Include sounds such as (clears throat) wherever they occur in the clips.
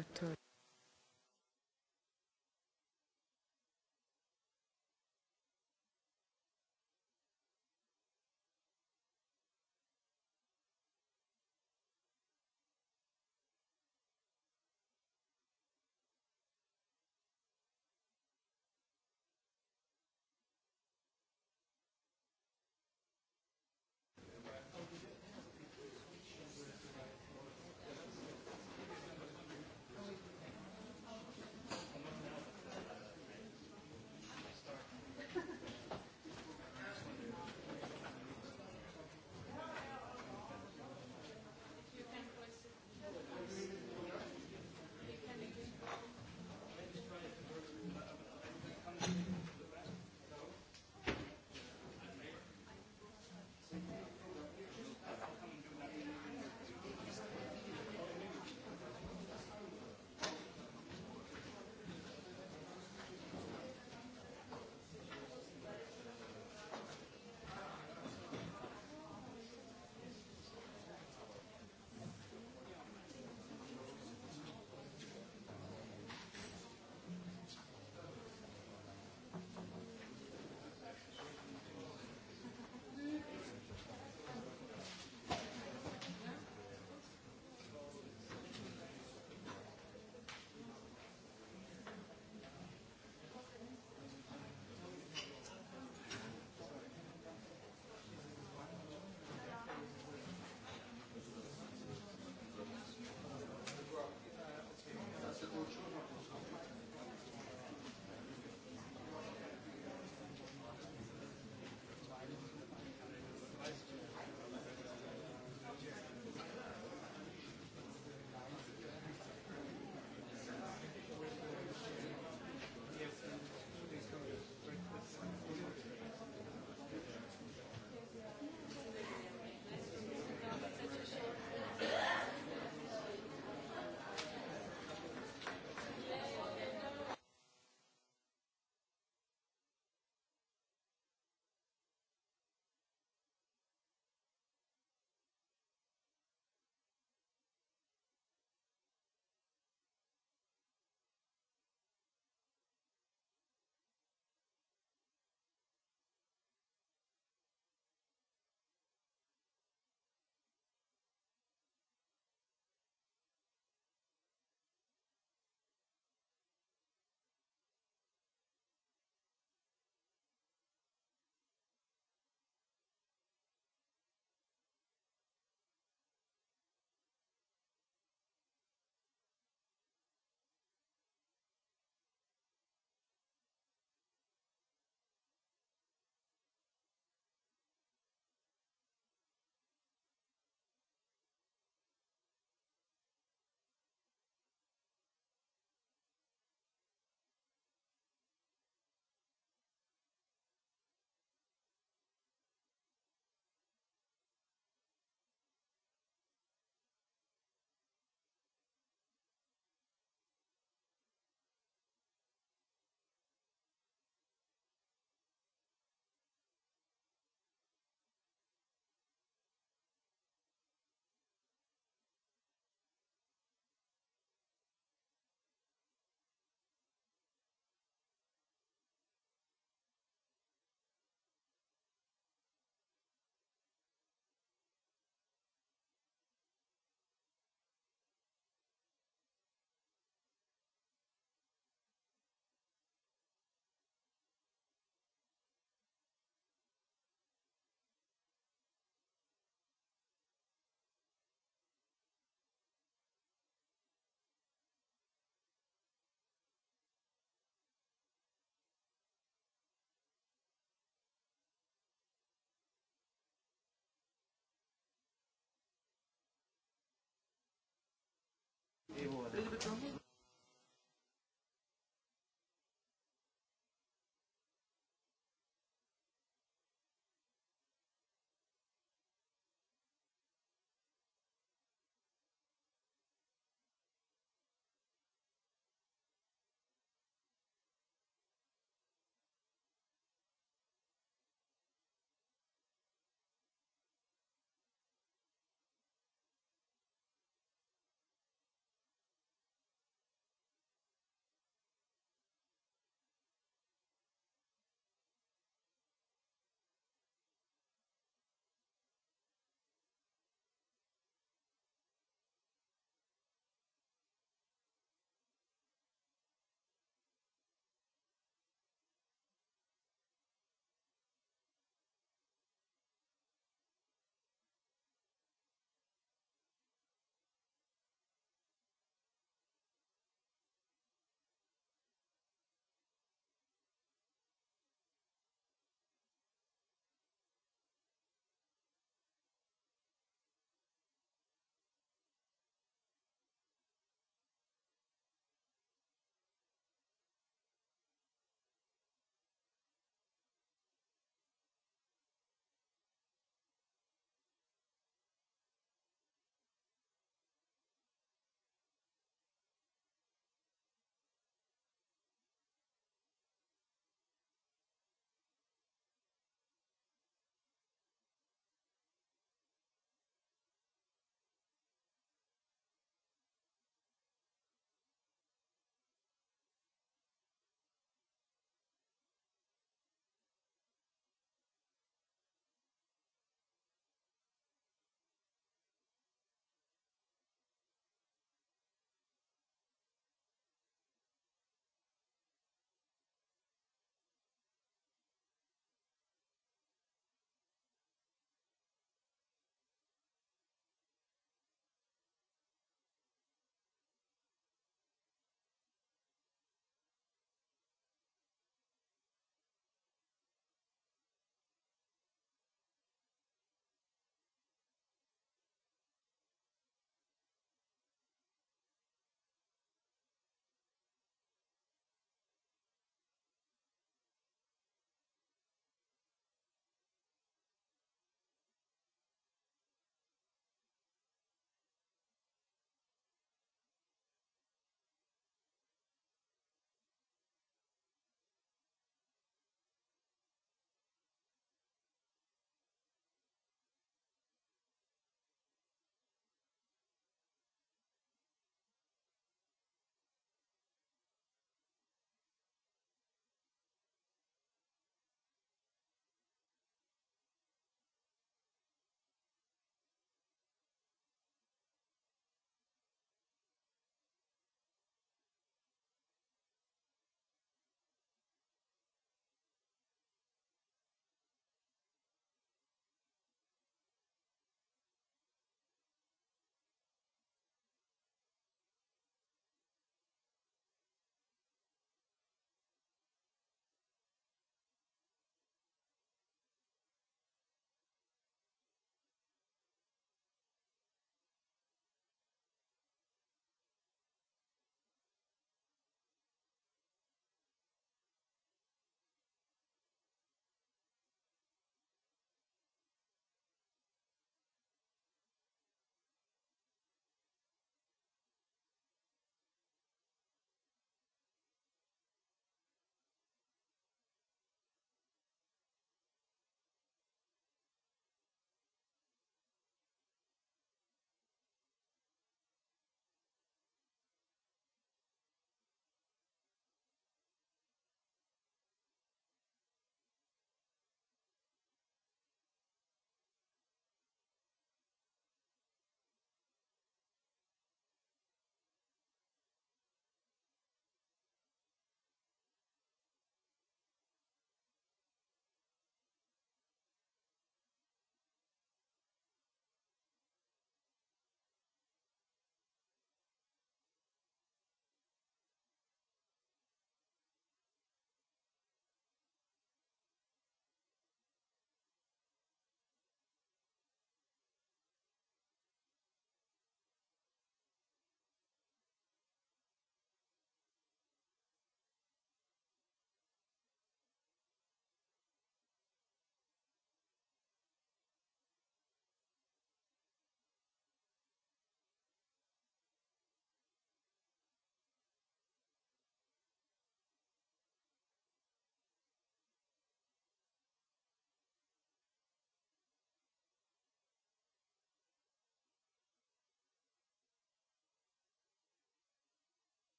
authority little bit longer?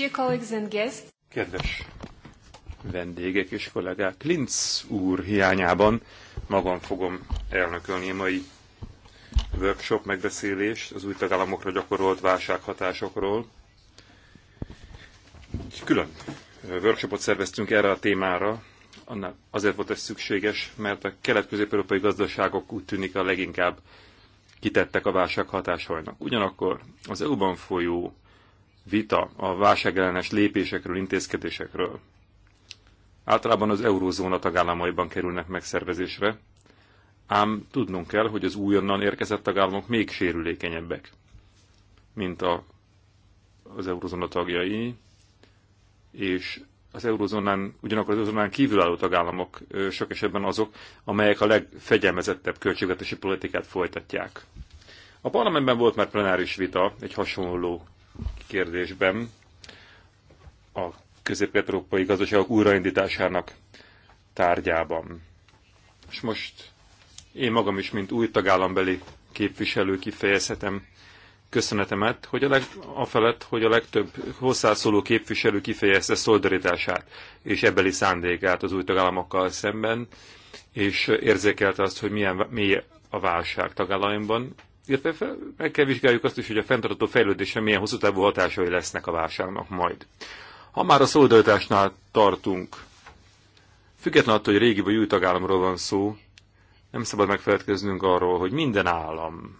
Dear colleagues and guests. Kedves vendégek és kollégák, Klinz úr hiányában magam fogom elnökölni a mai workshop megbeszélés az új tagállamokra gyakorolt válsághatásokról. külön workshopot szerveztünk erre a témára, annak azért volt ez szükséges, mert a kelet-közép-európai gazdaságok úgy tűnik a leginkább kitettek a válság hatásainak. Ugyanakkor az EU-ban folyó vita a válságellenes lépésekről, intézkedésekről. Általában az eurózóna tagállamaiban kerülnek megszervezésre, ám tudnunk kell, hogy az újonnan érkezett tagállamok még sérülékenyebbek, mint a, az eurózóna tagjai, és az eurózónán ugyanakkor az eurózónán kívülálló tagállamok sok esetben azok, amelyek a legfegyelmezettebb költségvetési politikát folytatják. A parlamentben volt már plenáris vita egy hasonló kérdésben a közép-európai gazdaságok újraindításának tárgyában. És most én magam is, mint új tagállambeli képviselő kifejezhetem köszönetemet, hogy a leg, a felett, hogy a legtöbb hozzászóló képviselő kifejezte szolidaritását és ebbeli szándékát az új tagállamokkal szemben, és érzékelte azt, hogy milyen mély a válság tagállamban, illetve meg kell vizsgáljuk azt is, hogy a fenntartó fejlődésre milyen hosszú távú hatásai lesznek a válságnak majd. Ha már a szolidaritásnál tartunk, független attól, hogy régi vagy új tagállamról van szó, nem szabad megfelelkeznünk arról, hogy minden állam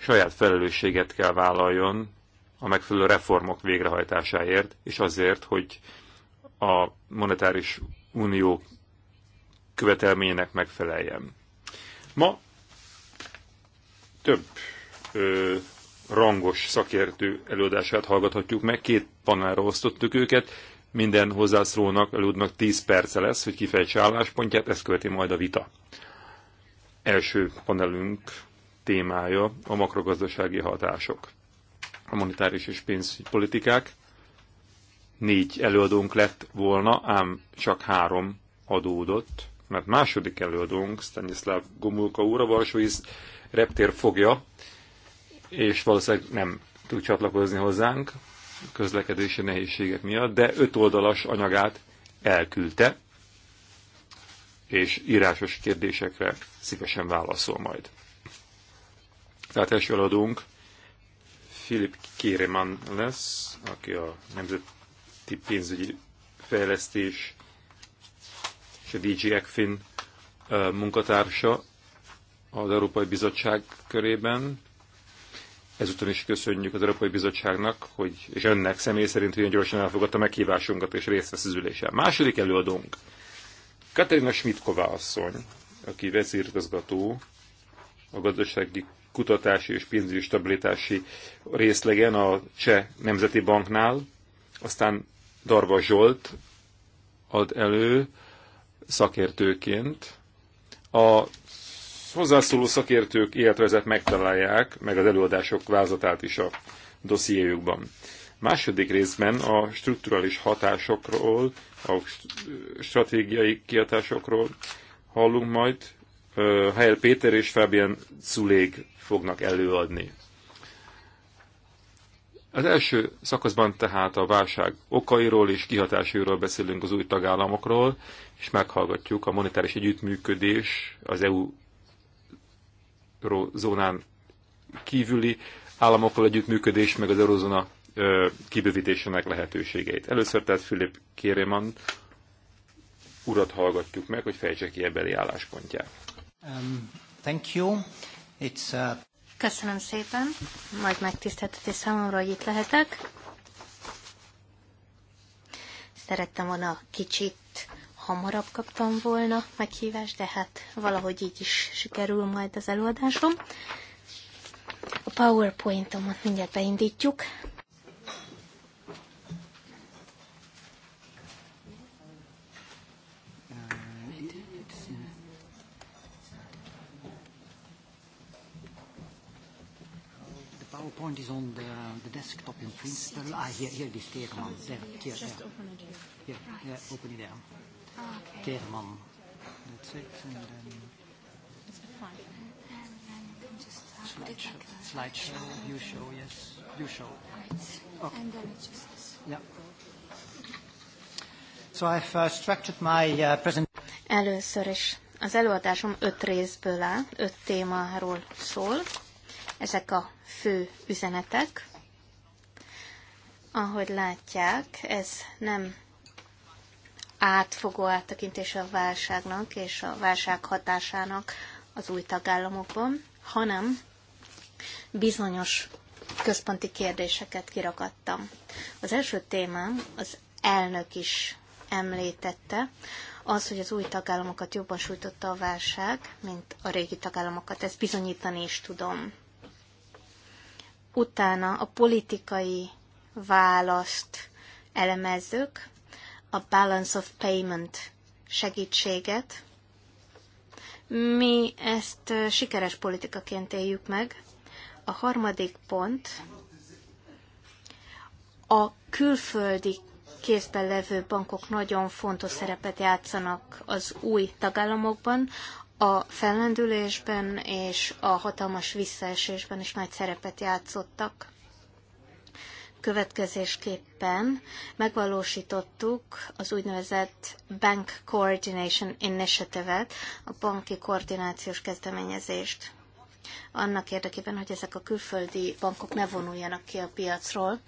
saját felelősséget kell vállaljon a megfelelő reformok végrehajtásáért, és azért, hogy a monetáris unió követelményének megfeleljen. Ma több ö, rangos szakértő előadását hallgathatjuk meg. Két panelra osztottuk őket, minden hozzászólónak előadnak 10 perce lesz, hogy kifejtse álláspontját, ezt követi majd a vita. Első panelünk témája a makrogazdasági hatások, a monetáris és pénzpolitikák. Négy előadónk lett volna, ám csak három adódott, mert második előadónk Stanislav Gomulka úr, a Varsói reptér fogja, és valószínűleg nem tud csatlakozni hozzánk közlekedési nehézségek miatt, de öt oldalas anyagát elküldte, és írásos kérdésekre szívesen válaszol majd. Tehát első adunk Filip Kéreman lesz, aki a Nemzeti Pénzügyi Fejlesztés és a DG Ekfin munkatársa, az Európai Bizottság körében. Ezúton is köszönjük az Európai Bizottságnak, hogy, és önnek személy szerint olyan gyorsan elfogadta meghívásunkat és részt vesz az ülésen. Második előadónk, Katerina Smitková asszony, aki vezérigazgató a gazdasági kutatási és pénzügyi stabilitási részlegen a Cseh Nemzeti Banknál, aztán Darva Zsolt ad elő szakértőként a hozzászóló szakértők életvezet megtalálják, meg az előadások vázatát is a dossziéjukban. Második részben a strukturális hatásokról, a stratégiai kiadásokról hallunk majd. Heil Péter és Fabian Zulég fognak előadni. Az első szakaszban tehát a válság okairól és kihatásairól beszélünk az új tagállamokról, és meghallgatjuk a monetáris együttműködés az EU eurozónán kívüli államokkal együttműködés, meg az eurozóna kibővítésének lehetőségeit. Először tehát Philip Kéréman urat hallgatjuk meg, hogy fejtse ki ebbeli álláspontját. Um, thank you. It's, a... Uh, Köszönöm szépen, majd megtiszteltetés számomra, hogy itt lehetek. Szerettem volna kicsit hamarabb kaptam volna meghívást, de hát valahogy így is sikerül majd az előadásom. A PowerPoint-omat mindjárt beindítjuk. PowerPoint is on the, the desktop in principle. Ah, here, here it is, Teerman. There, here, there. Just open it here. Here, yeah, open it there. Ah, slideshow. You show. Yes. You show. Okay. So I've uh, structured my uh, presentation. Először is az előadásom öt részből áll, öt témáról szól. Ezek a fő üzenetek. Ahogy látják, ez nem átfogó áttekintése a válságnak és a válság hatásának az új tagállamokban, hanem bizonyos központi kérdéseket kirakadtam. Az első témám az elnök is említette, az, hogy az új tagállamokat jobban sújtotta a válság, mint a régi tagállamokat. Ezt bizonyítani is tudom. Utána a politikai választ elemezzük, a Balance of Payment segítséget. Mi ezt sikeres politikaként éljük meg. A harmadik pont a külföldi kézben levő bankok nagyon fontos szerepet játszanak az új tagállamokban, a fellendülésben és a hatalmas visszaesésben is nagy szerepet játszottak következésképpen megvalósítottuk az úgynevezett Bank Coordination Initiative-et, a banki koordinációs kezdeményezést. Annak érdekében, hogy ezek a külföldi bankok ne vonuljanak ki a piacról,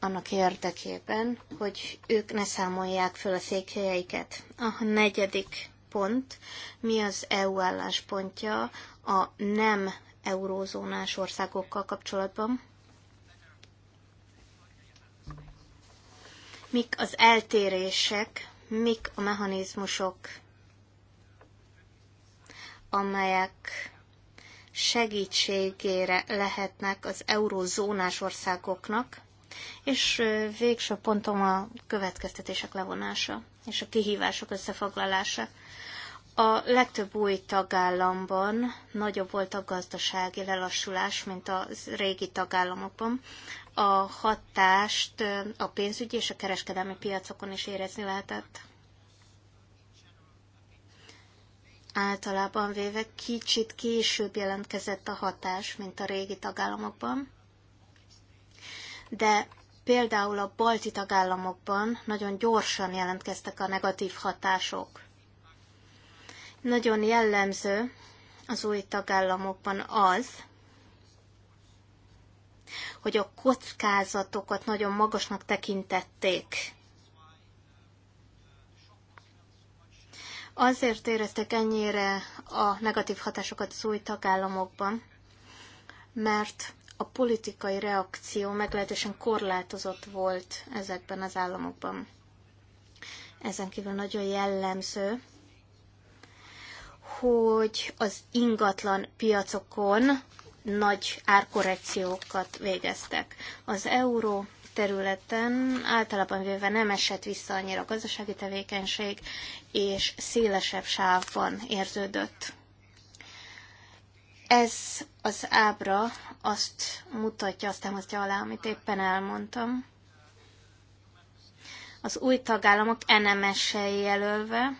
annak érdekében, hogy ők ne számolják föl a székhelyeiket. A negyedik pont, mi az EU álláspontja a nem eurózónás országokkal kapcsolatban. mik az eltérések, mik a mechanizmusok, amelyek segítségére lehetnek az eurózónás országoknak, és végső pontom a következtetések levonása és a kihívások összefoglalása. A legtöbb új tagállamban nagyobb volt a gazdasági lelassulás, mint a régi tagállamokban a hatást a pénzügyi és a kereskedelmi piacokon is érezni lehetett. Általában véve kicsit később jelentkezett a hatás, mint a régi tagállamokban, de például a balti tagállamokban nagyon gyorsan jelentkeztek a negatív hatások. Nagyon jellemző az új tagállamokban az, hogy a kockázatokat nagyon magasnak tekintették. Azért éreztek ennyire a negatív hatásokat az új tagállamokban, mert a politikai reakció meglehetősen korlátozott volt ezekben az államokban. Ezen kívül nagyon jellemző, hogy az ingatlan piacokon nagy árkorrekciókat végeztek. Az euró területen általában véve nem esett vissza annyira a gazdasági tevékenység, és szélesebb sávban érződött. Ez az ábra azt mutatja, azt mutatja alá, amit éppen elmondtam. Az új tagállamok NMS-sel jelölve,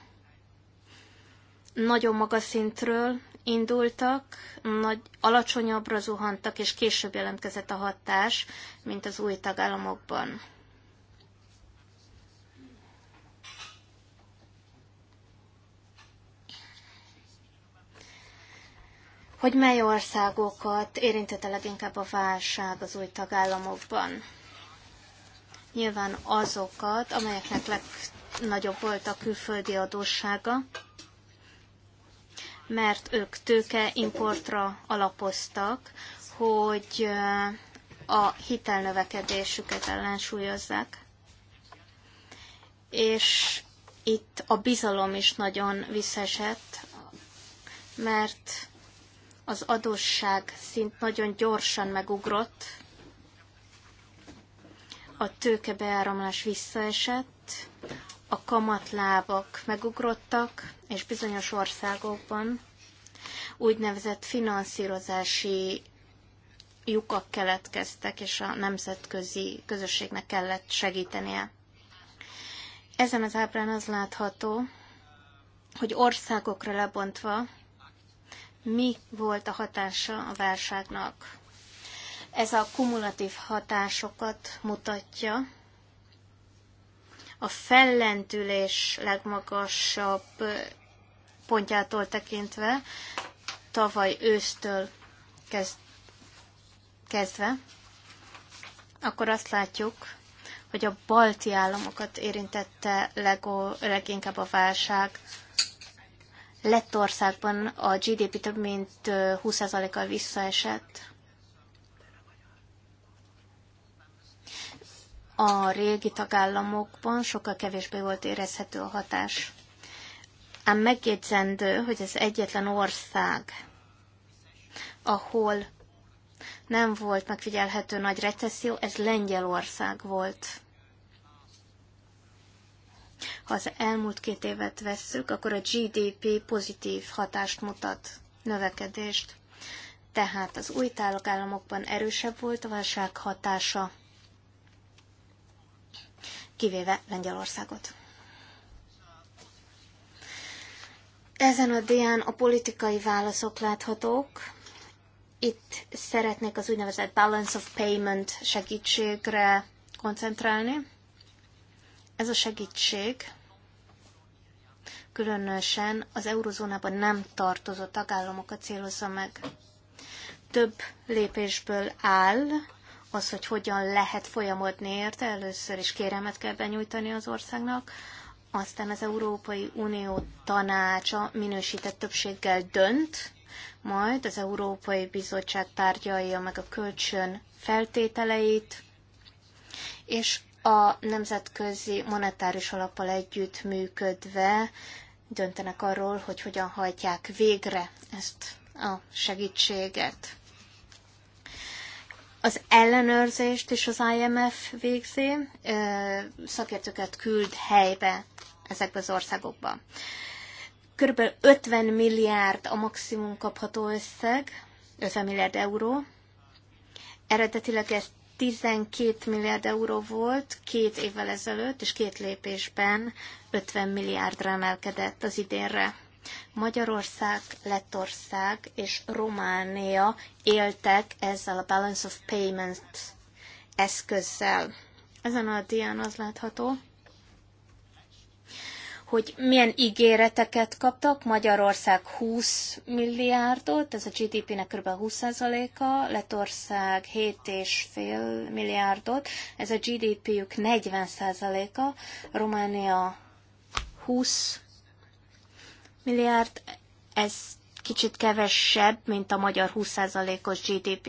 nagyon magas szintről indultak, nagy, alacsonyabbra zuhantak, és később jelentkezett a hatás, mint az új tagállamokban. Hogy mely országokat érintette leginkább a válság az új tagállamokban? Nyilván azokat, amelyeknek legnagyobb volt a külföldi adóssága, mert ők tőke importra alapoztak, hogy a hitelnövekedésüket ellensúlyozzák. És itt a bizalom is nagyon visszesett, mert az adósság szint nagyon gyorsan megugrott, a tőkebeáramlás visszaesett, a kamatlábak megugrottak, és bizonyos országokban úgynevezett finanszírozási lyukak keletkeztek, és a nemzetközi közösségnek kellett segítenie. Ezen az ábrán az látható, hogy országokra lebontva mi volt a hatása a válságnak. Ez a kumulatív hatásokat mutatja, a fellentülés legmagasabb pontjától tekintve, tavaly ősztől kezd, kezdve, akkor azt látjuk, hogy a balti államokat érintette legó, leginkább a válság. Lettországban a GDP több mint 20%-kal visszaesett. a régi tagállamokban sokkal kevésbé volt érezhető a hatás. Ám megjegyzendő, hogy ez egyetlen ország, ahol nem volt megfigyelhető nagy recesszió, ez Lengyelország volt. Ha az elmúlt két évet vesszük, akkor a GDP pozitív hatást mutat, növekedést. Tehát az új tagállamokban erősebb volt a válság hatása kivéve Lengyelországot. Ezen a dián a politikai válaszok láthatók. Itt szeretnék az úgynevezett balance of payment segítségre koncentrálni. Ez a segítség különösen az eurozónában nem tartozó tagállamokat célozza meg. Több lépésből áll, az, hogy hogyan lehet folyamodni érte, először is kéremet kell benyújtani az országnak, aztán az Európai Unió tanácsa minősített többséggel dönt, majd az Európai Bizottság tárgyalja meg a kölcsön feltételeit, és a nemzetközi monetáris alappal együtt működve döntenek arról, hogy hogyan hajtják végre ezt a segítséget. Az ellenőrzést is az IMF végzi, szakértőket küld helybe ezekbe az országokba. Körülbelül 50 milliárd a maximum kapható összeg, 50 milliárd euró. Eredetileg ez 12 milliárd euró volt két évvel ezelőtt, és két lépésben 50 milliárdra emelkedett az idénre. Magyarország, Lettország és Románia éltek ezzel a Balance of Payment eszközzel. Ezen a dián az látható, hogy milyen ígéreteket kaptak. Magyarország 20 milliárdot, ez a GDP-nek kb. 20%-a, Letország 7,5 milliárdot, ez a GDP-jük 40%-a, Románia 20 milliárd, ez kicsit kevesebb, mint a magyar 20%-os GDP.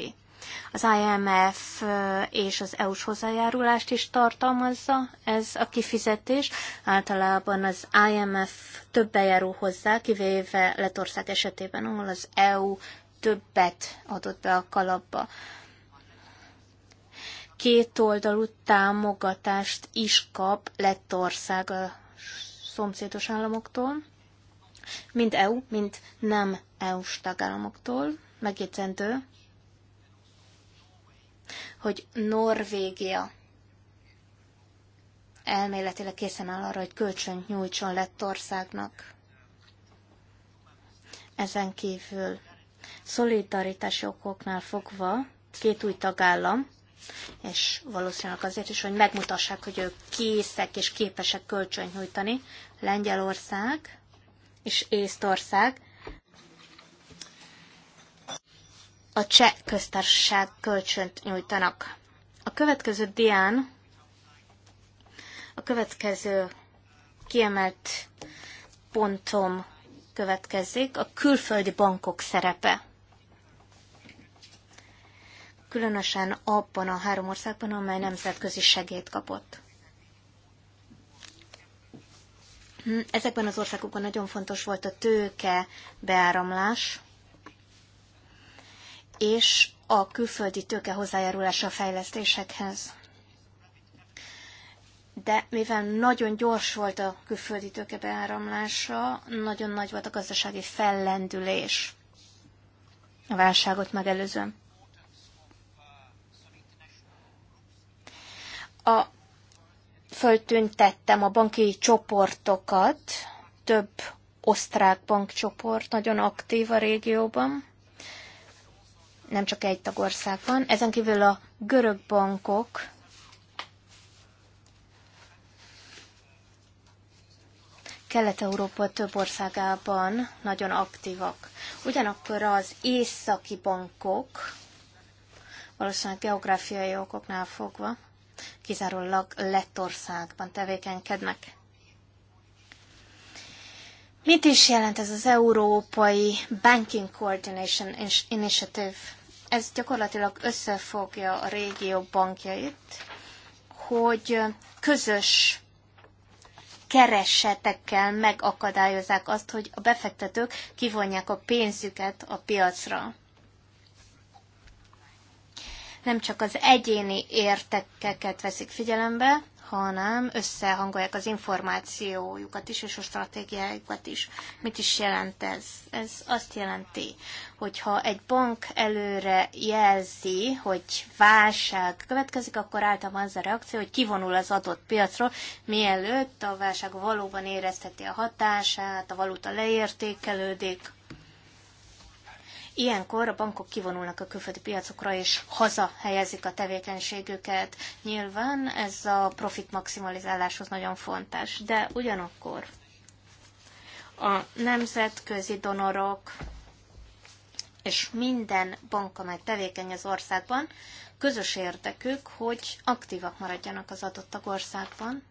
Az IMF és az EU-s hozzájárulást is tartalmazza ez a kifizetés. Általában az IMF többen járul hozzá, kivéve Letország esetében, ahol az EU többet adott be a kalapba. Két oldalú támogatást is kap Lettország a szomszédos államoktól mind EU, mind nem EU-s tagállamoktól megjegyzendő, hogy Norvégia elméletileg készen áll arra, hogy kölcsönt nyújtson Lettországnak. Ezen kívül szolidaritási okoknál fogva két új tagállam, és valószínűleg azért is, hogy megmutassák, hogy ők készek és képesek kölcsönt nyújtani. Lengyelország és Észtország a cseh köztársaság kölcsönt nyújtanak. A következő dián a következő kiemelt pontom következik, a külföldi bankok szerepe. Különösen abban a három országban, amely nemzetközi segélyt kapott. Hm, ezekben az országokban nagyon fontos volt a tőke beáramlás, és a külföldi tőke hozzájárulása a fejlesztésekhez. De mivel nagyon gyors volt a külföldi tőke beáramlása, nagyon nagy volt a gazdasági fellendülés a válságot megelőzően. A föltüntettem a banki csoportokat, több osztrák bankcsoport nagyon aktív a régióban, nem csak egy tagországban. Ezen kívül a görög bankok Kelet-Európa több országában nagyon aktívak. Ugyanakkor az északi bankok, valószínűleg geográfiai okoknál fogva, kizárólag Lettországban tevékenykednek. Mit is jelent ez az Európai Banking Coordination Initiative? Ez gyakorlatilag összefogja a régió bankjait, hogy közös keresetekkel megakadályozzák azt, hogy a befektetők kivonják a pénzüket a piacra nem csak az egyéni értekeket veszik figyelembe, hanem összehangolják az információjukat is, és a stratégiájukat is. Mit is jelent ez? Ez azt jelenti, hogyha egy bank előre jelzi, hogy válság következik, akkor általában az a reakció, hogy kivonul az adott piacról, mielőtt a válság valóban érezteti a hatását, a valuta leértékelődik, Ilyenkor a bankok kivonulnak a külföldi piacokra, és haza helyezik a tevékenységüket. Nyilván ez a profit maximalizáláshoz nagyon fontos, de ugyanakkor a nemzetközi donorok és minden bank, amely tevékeny az országban, közös érdekük, hogy aktívak maradjanak az adott országban.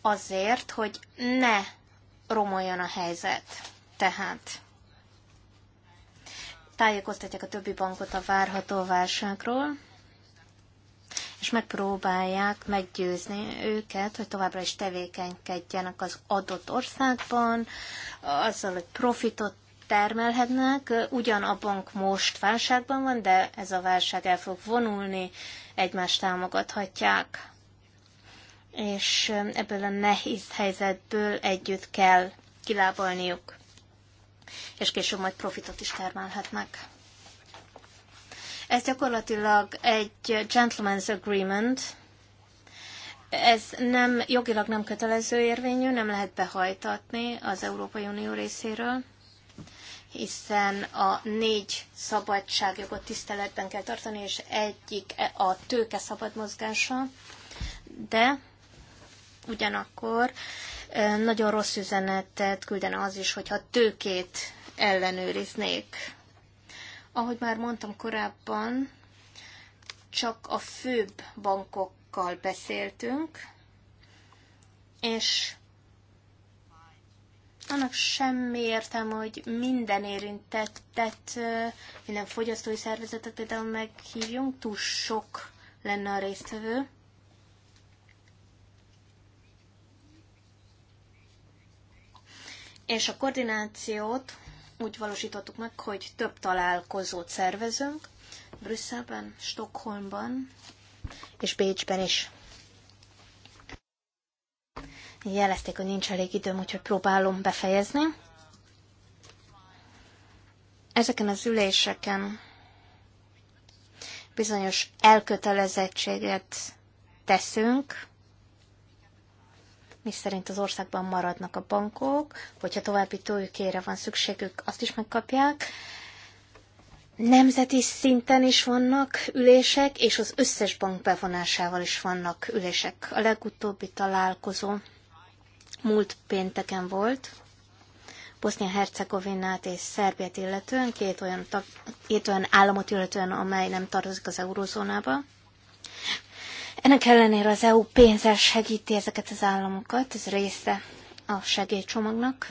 azért, hogy ne romoljon a helyzet. Tehát tájékoztatják a többi bankot a várható válságról, és megpróbálják meggyőzni őket, hogy továbbra is tevékenykedjenek az adott országban, azzal, hogy profitot termelhetnek. Ugyan a bank most válságban van, de ez a válság el fog vonulni, egymást támogathatják és ebből a nehéz helyzetből együtt kell kilábalniuk, és később majd profitot is termelhetnek. Ez gyakorlatilag egy gentleman's agreement, ez nem, jogilag nem kötelező érvényű, nem lehet behajtatni az Európai Unió részéről, hiszen a négy szabadságjogot tiszteletben kell tartani, és egyik a tőke szabad mozgása, de ugyanakkor nagyon rossz üzenetet küldene az is, hogyha tőkét ellenőriznék. Ahogy már mondtam korábban, csak a főbb bankokkal beszéltünk, és annak semmi értem, hogy minden érintettet, minden fogyasztói szervezetet például meghívjunk, túl sok lenne a résztvevő. És a koordinációt úgy valósítottuk meg, hogy több találkozót szervezünk, Brüsszelben, Stockholmban és Bécsben is. Jelezték, hogy nincs elég időm, úgyhogy próbálom befejezni. Ezeken az üléseken bizonyos elkötelezettséget teszünk, szerint az országban maradnak a bankok, hogyha további tőkére van szükségük, azt is megkapják. Nemzeti szinten is vannak ülések, és az összes bank bevonásával is vannak ülések. A legutóbbi találkozó múlt pénteken volt, Bosznia-Hercegovinát és Szerbiát illetően, két olyan, tag, két olyan államot illetően, amely nem tartozik az eurózónába. Ennek ellenére az EU pénzzel segíti ezeket az államokat, ez része a segélycsomagnak.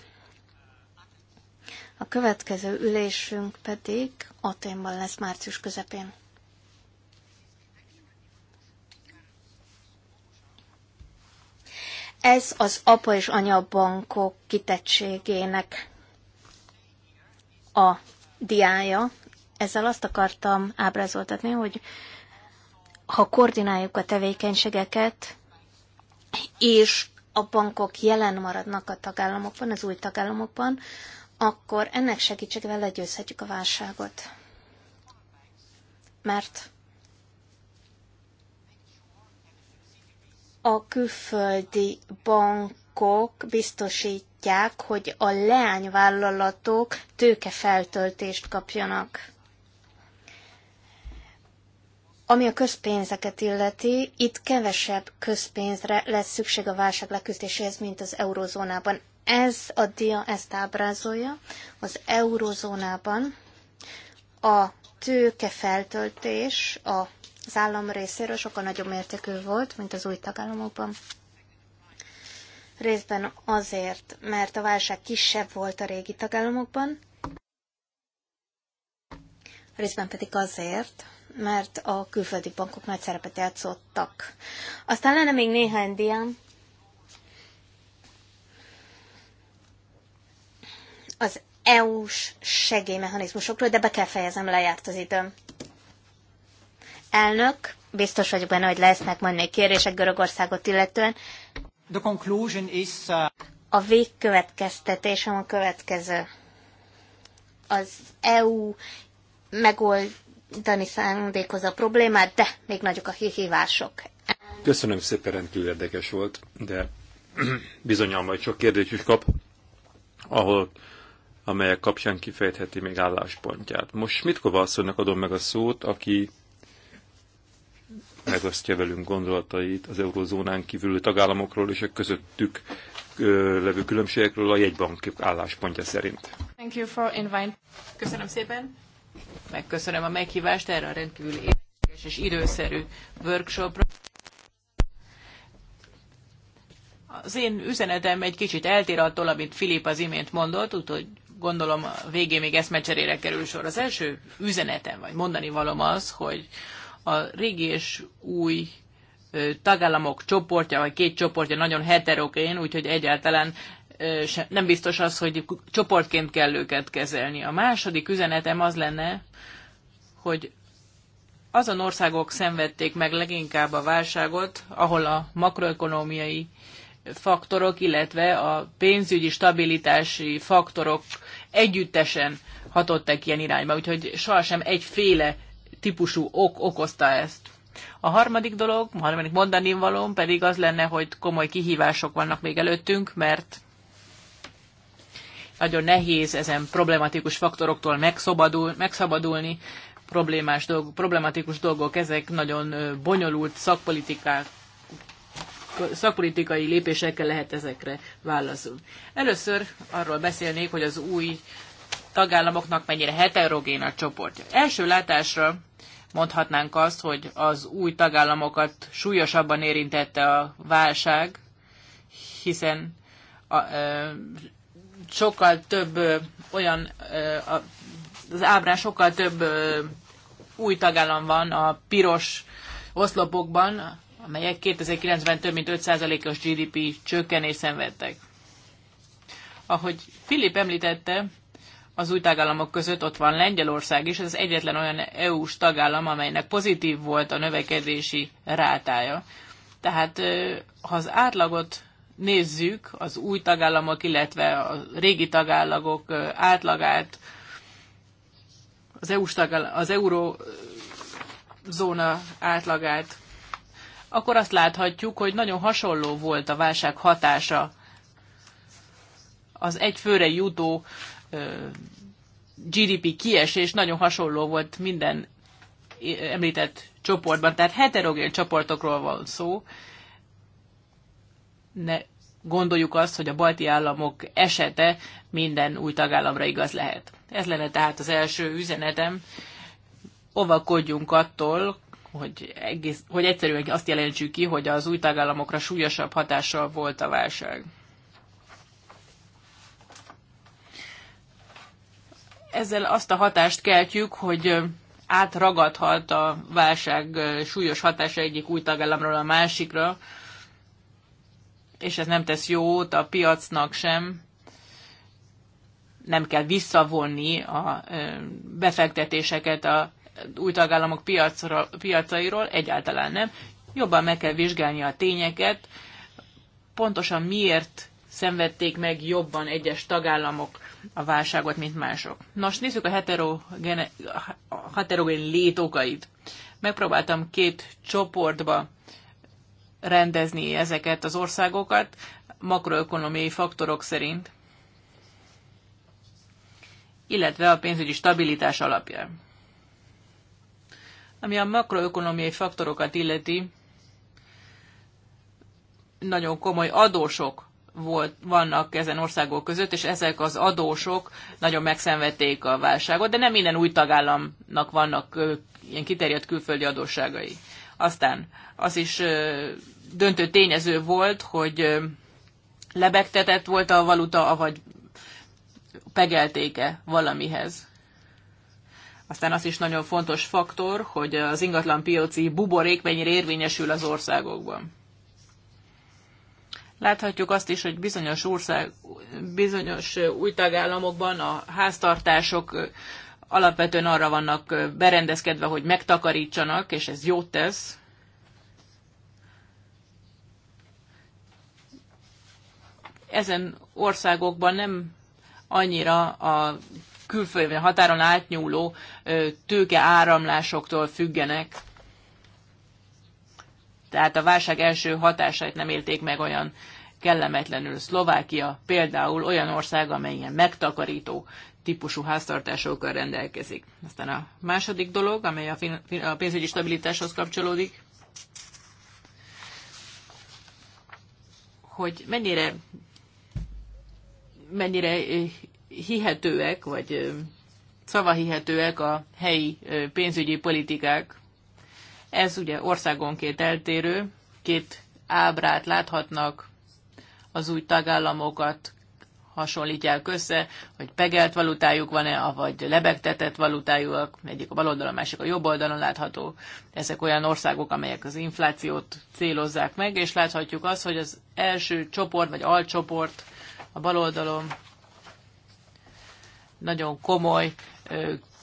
A következő ülésünk pedig Aténban lesz március közepén. Ez az apa és anya bankok kitettségének a diája. Ezzel azt akartam ábrázoltatni, hogy ha koordináljuk a tevékenységeket, és a bankok jelen maradnak a tagállamokban, az új tagállamokban, akkor ennek segítségével legyőzhetjük a válságot. Mert a külföldi bankok biztosítják, hogy a leányvállalatok tőkefeltöltést kapjanak. Ami a közpénzeket illeti, itt kevesebb közpénzre lesz szükség a válság leküzdéséhez, mint az eurozónában. Ez a dia ezt ábrázolja. Az eurozónában a tőkefeltöltés az állam részéről sokkal nagyobb mértékű volt, mint az új tagállamokban. Részben azért, mert a válság kisebb volt a régi tagállamokban, részben pedig azért, mert a külföldi bankok nagy szerepet játszottak. Aztán lenne még néhány diám. Az EU-s segélymechanizmusokról, de be kell fejezem, lejárt az időm. Elnök, biztos vagyok benne, hogy lesznek majd még kérések Görögországot illetően. The conclusion is, uh... A végkövetkeztetésem a következő. Az EU megold megoldani szándékoz a problémát, de még nagyok a kihívások. Köszönöm szépen, rendkívül érdekes volt, de (clears throat) bizonyal majd sok kérdést is kap, ahol amelyek kapcsán kifejtheti még álláspontját. Most mit kovászolnak adom meg a szót, aki megosztja velünk gondolatait az eurozónán kívüli tagállamokról és a közöttük levő különbségekről a jegybank álláspontja szerint. Thank you for inviting. Köszönöm szépen megköszönöm a meghívást erre a rendkívül érdekes és időszerű workshopra. Az én üzenetem egy kicsit eltér attól, amit Filip az imént mondott, úgyhogy gondolom a végén még eszmecserére kerül sor. Az első üzenetem, vagy mondani valom az, hogy a régi és új tagállamok csoportja, vagy két csoportja nagyon heterogén, úgyhogy egyáltalán nem biztos az, hogy csoportként kell őket kezelni. A második üzenetem az lenne, hogy azon országok szenvedték meg leginkább a válságot, ahol a makroekonomiai faktorok, illetve a pénzügyi stabilitási faktorok együttesen hatottak ilyen irányba, úgyhogy sohasem egyféle típusú ok okozta ezt. A harmadik dolog, a harmadik mondani valóm pedig az lenne, hogy komoly kihívások vannak még előttünk, mert nagyon nehéz ezen problematikus faktoroktól megszabadul, megszabadulni, problémás dolgok, problematikus dolgok, ezek nagyon bonyolult szakpolitikák, szakpolitikai lépésekkel lehet ezekre válaszolni. Először arról beszélnék, hogy az új tagállamoknak mennyire heterogén a csoportja. Első látásra mondhatnánk azt, hogy az új tagállamokat súlyosabban érintette a válság, hiszen a, sokkal több olyan, az ábrán sokkal több új tagállam van a piros oszlopokban, amelyek 2009-ben több mint 5%-os GDP csökkenés szenvedtek. Ahogy Filip említette, az új tagállamok között ott van Lengyelország is, ez az egyetlen olyan EU-s tagállam, amelynek pozitív volt a növekedési rátája. Tehát ha az átlagot nézzük az új tagállamok, illetve a régi tagállamok átlagát, az, EU az eurozóna átlagát, akkor azt láthatjuk, hogy nagyon hasonló volt a válság hatása az egy főre jutó GDP kiesés nagyon hasonló volt minden említett csoportban, tehát heterogén csoportokról van szó, ne gondoljuk azt, hogy a balti államok esete minden új tagállamra igaz lehet. Ez lenne tehát az első üzenetem. Ovakodjunk attól, hogy, egész, hogy egyszerűen azt jelentsük ki, hogy az új tagállamokra súlyosabb hatással volt a válság. Ezzel azt a hatást keltjük, hogy átragadhat a válság súlyos hatása egyik új tagállamról a másikra, és ez nem tesz jót a piacnak sem, nem kell visszavonni a befektetéseket a új tagállamok piacra, piacairól, egyáltalán nem. Jobban meg kell vizsgálni a tényeket, pontosan miért szenvedték meg jobban egyes tagállamok a válságot, mint mások. Nos, nézzük a heterogene, a heterogén létokait. Megpróbáltam két csoportba rendezni ezeket az országokat makroökonomiai faktorok szerint, illetve a pénzügyi stabilitás alapján. Ami a makroökonomiai faktorokat illeti, nagyon komoly adósok volt, vannak ezen országok között, és ezek az adósok nagyon megszenvedték a válságot, de nem minden új tagállamnak vannak ilyen kiterjedt külföldi adósságai. Aztán az is döntő tényező volt, hogy lebegtetett volt a valuta, avagy pegeltéke valamihez. Aztán az is nagyon fontos faktor, hogy az ingatlan pioci buborék mennyire érvényesül az országokban. Láthatjuk azt is, hogy bizonyos ország, bizonyos új tagállamokban a háztartások alapvetően arra vannak berendezkedve, hogy megtakarítsanak, és ez jót tesz. Ezen országokban nem annyira a külföldi határon átnyúló tőke áramlásoktól függenek. Tehát a válság első hatásait nem élték meg olyan kellemetlenül. Szlovákia például olyan ország, amely ilyen megtakarító típusú háztartásokkal rendelkezik. Aztán a második dolog, amely a, a pénzügyi stabilitáshoz kapcsolódik, hogy mennyire, mennyire hihetőek, vagy szavahihetőek a helyi pénzügyi politikák. Ez ugye országonként eltérő, két ábrát láthatnak az új tagállamokat hasonlítják össze, hogy pegelt valutájuk van-e, vagy lebegtetett valutájuk, egyik a bal oldalon, másik a jobb oldalon látható. Ezek olyan országok, amelyek az inflációt célozzák meg, és láthatjuk azt, hogy az első csoport, vagy alcsoport a bal oldalon nagyon komoly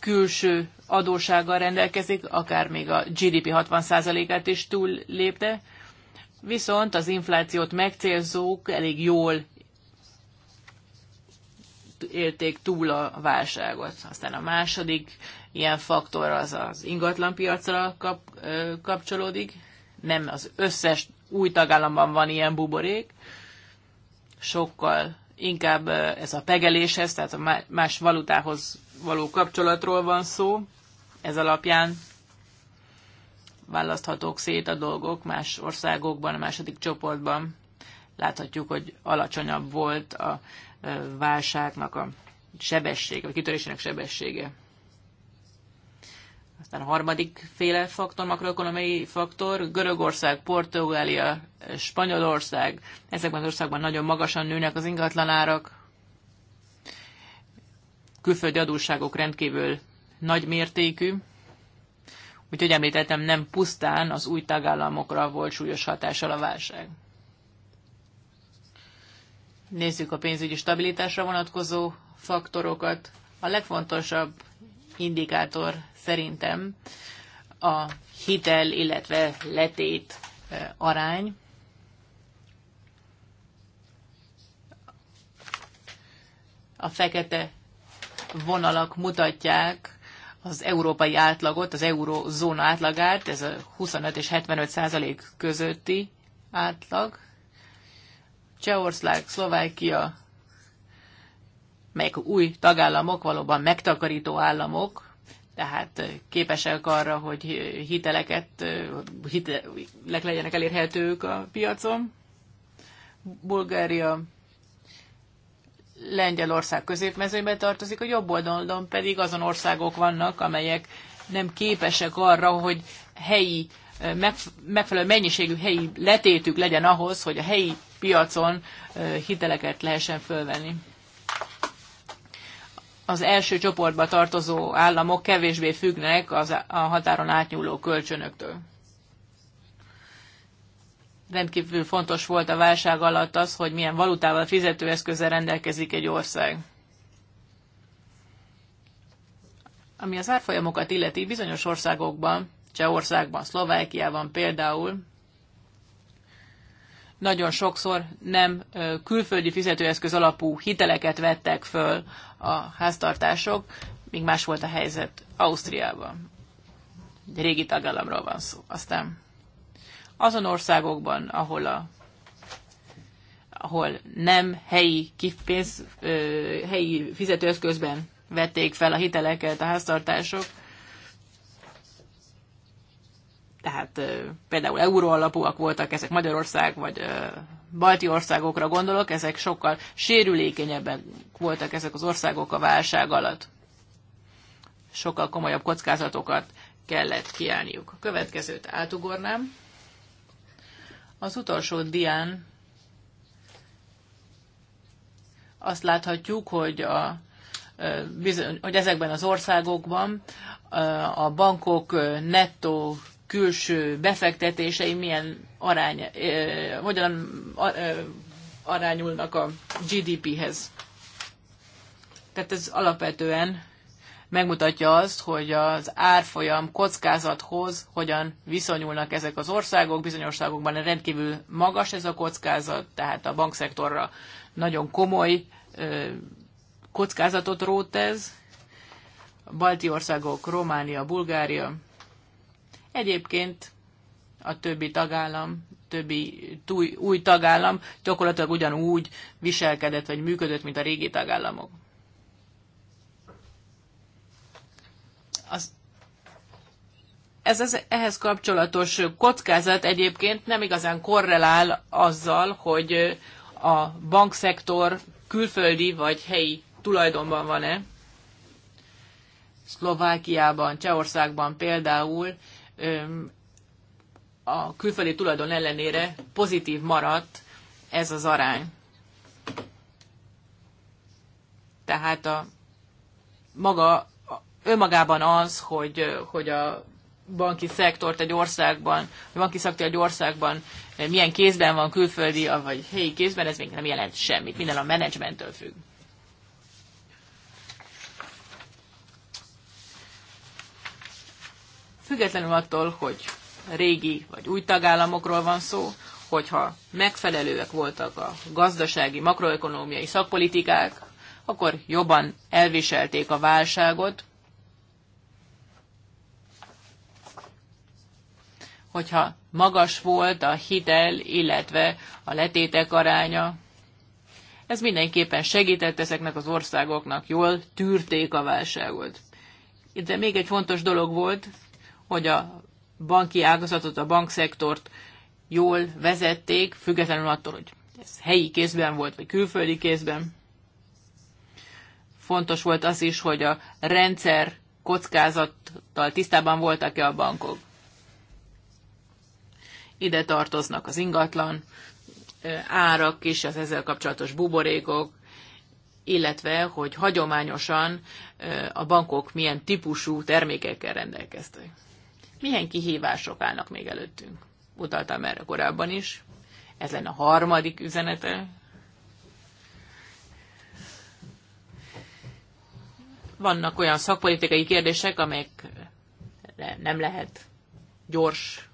külső adósággal rendelkezik, akár még a GDP 60%-át is túllépte, viszont az inflációt megcélzók elég jól élték túl a válságot. Aztán a második ilyen faktor az az ingatlanpiacra kap, kapcsolódik. Nem az összes új tagállamban van ilyen buborék. Sokkal inkább ez a pegeléshez, tehát a más valutához való kapcsolatról van szó. Ez alapján választhatók szét a dolgok más országokban, a második csoportban. Láthatjuk, hogy alacsonyabb volt a válságnak a sebessége, vagy kitörésének sebessége. Aztán a harmadik féle faktor, makroekonomiai faktor, Görögország, Portugália, Spanyolország, ezekben az országban nagyon magasan nőnek az ingatlanárak, külföldi adósságok rendkívül nagy mértékű, úgyhogy említettem, nem pusztán az új tagállamokra volt súlyos hatással a válság. Nézzük a pénzügyi stabilitásra vonatkozó faktorokat. A legfontosabb indikátor szerintem a hitel, illetve letét arány. A fekete vonalak mutatják az európai átlagot, az eurozóna átlagát, ez a 25 és 75 százalék közötti átlag, Csehország, Szlovákia, melyek új tagállamok, valóban megtakarító államok, tehát eh, képesek arra, hogy hiteleket, eh, hitelek legyenek elérhetők a piacon. Bulgária, Lengyelország középmezőbe tartozik, a jobb oldalon pedig azon országok vannak, amelyek nem képesek arra, hogy helyi megfelelő mennyiségű helyi letétük legyen ahhoz, hogy a helyi piacon hiteleket lehessen fölvenni. Az első csoportba tartozó államok kevésbé függnek az a határon átnyúló kölcsönöktől. Rendkívül fontos volt a válság alatt az, hogy milyen valutával, fizetőeszközzel rendelkezik egy ország. Ami az árfolyamokat illeti, bizonyos országokban Csehországban, Szlovákiában például nagyon sokszor nem külföldi fizetőeszköz alapú hiteleket vettek föl a háztartások, míg más volt a helyzet Ausztriában. Egy régi tagállamról van szó. Aztán azon országokban, ahol a ahol nem helyi, kipénz, helyi fizetőeszközben vették fel a hiteleket a háztartások, tehát például euróalapúak voltak ezek Magyarország vagy balti országokra gondolok, ezek sokkal sérülékenyebbek voltak ezek az országok a válság alatt. Sokkal komolyabb kockázatokat kellett kiállniuk. A következőt átugornám. Az utolsó dián azt láthatjuk, hogy, a, bizony, hogy ezekben az országokban a bankok nettó külső befektetései milyen arány, eh, hogyan eh, arányulnak a GDP-hez. Tehát ez alapvetően megmutatja azt, hogy az árfolyam kockázathoz hogyan viszonyulnak ezek az országok. Bizonyos országokban rendkívül magas ez a kockázat, tehát a bankszektorra nagyon komoly kockázatot rót ez. A balti országok, Románia, Bulgária, Egyébként a többi tagállam, többi túj, új tagállam gyakorlatilag ugyanúgy viselkedett vagy működött, mint a régi tagállamok. Az, ez, ez ehhez kapcsolatos kockázat egyébként nem igazán korrelál azzal, hogy a bankszektor külföldi vagy helyi tulajdonban van-e. Szlovákiában, Csehországban például a külföldi tulajdon ellenére pozitív maradt ez az arány. Tehát a maga, önmagában az, hogy, hogy a banki szektort egy országban, a banki szektor egy országban milyen kézben van külföldi, vagy helyi kézben, ez még nem jelent semmit. Minden a menedzsmenttől függ. Függetlenül attól, hogy régi vagy új tagállamokról van szó, hogyha megfelelőek voltak a gazdasági, makroekonómiai szakpolitikák, akkor jobban elviselték a válságot, hogyha magas volt a hitel, illetve a letétek aránya. Ez mindenképpen segített ezeknek az országoknak, jól tűrték a válságot. De még egy fontos dolog volt, hogy a banki ágazatot, a bankszektort jól vezették, függetlenül attól, hogy ez helyi kézben volt, vagy külföldi kézben. Fontos volt az is, hogy a rendszer kockázattal tisztában voltak-e a bankok. Ide tartoznak az ingatlan árak és az ezzel kapcsolatos buborékok, illetve hogy hagyományosan a bankok milyen típusú termékekkel rendelkeztek milyen kihívások állnak még előttünk. Utaltam erre korábban is. Ez lenne a harmadik üzenete. Vannak olyan szakpolitikai kérdések, amelyek nem lehet gyors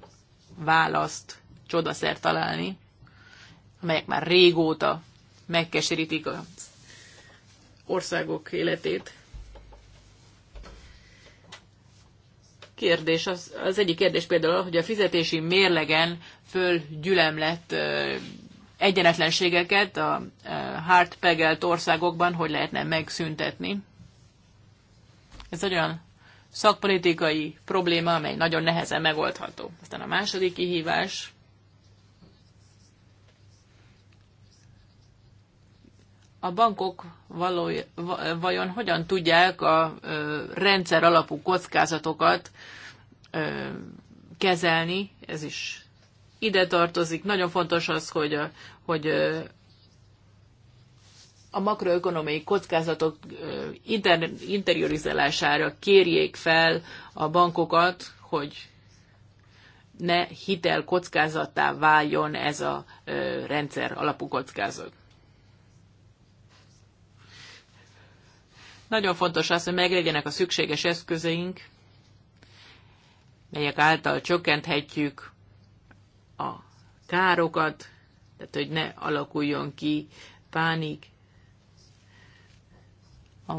választ, csodaszer találni, amelyek már régóta megkeserítik az országok életét. kérdés, az, az egyik kérdés például, hogy a fizetési mérlegen fölgyülemlett egyenetlenségeket a hard pegelt országokban hogy lehetne megszüntetni. Ez egy olyan szakpolitikai probléma, amely nagyon nehezen megoldható. Aztán a második kihívás a bankok való, vajon hogyan tudják a rendszer alapú kockázatokat kezelni, ez is ide tartozik. Nagyon fontos az, hogy a, hogy a makroökonomiai kockázatok inter, interiorizálására kérjék fel a bankokat, hogy ne hitel kockázattá váljon ez a rendszer alapú kockázat. Nagyon fontos az, hogy meglegyenek a szükséges eszközeink, melyek által csökkenthetjük a károkat, tehát hogy ne alakuljon ki pánik. A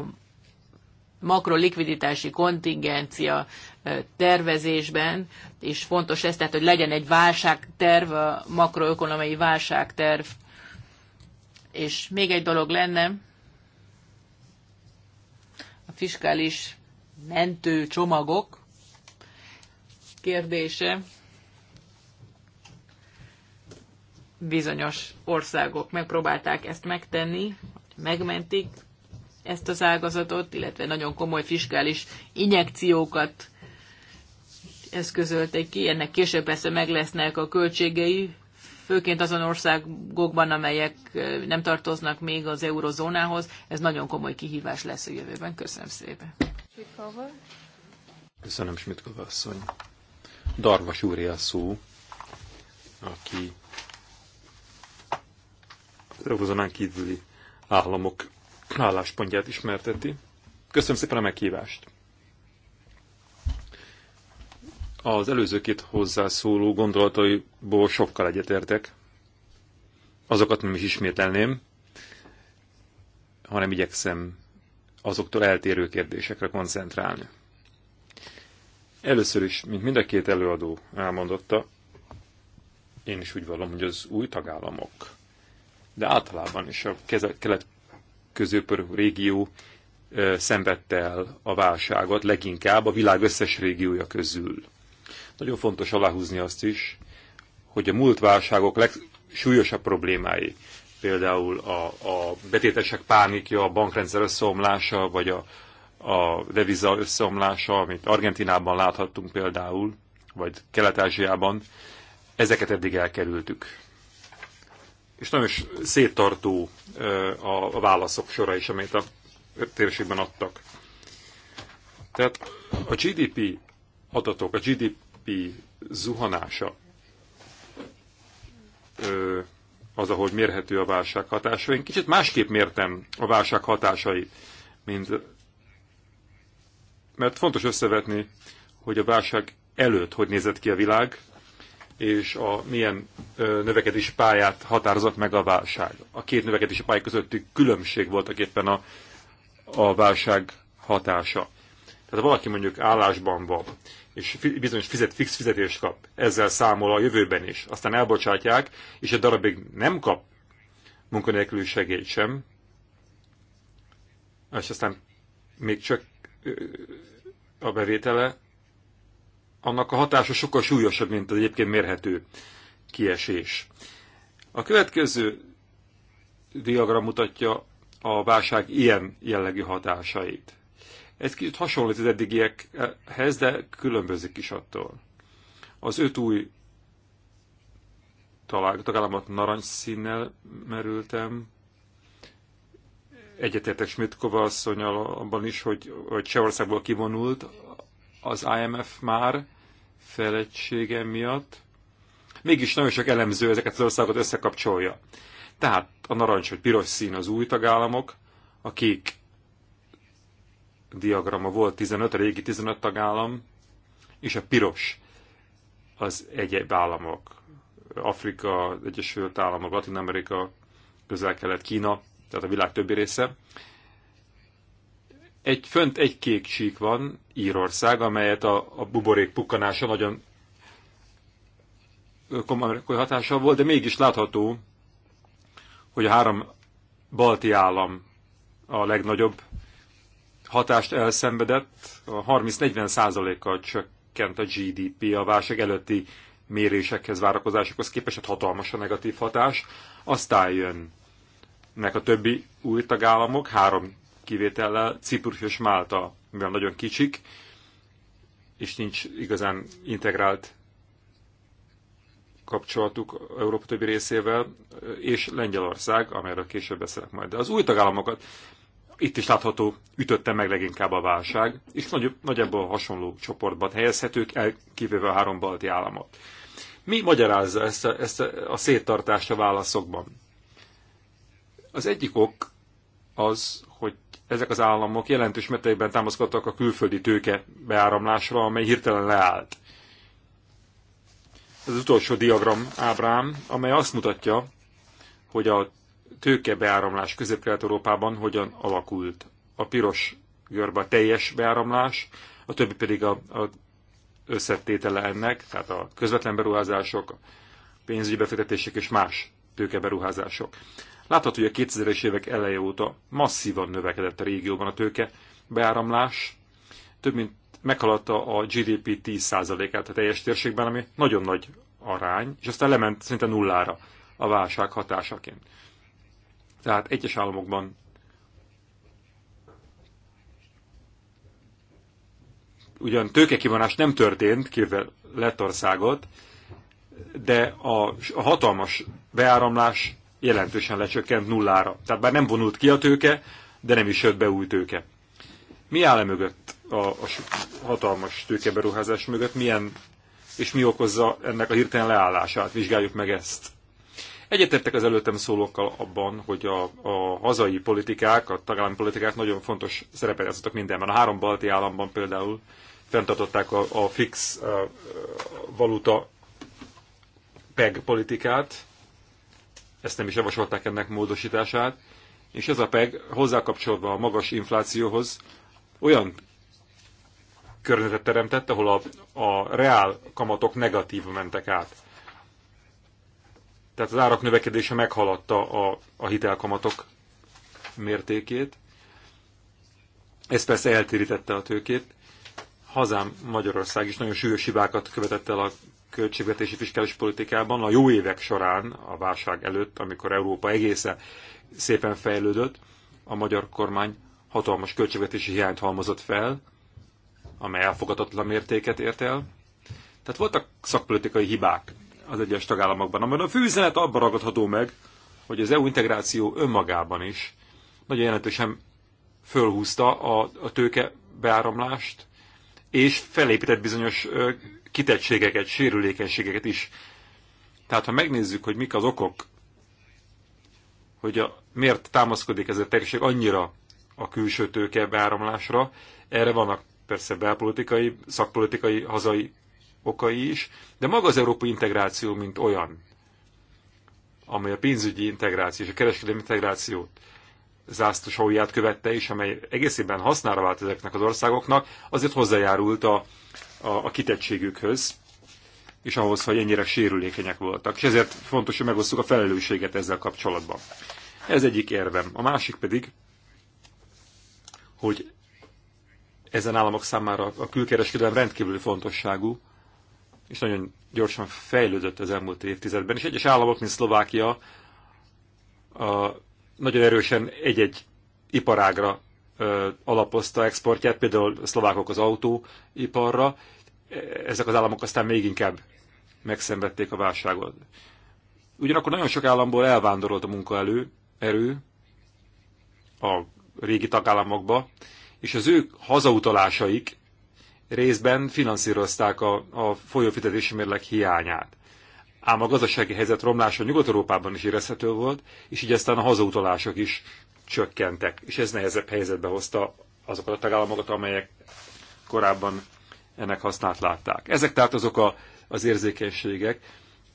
makrolikviditási kontingencia tervezésben, és fontos ez, tehát hogy legyen egy válságterv, a makroökonomiai válságterv. És még egy dolog lenne, fiskális mentő csomagok kérdése bizonyos országok megpróbálták ezt megtenni, megmentik ezt az ágazatot, illetve nagyon komoly fiskális injekciókat eszközölték ki. Ennek később persze meg lesznek a költségei, főként azon országokban, amelyek nem tartoznak még az eurozónához. Ez nagyon komoly kihívás lesz a jövőben. Köszönöm szépen. Köszönöm, Smitkova asszony. Darvas úri a szó, aki Eurozónán kívüli államok álláspontját ismerteti. Köszönöm szépen a meghívást. Az előző két hozzászóló gondolataiból sokkal egyetértek. Azokat nem is ismételném, hanem igyekszem azoktól eltérő kérdésekre koncentrálni. Először is, mint mind a két előadó elmondotta, én is úgy vallom, hogy az új tagállamok, de általában is a kelet-középör régió szenvedte el a válságot, leginkább a világ összes régiója közül. Nagyon fontos aláhúzni azt is, hogy a múlt válságok legsúlyosabb problémái, például a, a betétesek pánikja, a bankrendszer összeomlása, vagy a, a deviza összeomlása, amit Argentinában láthattunk például, vagy Kelet-Ázsiában, ezeket eddig elkerültük. És nagyon is széttartó a válaszok sora is, amit a térségben adtak. Tehát a GDP adatok, a GDP napi zuhanása az, ahogy mérhető a válság hatása. Én kicsit másképp mértem a válság hatásait, mint mert fontos összevetni, hogy a válság előtt hogy nézett ki a világ, és a milyen növekedési pályát határozott meg a válság. A két növekedési pály közötti különbség voltak éppen a, a válság hatása. Tehát ha valaki mondjuk állásban van, és bizonyos fizet, fix fizetést kap, ezzel számol a jövőben is, aztán elbocsátják, és egy darabig nem kap munkanélküli segélyt sem, és aztán még csak a bevétele, annak a hatása sokkal súlyosabb, mint az egyébként mérhető kiesés. A következő diagram mutatja a válság ilyen jellegű hatásait. Ez kicsit hasonlít az eddigiekhez, de különbözik is attól. Az öt új tagállamot narancsszínnel merültem. Egyetértek Smitkova asszonyal abban is, hogy, hogy Csehországból kivonult az IMF már felettsége miatt. Mégis nagyon sok elemző ezeket az országot összekapcsolja. Tehát a narancs vagy piros szín az új tagállamok, a kék diagrama volt 15, a régi 15 tagállam, és a piros az egyéb államok. Afrika, Egyesült Államok, Latin Amerika, közel-kelet, Kína, tehát a világ többi része. Egy, fönt egy kék csík van, Írország, amelyet a, a buborék pukkanása nagyon komoly hatással volt, de mégis látható, hogy a három balti állam a legnagyobb hatást elszenvedett, 30-40 százalékkal csökkent a GDP a válság előtti mérésekhez, várakozásokhoz képest, hát hatalmas a negatív hatás. Aztán jönnek a többi új tagállamok, három kivétellel, Ciprus és Málta, mivel nagyon kicsik, és nincs igazán integrált kapcsolatuk Európa többi részével, és Lengyelország, amelyről később beszélek majd. De az új tagállamokat itt is látható, ütötte meg leginkább a válság, és nagy, nagyjából hasonló csoportban helyezhetők, el, kivéve a három balti államot. Mi magyarázza ezt a, ezt a, a széttartást a válaszokban? Az egyik ok az, hogy ezek az államok jelentős mértékben támaszkodtak a külföldi tőke beáramlásra, amely hirtelen leállt. Ez az utolsó diagram ábrám, amely azt mutatja, hogy a tőkebeáramlás Közép-Kelet-Európában hogyan alakult. A piros görbe a teljes beáramlás, a többi pedig a, a összetétele ennek, tehát a közvetlen beruházások, a pénzügyi befektetések és más tőkeberuházások. Látható, hogy a 2000-es évek eleje óta masszívan növekedett a régióban a tőke beáramlás, több mint meghaladta a GDP 10%-át a teljes térségben, ami nagyon nagy arány, és aztán lement szinte nullára a válság hatásaként. Tehát egyes államokban ugyan tőkekivonás nem történt, kivéve Lettországot, de a, a hatalmas beáramlás jelentősen lecsökkent nullára. Tehát bár nem vonult ki a tőke, de nem is jött be új tőke. Mi áll -e mögött a, a hatalmas tőkeberuházás mögött? Milyen és mi okozza ennek a hirtelen leállását? Vizsgáljuk meg ezt. Egyetértek az előttem szólókkal abban, hogy a, a hazai politikák, a tagállami politikák nagyon fontos szerepet játszottak mindenben. A három balti államban például fenntartották a, a fix a, a valuta PEG politikát, ezt nem is javasolták ennek módosítását, és ez a PEG hozzákapcsolva a magas inflációhoz olyan környezetet teremtett, ahol a, a reál kamatok negatív mentek át. Tehát az árak növekedése meghaladta a, a hitelkamatok mértékét. Ez persze eltérítette a tőkét. Hazám Magyarország is nagyon súlyos hibákat követett el a költségvetési fiskális politikában a jó évek során, a válság előtt, amikor Európa egészen szépen fejlődött, a magyar kormány hatalmas költségvetési hiányt halmozott fel, amely elfogadatlan mértéket ért el. Tehát voltak szakpolitikai hibák, az egyes tagállamokban. Amely a fő üzenet abban ragadható meg, hogy az EU integráció önmagában is nagyon jelentősen fölhúzta a, a tőke beáramlást, és felépített bizonyos kitettségeket, sérülékenységeket is. Tehát ha megnézzük, hogy mik az okok, hogy a, miért támaszkodik ez a tegség annyira a külső tőke beáramlásra, erre vannak persze belpolitikai, szakpolitikai, hazai okai is, de maga az európai integráció, mint olyan, amely a pénzügyi integráció és a kereskedelmi integrációt zászlós hajját követte is, amely egészében hasznára vált ezeknek az országoknak, azért hozzájárult a, a, a kitettségükhöz, és ahhoz, hogy ennyire sérülékenyek voltak. És ezért fontos, hogy megosztjuk a felelősséget ezzel kapcsolatban. Ez egyik érvem. A másik pedig, hogy ezen államok számára a külkereskedelem rendkívül fontosságú, és nagyon gyorsan fejlődött az elmúlt évtizedben, és egyes államok, mint Szlovákia, a, nagyon erősen egy-egy iparágra ö, alapozta exportját, például a szlovákok az autóiparra, ezek az államok aztán még inkább megszenvedték a válságot. Ugyanakkor nagyon sok államból elvándorolt a munkaerő, erő a régi tagállamokba, és az ő hazautalásaik részben finanszírozták a, a folyófizetési mérleg hiányát. Ám a gazdasági helyzet romlása Nyugat-Európában is érezhető volt, és így aztán a hazautalások is csökkentek, és ez nehezebb helyzetbe hozta azokat a tagállamokat, amelyek korábban ennek hasznát látták. Ezek tehát azok a, az érzékenységek,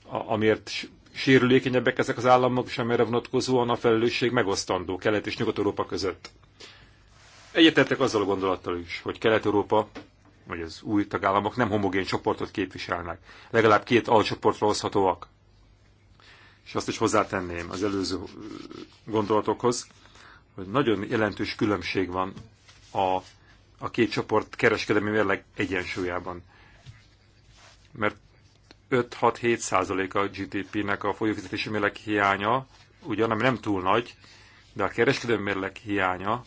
a, amiért sérülékenyebbek ezek az államok, és amire vonatkozóan a felelősség megosztandó Kelet és Nyugat-Európa között. Egyetértek azzal a gondolattal is, hogy Kelet-Európa vagy az új tagállamok nem homogén csoportot képviselnek. Legalább két alcsoportra hozhatóak. És azt is hozzátenném az előző gondolatokhoz, hogy nagyon jelentős különbség van a, a két csoport kereskedelmi mérleg egyensúlyában. Mert 5-6-7 százaléka a GDP-nek a folyófizetési mérleg hiánya, ugyan, ami nem túl nagy, de a kereskedelmi mérleg hiánya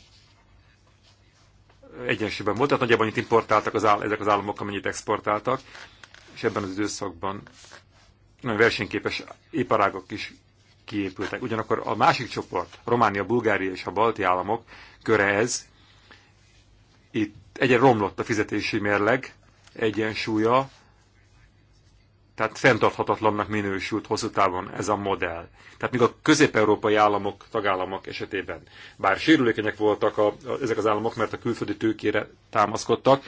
egyensúlyban volt, tehát nagyjából annyit importáltak az áll, ezek az államok, amennyit exportáltak, és ebben az időszakban nagyon versenyképes iparágok is kiépültek. Ugyanakkor a másik csoport, Románia, Bulgária és a balti államok köre ez, itt egyre romlott a fizetési mérleg egyensúlya, tehát fenntarthatatlannak minősült hosszú távon ez a modell. Tehát még a közép-európai államok, tagállamok esetében, bár sérülékenyek voltak a, a, ezek az államok, mert a külföldi tőkére támaszkodtak,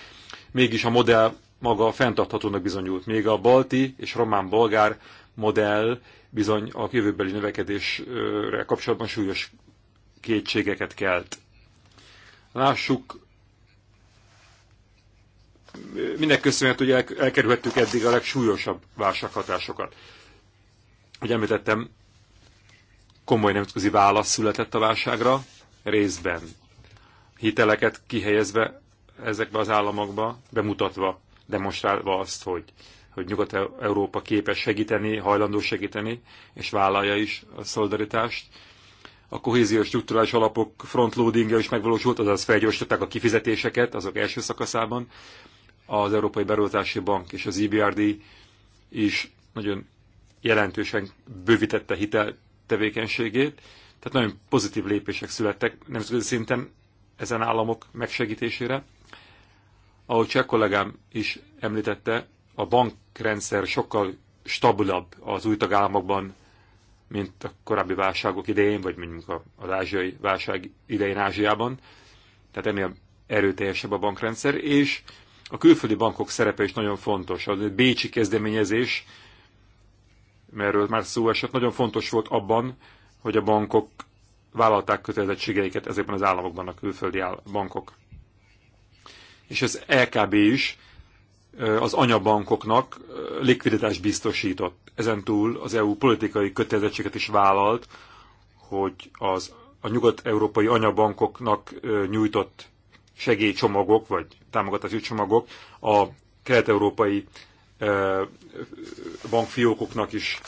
mégis a modell maga fenntarthatónak bizonyult. Még a balti és román-bolgár modell bizony a jövőbeli növekedésre kapcsolatban súlyos kétségeket kelt. Lássuk minek köszönhet, hogy elkerülhettük eddig a legsúlyosabb válsághatásokat. Hogy említettem, komoly nemzetközi válasz született a válságra, részben hiteleket kihelyezve ezekbe az államokba, bemutatva, demonstrálva azt, hogy, hogy Nyugat-Európa képes segíteni, hajlandó segíteni, és vállalja is a szolidaritást. A kohéziós struktúrális alapok frontloadingja is megvalósult, azaz felgyorsították a kifizetéseket azok első szakaszában, az Európai Beruházási Bank és az EBRD is nagyon jelentősen bővítette hitel tevékenységét, tehát nagyon pozitív lépések születtek nemzetközi szinten ezen államok megsegítésére. Ahogy cseh kollégám is említette, a bankrendszer sokkal stabilabb az új tagállamokban, mint a korábbi válságok idején, vagy mondjuk az ázsiai válság idején Ázsiában. Tehát ennél erőteljesebb a bankrendszer, és a külföldi bankok szerepe is nagyon fontos. A bécsi kezdeményezés, mert már szó esett, nagyon fontos volt abban, hogy a bankok vállalták kötelezettségeiket ezekben az államokban a külföldi bankok. És az LKB is az anyabankoknak likviditást biztosított. Ezen túl az EU politikai kötelezettséget is vállalt, hogy az, a nyugat-európai anyabankoknak nyújtott segélycsomagok, vagy támogatási csomagok a kelet-európai bankfiókoknak is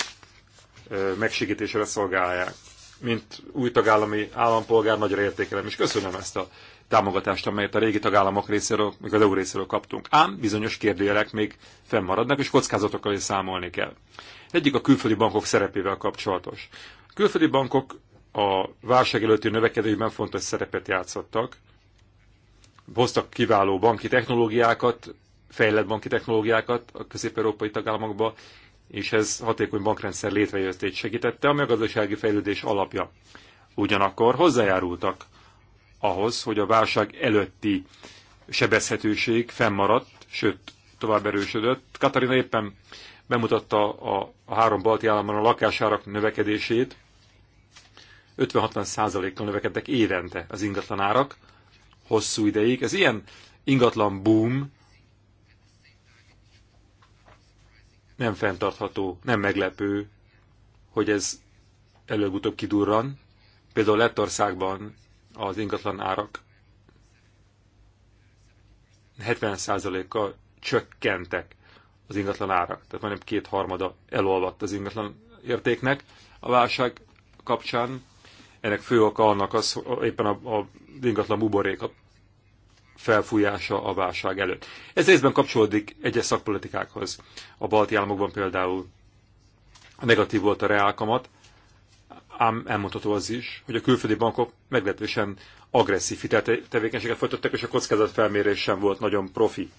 megsegítésre szolgálják. Mint új tagállami állampolgár nagyra értékelem, és köszönöm ezt a támogatást, amelyet a régi tagállamok részéről, még az EU részéről kaptunk. Ám bizonyos kérdőjelek még fennmaradnak, és kockázatokkal is számolni kell. Egyik a külföldi bankok szerepével kapcsolatos. A külföldi bankok a válság előtti növekedésben fontos szerepet játszottak, hoztak kiváló banki technológiákat, fejlett banki technológiákat a közép-európai tagállamokba, és ez hatékony bankrendszer létrejöttét segítette, ami a gazdasági fejlődés alapja. Ugyanakkor hozzájárultak ahhoz, hogy a válság előtti sebezhetőség fennmaradt, sőt, tovább erősödött. Katarina éppen bemutatta a, a három balti államban a lakásárak növekedését. 50-60 százalékkal növekedtek évente az ingatlanárak, hosszú ideig. ez ilyen ingatlan boom nem fenntartható, nem meglepő, hogy ez előbb-utóbb kidurran. Például Lettországban az ingatlan árak 70%-kal csökkentek az ingatlan árak. Tehát majdnem kétharmada elolvadt az ingatlan értéknek a válság kapcsán. Ennek fő oka annak az, éppen a, a ingatlan buborék felfújása a válság előtt. Ez részben kapcsolódik egyes szakpolitikákhoz. A balti államokban például negatív volt a reálkamat, ám elmondható az is, hogy a külföldi bankok meglehetősen agresszív hiteltevékenységet folytattak, és a kockázatfelmérés sem volt nagyon profi.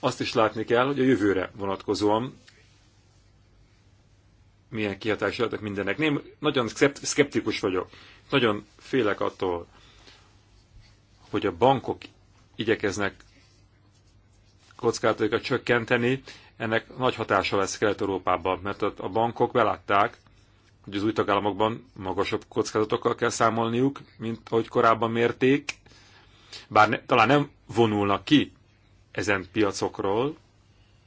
Azt is látni kell, hogy a jövőre vonatkozóan milyen kihatás adnak mindennek. Én nagyon szkeptikus vagyok. Nagyon félek attól, hogy a bankok igyekeznek kockátokat csökkenteni, ennek nagy hatása lesz Kelet-Európában, mert a bankok belátták, hogy az új tagállamokban magasabb kockázatokkal kell számolniuk, mint ahogy korábban mérték, bár ne, talán nem vonulnak ki ezen piacokról,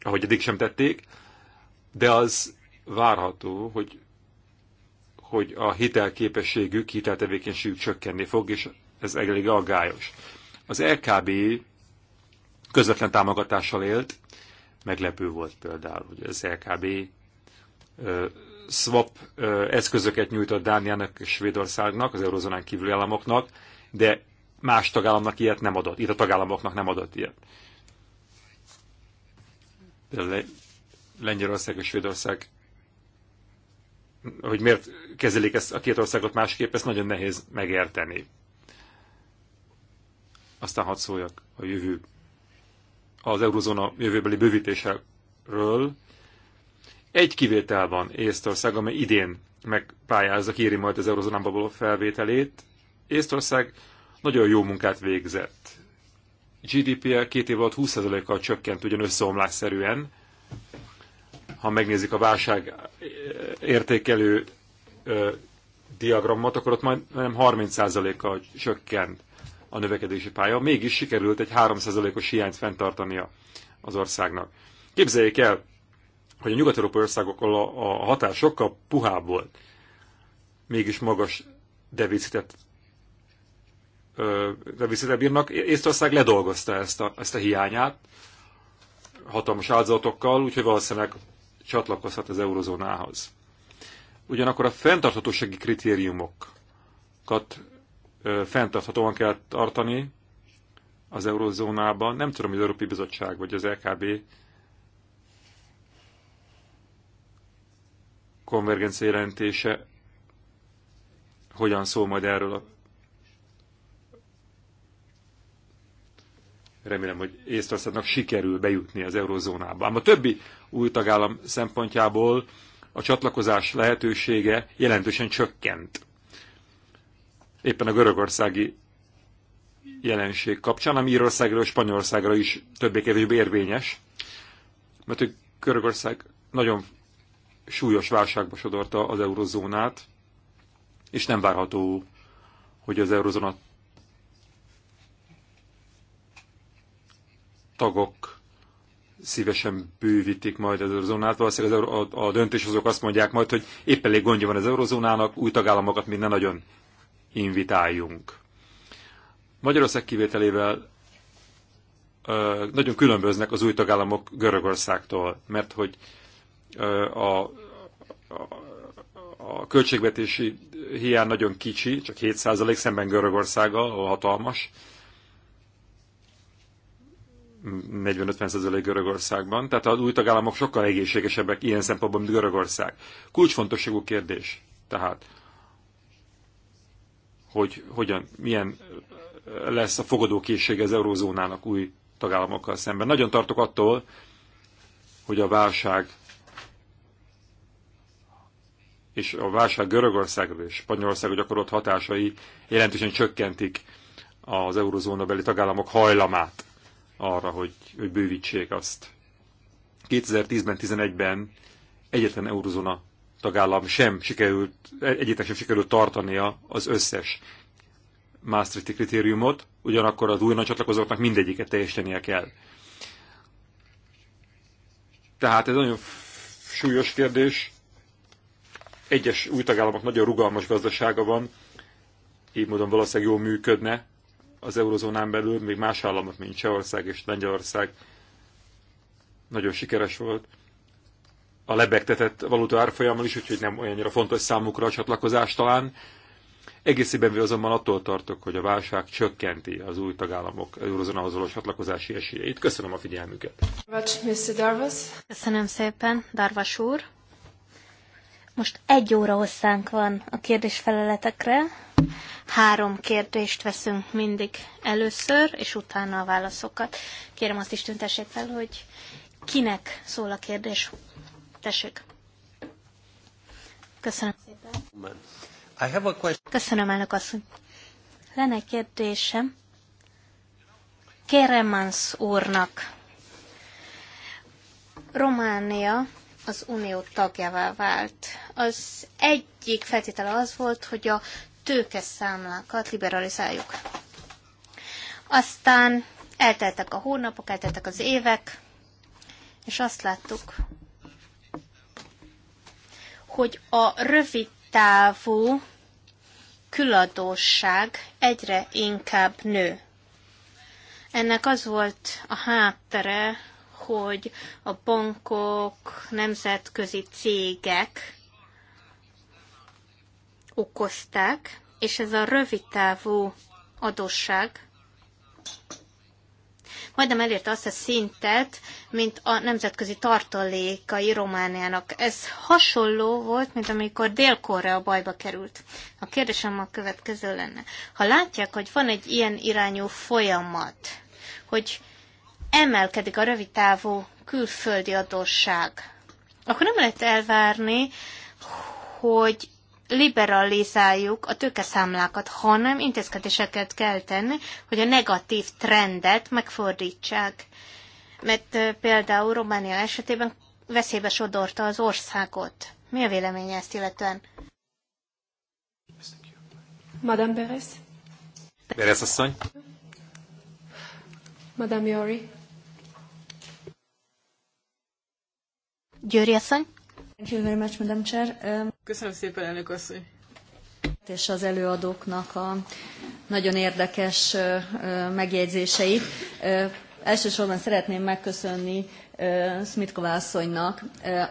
ahogy eddig sem tették, de az várható, hogy, hogy a hitelképességük, hiteltevékenységük csökkenni fog, és ez elég aggályos. Az LKB közvetlen támogatással élt, meglepő volt például, hogy az LKB swap eszközöket nyújtott Dániának és Svédországnak, az eurozónán kívüli államoknak, de más tagállamnak ilyet nem adott. Itt a tagállamoknak nem adott ilyet. Például Lengyelország és Svédország hogy miért kezelik ezt a két országot másképp, ezt nagyon nehéz megérteni. Aztán hadd szóljak a jövő, az eurozóna jövőbeli bővítéséről. Egy kivétel van Észtország, amely idén megpályázza, kéri majd az eurozónába való felvételét. Észtország nagyon jó munkát végzett. gdp e két év alatt 20%-kal csökkent ugyan összeomlásszerűen, ha megnézik a válság értékelő diagramot, akkor ott majd nem 30%-kal csökkent a növekedési pálya, mégis sikerült egy 3%-os hiányt fenntartania az országnak. Képzeljék el, hogy a nyugat-európai országok a, hatás sokkal puhább volt, mégis magas deficitet deficitet bírnak. Észtország ledolgozta ezt a, ezt a hiányát hatalmas áldozatokkal, úgyhogy valószínűleg csatlakozhat az eurozónához. Ugyanakkor a fenntarthatósági kritériumokat ö, fenntarthatóan kell tartani az eurozónában. Nem tudom, hogy az Európai Bizottság vagy az LKB konvergencia jelentése hogyan szól majd erről a remélem, hogy Észtországnak sikerül bejutni az eurozónába. Ám a többi új tagállam szempontjából a csatlakozás lehetősége jelentősen csökkent. Éppen a görögországi jelenség kapcsán, ami Írországra és Spanyolországra is többé-kevésbé érvényes, mert hogy Görögország nagyon súlyos válságba sodorta az eurozónát, és nem várható, hogy az eurozóna tagok szívesen bővítik majd az eurozónát. Valószínűleg az, a, a döntéshozók azt mondják majd, hogy épp elég gondja van az eurozónának, új tagállamokat még ne nagyon invitáljunk. Magyarország kivételével ö, nagyon különböznek az új tagállamok Görögországtól, mert hogy ö, a, a, a költségvetési hiány nagyon kicsi, csak 7% szemben Görögországgal, ahol hatalmas, 40-50% Görögországban, tehát az új tagállamok sokkal egészségesebbek ilyen szempontból, mint Görögország. Kulcsfontosságú kérdés, tehát, hogy hogyan, milyen lesz a fogadókészség az eurózónának új tagállamokkal szemben. Nagyon tartok attól, hogy a válság és a válság Görögországra és Spanyolországra gyakorolt hatásai jelentősen csökkentik az eurozóna beli tagállamok hajlamát arra, hogy, hogy bővítsék azt. 2010-ben, 2011 ben egyetlen eurozóna tagállam sem sikerült, egyetlen sem sikerült tartania az összes Maastrichti kritériumot, ugyanakkor az új csatlakozóknak mindegyiket teljesítenie kell. Tehát ez nagyon súlyos kérdés. Egyes új tagállamok nagyon rugalmas gazdasága van, így módon valószínűleg jól működne az eurozónán belül még más államok, mint Csehország és Lengyelország nagyon sikeres volt a lebegtetett valuta árfolyammal is, úgyhogy nem olyannyira fontos számukra a csatlakozás talán. Egészében azonban attól tartok, hogy a válság csökkenti az új tagállamok eurozónához való csatlakozási esélyeit. Köszönöm a figyelmüket. Köszönöm szépen, Darvas úr. Most egy óra hosszánk van a kérdésfeleletekre. Három kérdést veszünk mindig először, és utána a válaszokat. Kérem azt is tüntessék fel, hogy kinek szól a kérdés. Tessék. Köszönöm szépen. I have a question. Köszönöm, elnök asszony. Lenne egy kérdésem. Keremans úrnak. Románia az unió tagjává vált, az egyik feltétele az volt, hogy a tőkeszámlákat liberalizáljuk. Aztán elteltek a hónapok, elteltek az évek, és azt láttuk, hogy a rövid távú küladóság egyre inkább nő. Ennek az volt a háttere, hogy a bankok, nemzetközi cégek okozták, és ez a rövidtávú adósság majdnem elérte azt a szintet, mint a nemzetközi tartalékai Romániának. Ez hasonló volt, mint amikor Dél-Korea bajba került. A kérdésem a következő lenne. Ha látják, hogy van egy ilyen irányú folyamat, hogy emelkedik a rövidtávú külföldi adósság, akkor nem lehet elvárni, hogy liberalizáljuk a tőkeszámlákat, hanem intézkedéseket kell tenni, hogy a negatív trendet megfordítsák. Mert például Románia esetében veszélybe sodorta az országot. Mi a véleménye ezt illetően? Madame Beres. Beres asszony. Madame Jori. Győri asszony. Thank you very much, Madam Chair. Um, Köszönöm szépen, elnök asszony. És az előadóknak a nagyon érdekes megjegyzéseit. Elsősorban szeretném megköszönni Smitkova asszonynak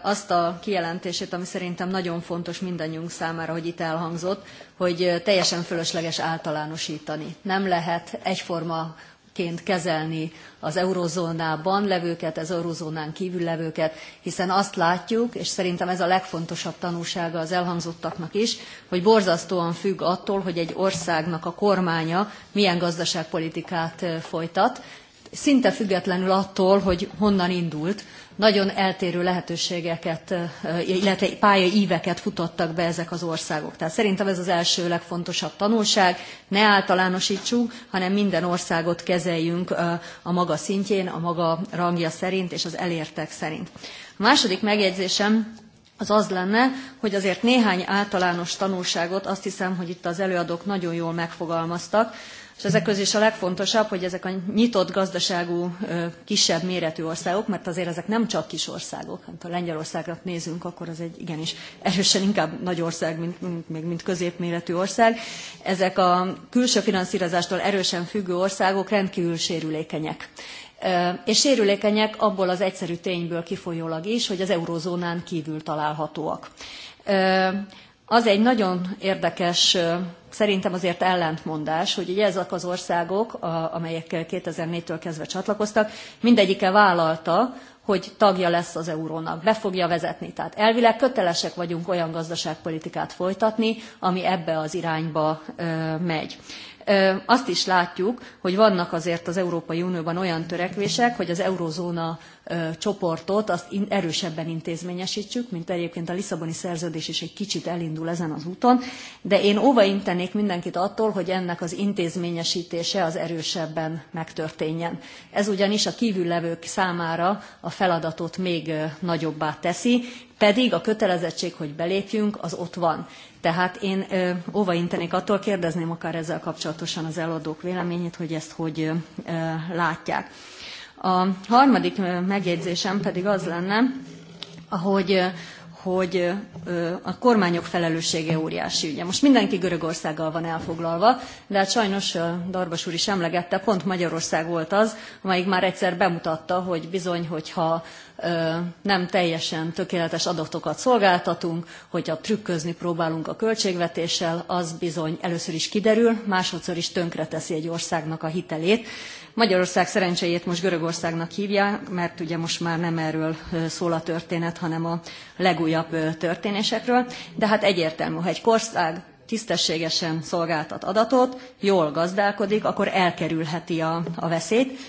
azt a kijelentését, ami szerintem nagyon fontos mindannyiunk számára, hogy itt elhangzott, hogy teljesen fölösleges általánosítani. Nem lehet egyforma ként kezelni az eurozónában levőket, az eurozónán kívül levőket, hiszen azt látjuk, és szerintem ez a legfontosabb tanúsága az elhangzottaknak is, hogy borzasztóan függ attól, hogy egy országnak a kormánya milyen gazdaságpolitikát eh, folytat, szinte függetlenül attól, hogy honnan indult, nagyon eltérő lehetőségeket, illetve pályai éveket futottak be ezek az országok. Tehát szerintem ez az első legfontosabb tanulság, ne általánosítsunk, hanem minden országot kezeljünk a maga szintjén, a maga rangja szerint és az elértek szerint. A második megjegyzésem az az lenne, hogy azért néhány általános tanulságot azt hiszem, hogy itt az előadók nagyon jól megfogalmaztak, és ezek közül is a legfontosabb, hogy ezek a nyitott gazdaságú kisebb méretű országok, mert azért ezek nem csak kis országok, hát ha Lengyelországra nézünk, akkor az egy igenis erősen inkább nagy ország, mint, mint, még mint középméretű ország. Ezek a külső finanszírozástól erősen függő országok rendkívül sérülékenyek. És sérülékenyek abból az egyszerű tényből kifolyólag is, hogy az eurozónán kívül találhatóak. Az egy nagyon érdekes, szerintem azért ellentmondás, hogy ezek az országok, amelyekkel 2004-től kezdve csatlakoztak, mindegyike vállalta, hogy tagja lesz az eurónak, be fogja vezetni. Tehát elvileg kötelesek vagyunk olyan gazdaságpolitikát folytatni, ami ebbe az irányba megy azt is látjuk, hogy vannak azért az Európai Unióban olyan törekvések, hogy az eurozóna csoportot azt erősebben intézményesítsük, mint egyébként a Lisszaboni szerződés is egy kicsit elindul ezen az úton, de én óvaintenék mindenkit attól, hogy ennek az intézményesítése az erősebben megtörténjen. Ez ugyanis a kívüllevők számára a feladatot még nagyobbá teszi, pedig a kötelezettség, hogy belépjünk, az ott van. Tehát én óva intenék attól, kérdezném akár ezzel kapcsolatosan az eladók véleményét, hogy ezt hogy látják. A harmadik megjegyzésem pedig az lenne, hogy hogy a kormányok felelőssége óriási ügye. Most mindenki Görögországgal van elfoglalva, de hát sajnos Darbas úr is emlegette, pont Magyarország volt az, amelyik már egyszer bemutatta, hogy bizony, hogyha nem teljesen tökéletes adatokat szolgáltatunk, hogyha trükközni próbálunk a költségvetéssel, az bizony először is kiderül, másodszor is tönkre teszi egy országnak a hitelét. Magyarország szerencséjét most Görögországnak hívják, mert ugye most már nem erről szól a történet, hanem a legújabb történésekről. De hát egyértelmű, ha egy ország tisztességesen szolgáltat adatot, jól gazdálkodik, akkor elkerülheti a, a veszélyt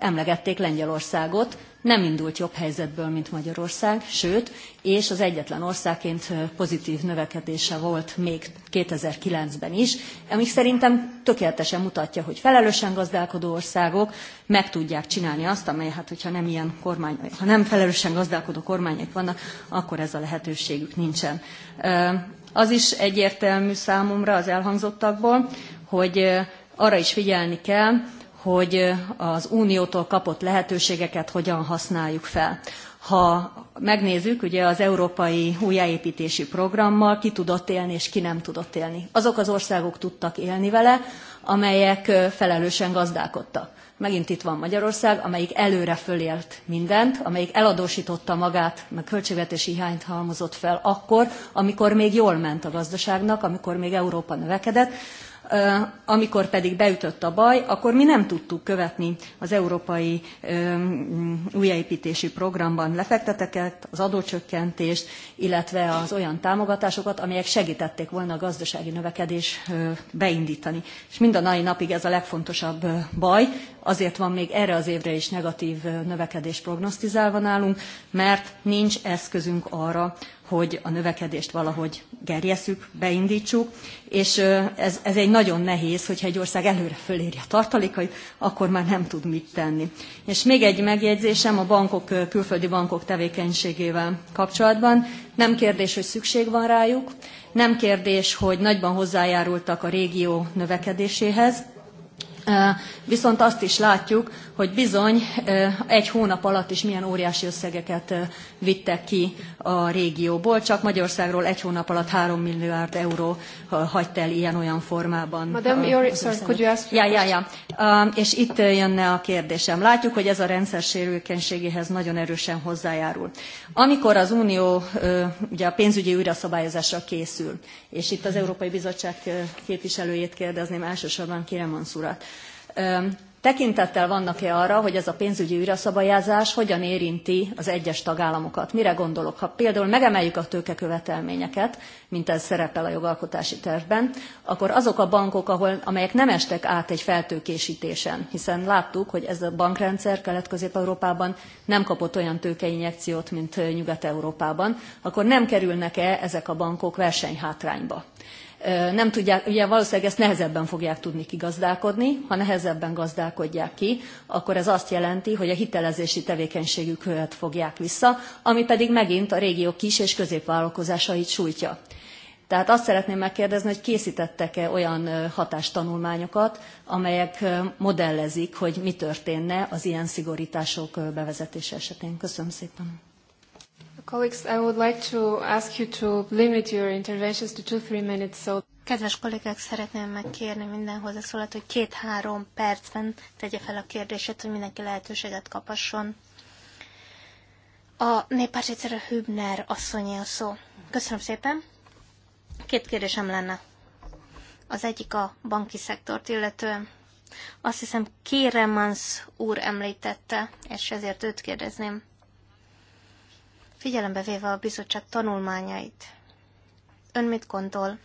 emlegették Lengyelországot, nem indult jobb helyzetből, mint Magyarország, sőt, és az egyetlen országként pozitív növekedése volt még 2009-ben is, ami szerintem tökéletesen mutatja, hogy felelősen gazdálkodó országok meg tudják csinálni azt, amely, hát hogyha nem ilyen kormány, ha nem felelősen gazdálkodó kormányok vannak, akkor ez a lehetőségük nincsen. Az is egyértelmű számomra az elhangzottakból, hogy arra is figyelni kell, hogy az uniótól kapott lehetőségeket hogyan használjuk fel. Ha megnézzük, ugye az európai újjáépítési programmal ki tudott élni és ki nem tudott élni. Azok az országok tudtak élni vele, amelyek felelősen gazdálkodtak. Megint itt van Magyarország, amelyik előre fölélt mindent, amelyik eladósította magát, meg költségvetési hiányt halmozott fel akkor, amikor még jól ment a gazdaságnak, amikor még Európa növekedett, amikor pedig beütött a baj, akkor mi nem tudtuk követni az európai újjáépítési programban lefekteteket, az adócsökkentést, illetve az olyan támogatásokat, amelyek segítették volna a gazdasági növekedés beindítani. És mind a mai napig ez a legfontosabb baj, azért van még erre az évre is negatív növekedés prognosztizálva nálunk, mert nincs eszközünk arra, hogy a növekedést valahogy gerjeszük, beindítsuk, és ez, ez egy nagyon nehéz, hogyha egy ország előre fölírja a tartalékait, akkor már nem tud mit tenni. És még egy megjegyzésem a bankok, külföldi bankok tevékenységével kapcsolatban. Nem kérdés, hogy szükség van rájuk, nem kérdés, hogy nagyban hozzájárultak a régió növekedéséhez, Viszont azt is látjuk, hogy bizony egy hónap alatt is milyen óriási összegeket vittek ki a régióból, csak Magyarországról egy hónap alatt 3 milliárd euró hagyt el ilyen-olyan formában. Madam, your, sorry, could you ask ja, ja, ja. És itt jönne a kérdésem. Látjuk, hogy ez a rendszer sérülékenységéhez nagyon erősen hozzájárul. Amikor az Unió ugye a pénzügyi újraszabályozásra készül, és itt az Európai Bizottság képviselőjét kérdezném, elsősorban kérem Mansurat, Tekintettel vannak-e arra, hogy ez a pénzügyi üraszabályázás hogyan érinti az egyes tagállamokat? Mire gondolok? Ha például megemeljük a tőkekövetelményeket, mint ez szerepel a jogalkotási tervben, akkor azok a bankok, ahol, amelyek nem estek át egy feltőkésítésen, hiszen láttuk, hogy ez a bankrendszer Kelet-Közép-Európában nem kapott olyan tőkeinjekciót, mint Nyugat-Európában, akkor nem kerülnek-e ezek a bankok versenyhátrányba? nem tudják, ugye valószínűleg ezt nehezebben fogják tudni kigazdálkodni, ha nehezebben gazdálkodják ki, akkor ez azt jelenti, hogy a hitelezési tevékenységüket fogják vissza, ami pedig megint a régió kis és középvállalkozásait sújtja. Tehát azt szeretném megkérdezni, hogy készítettek-e olyan hatástanulmányokat, amelyek modellezik, hogy mi történne az ilyen szigorítások bevezetése esetén. Köszönöm szépen. Kedves kollégák, szeretném megkérni minden hozzászólat, hogy két-három percben tegye fel a kérdését, hogy mindenki lehetőséget kapasson. A néppárt egyszerre Hübner asszonyi a szó. Köszönöm szépen. Két kérdésem lenne. Az egyik a banki szektort, illetően azt hiszem Kéremans úr említette, és ezért őt kérdezném figyelembe véve a bizottság tanulmányait. Ön mit gondol?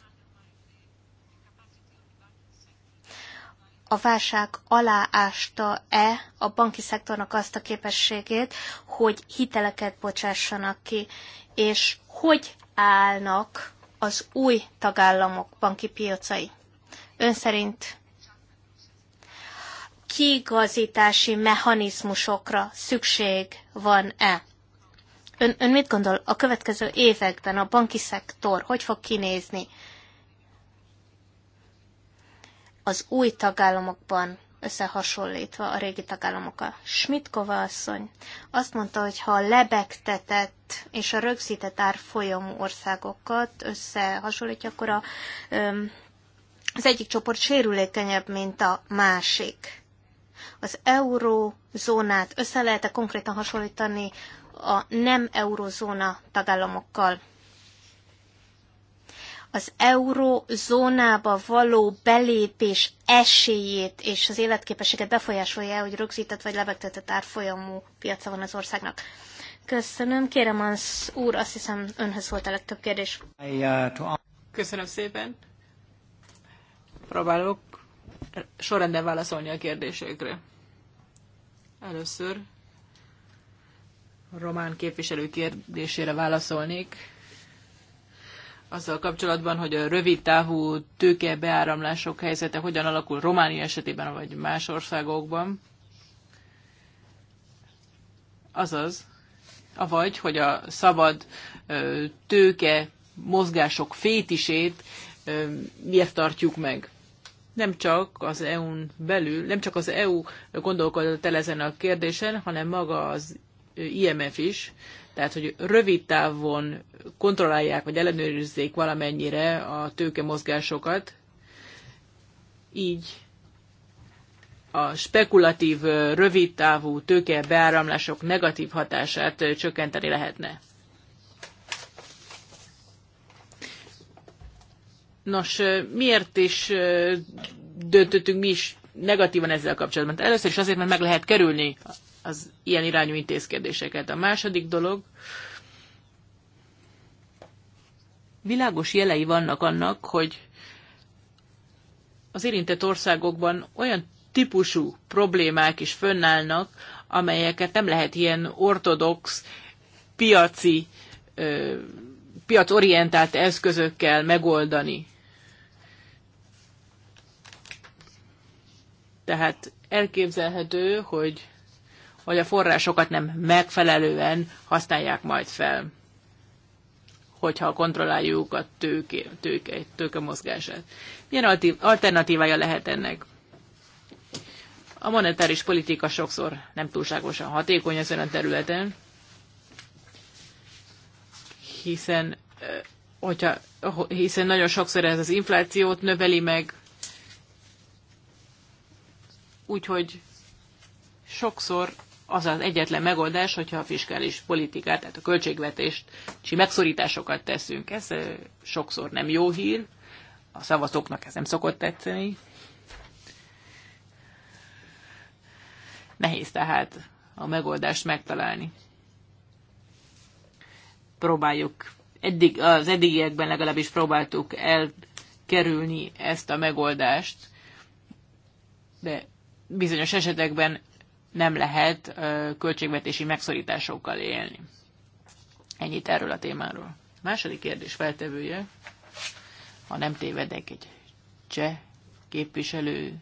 A válság aláásta-e a banki szektornak azt a képességét, hogy hiteleket bocsássanak ki, és hogy állnak az új tagállamok banki piacai? Ön szerint kiigazítási mechanizmusokra szükség van-e? Ön, ön mit gondol, a következő években a banki szektor hogy fog kinézni? Az új tagállamokban összehasonlítva a régi tagállamokkal. Smitkova asszony azt mondta, hogy ha a lebegtetett és a rögzített árfolyamú országokat összehasonlítja, akkor a, az egyik csoport sérülékenyebb, mint a másik. Az eurózónát össze lehet -e konkrétan hasonlítani a nem eurozóna tagállamokkal. Az eurozónába való belépés esélyét és az életképességet befolyásolja, hogy rögzített vagy levegtetett árfolyamú piaca van az országnak. Köszönöm. Kérem, az úr, azt hiszem önhöz volt a legtöbb kérdés. Köszönöm szépen. Próbálok sorrendben válaszolni a kérdésekre. Először román képviselő kérdésére válaszolnék. Azzal kapcsolatban, hogy a rövid távú tőkebeáramlások helyzete hogyan alakul Románia esetében, vagy más országokban. Azaz, avagy, hogy a szabad tőke mozgások fétisét miért tartjuk meg nem csak az EU-n belül, nem csak az EU gondolkodott el ezen a kérdésen, hanem maga az IMF is, tehát hogy rövid távon kontrollálják vagy ellenőrizzék valamennyire a tőke mozgásokat, így a spekulatív, rövid távú tőke beáramlások negatív hatását csökkenteni lehetne. Nos, miért is döntöttünk mi is negatívan ezzel kapcsolatban? Először is azért, mert meg lehet kerülni az ilyen irányú intézkedéseket. A második dolog, világos jelei vannak annak, hogy az érintett országokban olyan típusú problémák is fönnállnak, amelyeket nem lehet ilyen ortodox, piaci, piacorientált eszközökkel megoldani. Tehát elképzelhető, hogy hogy a forrásokat nem megfelelően használják majd fel, hogyha kontrolláljuk a tőke, tőke, tőke mozgását. Milyen alternatívája lehet ennek? A monetáris politika sokszor nem túlságosan hatékony ezen a területen, hiszen, hogyha, hiszen nagyon sokszor ez az inflációt növeli meg, úgyhogy sokszor az az egyetlen megoldás, hogyha a fiskális politikát, tehát a költségvetést, és megszorításokat teszünk. Ez sokszor nem jó hír, a szavazóknak ez nem szokott tetszeni. Nehéz tehát a megoldást megtalálni. Próbáljuk, eddig, az eddigiekben legalábbis próbáltuk elkerülni ezt a megoldást, de bizonyos esetekben nem lehet költségvetési megszorításokkal élni. Ennyit erről a témáról. A második kérdés feltevője, ha nem tévedek, egy cseh képviselő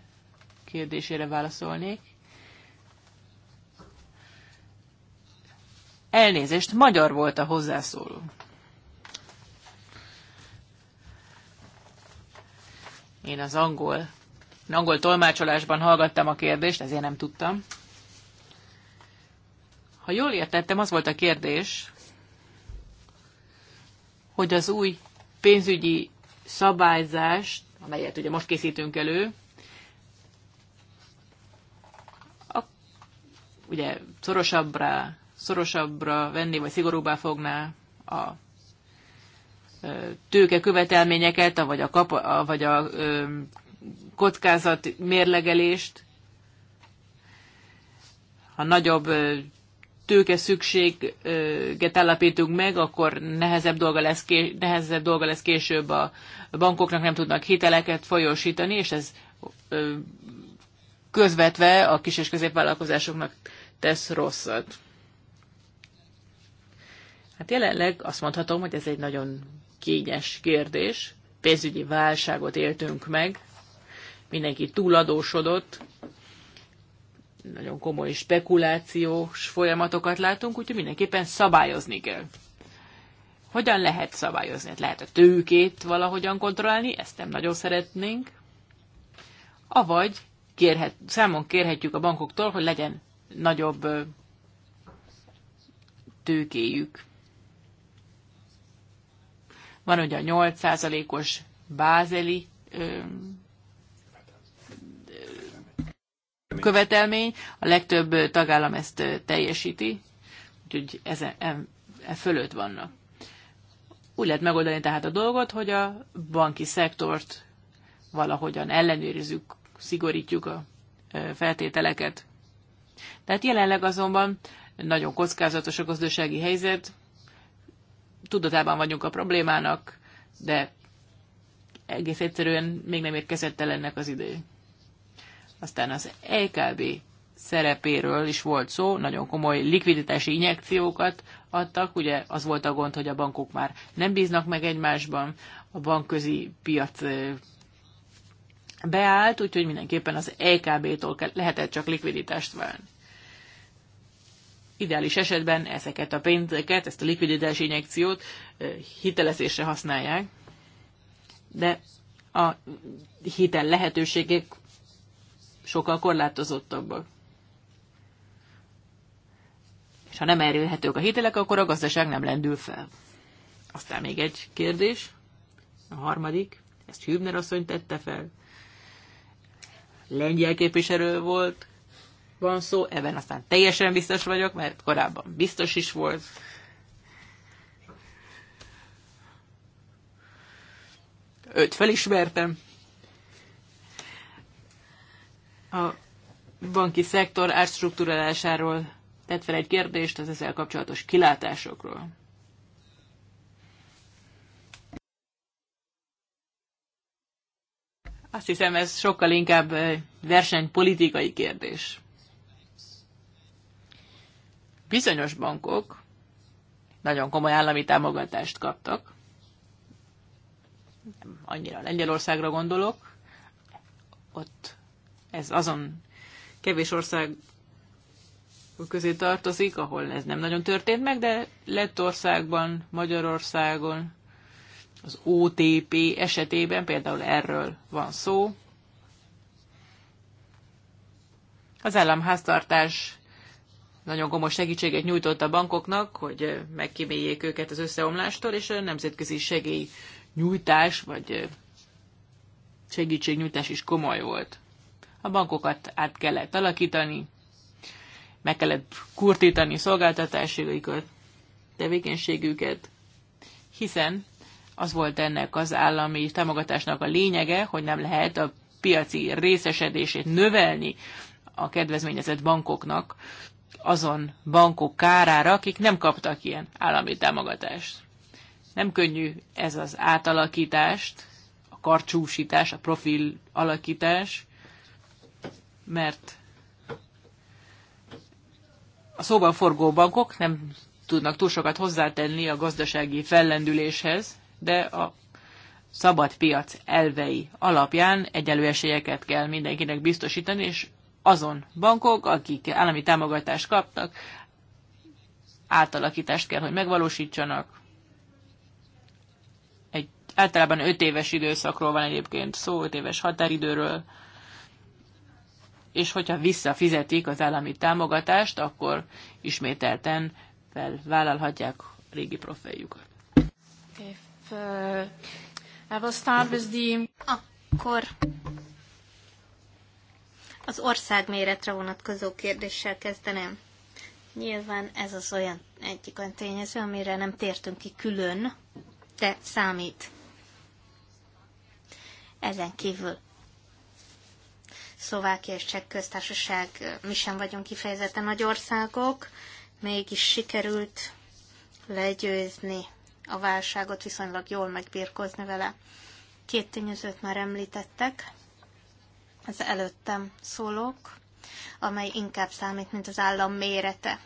kérdésére válaszolnék. Elnézést, magyar volt a hozzászóló. Én az angol, angol tolmácsolásban hallgattam a kérdést, ezért nem tudtam. Ha jól értettem, az volt a kérdés, hogy az új pénzügyi szabályzást, amelyet ugye most készítünk elő, a, ugye szorosabbra, szorosabbra venni, vagy szigorúbbá fogná a tőke követelményeket, vagy a, kap, vagy a kockázat mérlegelést, ha nagyobb tőke szükséget állapítunk meg, akkor nehezebb dolga lesz, nehezebb dolga lesz később a bankoknak, nem tudnak hiteleket folyósítani, és ez közvetve a kis és középvállalkozásoknak tesz rosszat. Hát jelenleg azt mondhatom, hogy ez egy nagyon kényes kérdés. Pénzügyi válságot éltünk meg, mindenki túladósodott, nagyon komoly spekulációs folyamatokat látunk, úgyhogy mindenképpen szabályozni kell. Hogyan lehet szabályozni? Hát lehet a tőkét valahogyan kontrollálni, ezt nem nagyon szeretnénk. Avagy kérhet, számon kérhetjük a bankoktól, hogy legyen nagyobb tőkéjük. Van ugye a 8%-os bázeli követelmény. A legtöbb tagállam ezt teljesíti, úgyhogy ezen, e, e fölött vannak. Úgy lehet megoldani tehát a dolgot, hogy a banki szektort valahogyan ellenőrizzük, szigorítjuk a feltételeket. Tehát jelenleg azonban nagyon kockázatos a gazdasági helyzet, tudatában vagyunk a problémának, de egész egyszerűen még nem érkezett el ennek az idő. Aztán az EKB szerepéről is volt szó, nagyon komoly likviditási injekciókat adtak, ugye az volt a gond, hogy a bankok már nem bíznak meg egymásban, a bankközi piac beállt, úgyhogy mindenképpen az EKB-tól lehetett csak likviditást válni. Ideális esetben ezeket a pénzeket, ezt a likviditási injekciót hitelezésre használják, de a hitel lehetőségek sokkal korlátozottabbak. És ha nem elérhetők a hitelek, akkor a gazdaság nem lendül fel. Aztán még egy kérdés, a harmadik, ezt Hübner asszony tette fel. Lengyel képviselő volt, van szó, ebben aztán teljesen biztos vagyok, mert korábban biztos is volt. Őt felismertem a banki szektor átstruktúrálásáról tett fel egy kérdést az ezzel kapcsolatos kilátásokról. Azt hiszem, ez sokkal inkább versenypolitikai kérdés. Bizonyos bankok nagyon komoly állami támogatást kaptak. Nem annyira Lengyelországra gondolok. Ott ez azon kevés ország közé tartozik, ahol ez nem nagyon történt meg, de Lettországban, Magyarországon, az OTP esetében például erről van szó. Az államháztartás nagyon gomos segítséget nyújtott a bankoknak, hogy megkíméljék őket az összeomlástól, és a nemzetközi segélynyújtás, vagy segítségnyújtás is komoly volt a bankokat át kellett alakítani, meg kellett kurtítani szolgáltatásaikat, tevékenységüket, hiszen az volt ennek az állami támogatásnak a lényege, hogy nem lehet a piaci részesedését növelni a kedvezményezett bankoknak, azon bankok kárára, akik nem kaptak ilyen állami támogatást. Nem könnyű ez az átalakítást, a karcsúsítás, a profil alakítás, mert a szóban forgó bankok nem tudnak túl sokat hozzátenni a gazdasági fellendüléshez, de a szabad piac elvei alapján egyenlő esélyeket kell mindenkinek biztosítani, és azon bankok, akik állami támogatást kaptak, átalakítást kell, hogy megvalósítsanak. Egy, általában 5 éves időszakról van egyébként szó, 5 éves határidőről, és hogyha visszafizetik az állami támogatást, akkor ismételten felvállalhatják régi profiljukat. Uh, akkor az országméretre vonatkozó kérdéssel kezdeném. Nyilván ez az olyan egyik olyan tényező, amire nem tértünk ki külön, de számít. Ezen kívül Szlovákia és Cseh köztársaság, mi sem vagyunk kifejezetten nagy országok, mégis sikerült legyőzni a válságot, viszonylag jól megbírkozni vele. Két tényezőt már említettek, az előttem szólók, amely inkább számít, mint az állam mérete.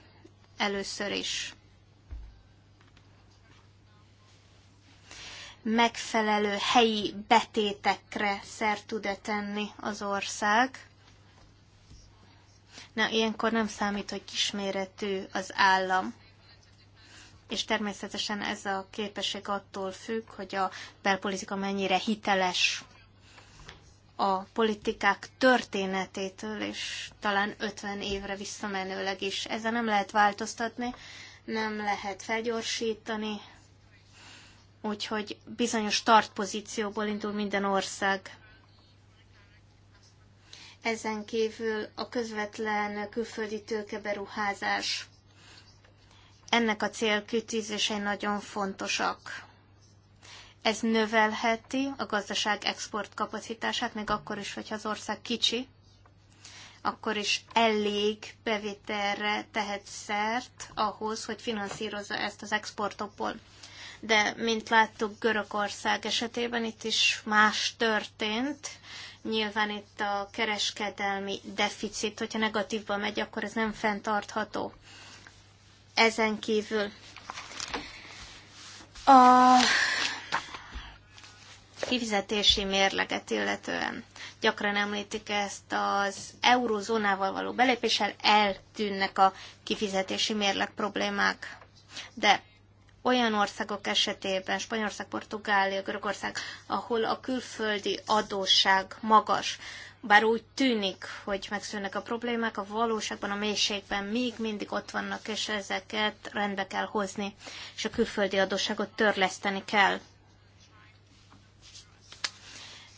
Először is megfelelő helyi betétekre szert tud-e tenni az ország. Na, ilyenkor nem számít, hogy kisméretű az állam. És természetesen ez a képesség attól függ, hogy a belpolitika mennyire hiteles a politikák történetétől, és talán 50 évre visszamenőleg is. Ezzel nem lehet változtatni, nem lehet felgyorsítani, úgyhogy bizonyos startpozícióból indul minden ország. Ezen kívül a közvetlen külföldi tőkeberuházás. Ennek a célkütőzései nagyon fontosak. Ez növelheti a gazdaság export kapacitását, még akkor is, hogyha az ország kicsi, akkor is elég bevételre tehet szert ahhoz, hogy finanszírozza ezt az exportokból de mint láttuk Görögország esetében, itt is más történt. Nyilván itt a kereskedelmi deficit, hogyha negatívba megy, akkor ez nem fenntartható. Ezen kívül a kifizetési mérleget illetően. Gyakran említik ezt az eurozónával való belépéssel, eltűnnek a kifizetési mérleg problémák. De olyan országok esetében, Spanyolország, Portugália, Görögország, ahol a külföldi adósság magas, bár úgy tűnik, hogy megszűnnek a problémák, a valóságban, a mélységben még mindig ott vannak, és ezeket rendbe kell hozni, és a külföldi adósságot törleszteni kell.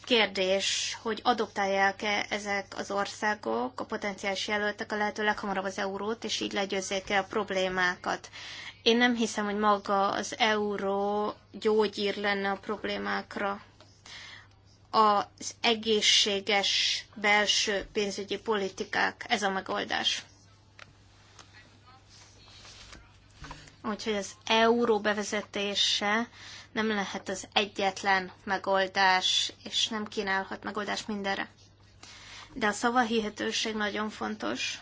Kérdés, hogy adoptálják-e ezek az országok, a potenciális jelöltek a lehető leghamarabb az eurót, és így legyőzzék-e a problémákat. Én nem hiszem, hogy maga az euró gyógyír lenne a problémákra. Az egészséges belső pénzügyi politikák, ez a megoldás. Úgyhogy az euró bevezetése nem lehet az egyetlen megoldás, és nem kínálhat megoldást mindenre. De a szavahihetőség nagyon fontos.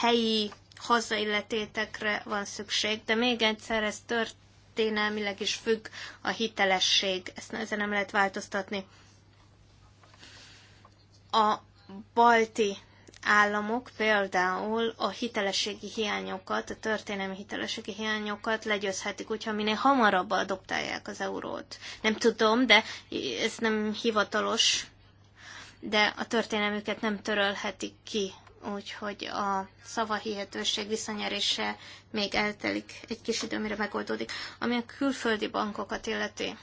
Helyi hazailletétekre van szükség, de még egyszer ez történelmileg is függ a hitelesség. Ezt ezen nem lehet változtatni. A balti államok például a hitelességi hiányokat, a történelmi hitelességi hiányokat legyőzhetik, hogyha minél hamarabb adoptálják az eurót. Nem tudom, de ez nem hivatalos, de a történelmüket nem törölhetik ki úgyhogy a szavahihetőség visszanyerése még eltelik egy kis idő, mire megoldódik. Ami a külföldi bankokat illeti.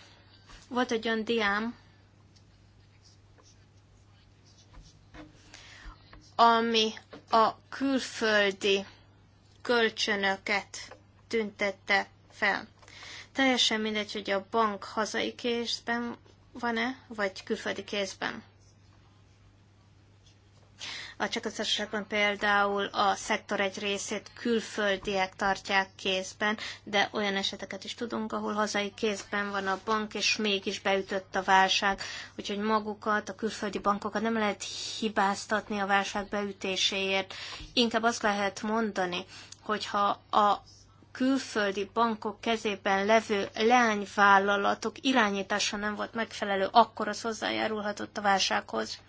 Volt egy olyan diám, ami a külföldi kölcsönöket tüntette fel. Teljesen mindegy, hogy a bank hazai kézben van-e, vagy külföldi kézben. A Csehköztársaságban például a szektor egy részét külföldiek tartják kézben, de olyan eseteket is tudunk, ahol hazai kézben van a bank, és mégis beütött a válság. Úgyhogy magukat, a külföldi bankokat nem lehet hibáztatni a válság beütéséért. Inkább azt lehet mondani, hogyha a külföldi bankok kezében levő leányvállalatok irányítása nem volt megfelelő, akkor az hozzájárulhatott a válsághoz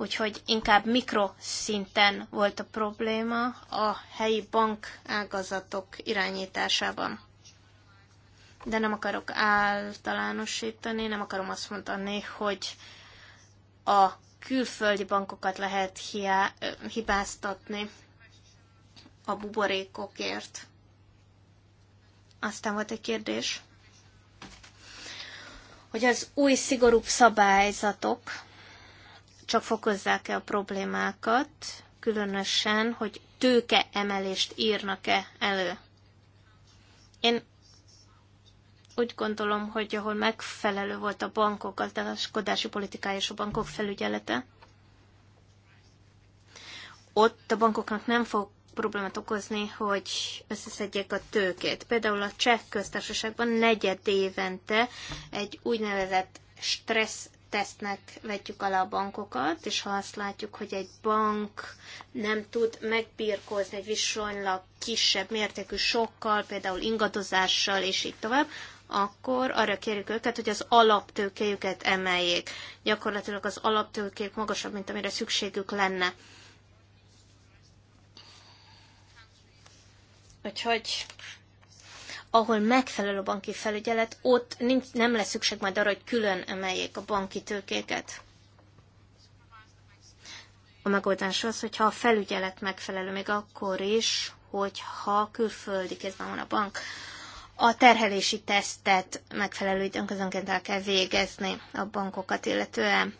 úgyhogy inkább mikroszinten volt a probléma a helyi bank ágazatok irányításában. De nem akarok általánosítani, nem akarom azt mondani, hogy a külföldi bankokat lehet hiá, hibáztatni a buborékokért. Aztán volt egy kérdés, hogy az új szigorúbb szabályzatok csak fokozzák-e a problémákat, különösen, hogy tőke emelést írnak-e elő. Én úgy gondolom, hogy ahol megfelelő volt a bankok gazdaskodási politikája és a bankok felügyelete, ott a bankoknak nem fog problémát okozni, hogy összeszedjék a tőkét. Például a cseh köztársaságban negyed évente egy úgynevezett stressz tesznek, vetjük alá a bankokat, és ha azt látjuk, hogy egy bank nem tud megbírkozni egy viszonylag kisebb mértékű sokkal, például ingadozással, és így tovább, akkor arra kérjük őket, hogy az alaptőkéjüket emeljék. Gyakorlatilag az alaptőkék magasabb, mint amire szükségük lenne. Úgyhogy ahol megfelelő a banki felügyelet, ott nincs, nem lesz szükség majd arra, hogy külön emeljék a banki tőkéket. A megoldás az, hogyha a felügyelet megfelelő, még akkor is, hogyha külföldi kézben van a bank, a terhelési tesztet megfelelő időnközönként el kell végezni a bankokat illetően.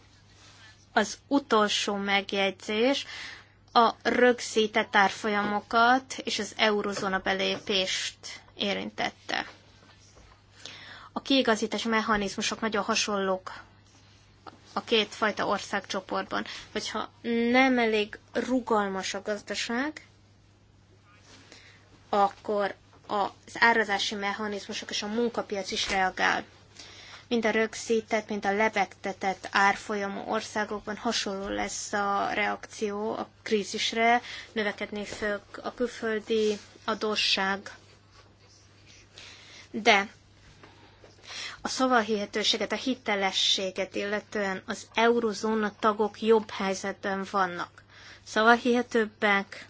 Az utolsó megjegyzés a rögzített árfolyamokat és az eurozóna belépést érintette. A kiigazítás mechanizmusok nagyon hasonlók a két fajta országcsoportban. Hogyha nem elég rugalmas a gazdaság, akkor az árazási mechanizmusok és a munkapiac is reagál. Mind a rögzített, mind a lebegtetett árfolyamú országokban hasonló lesz a reakció a krízisre, növekedni fog a külföldi adósság, de a szavahihetőséget, a hitelességet, illetően az eurozóna tagok jobb helyzetben vannak. Szavahihetőbbek,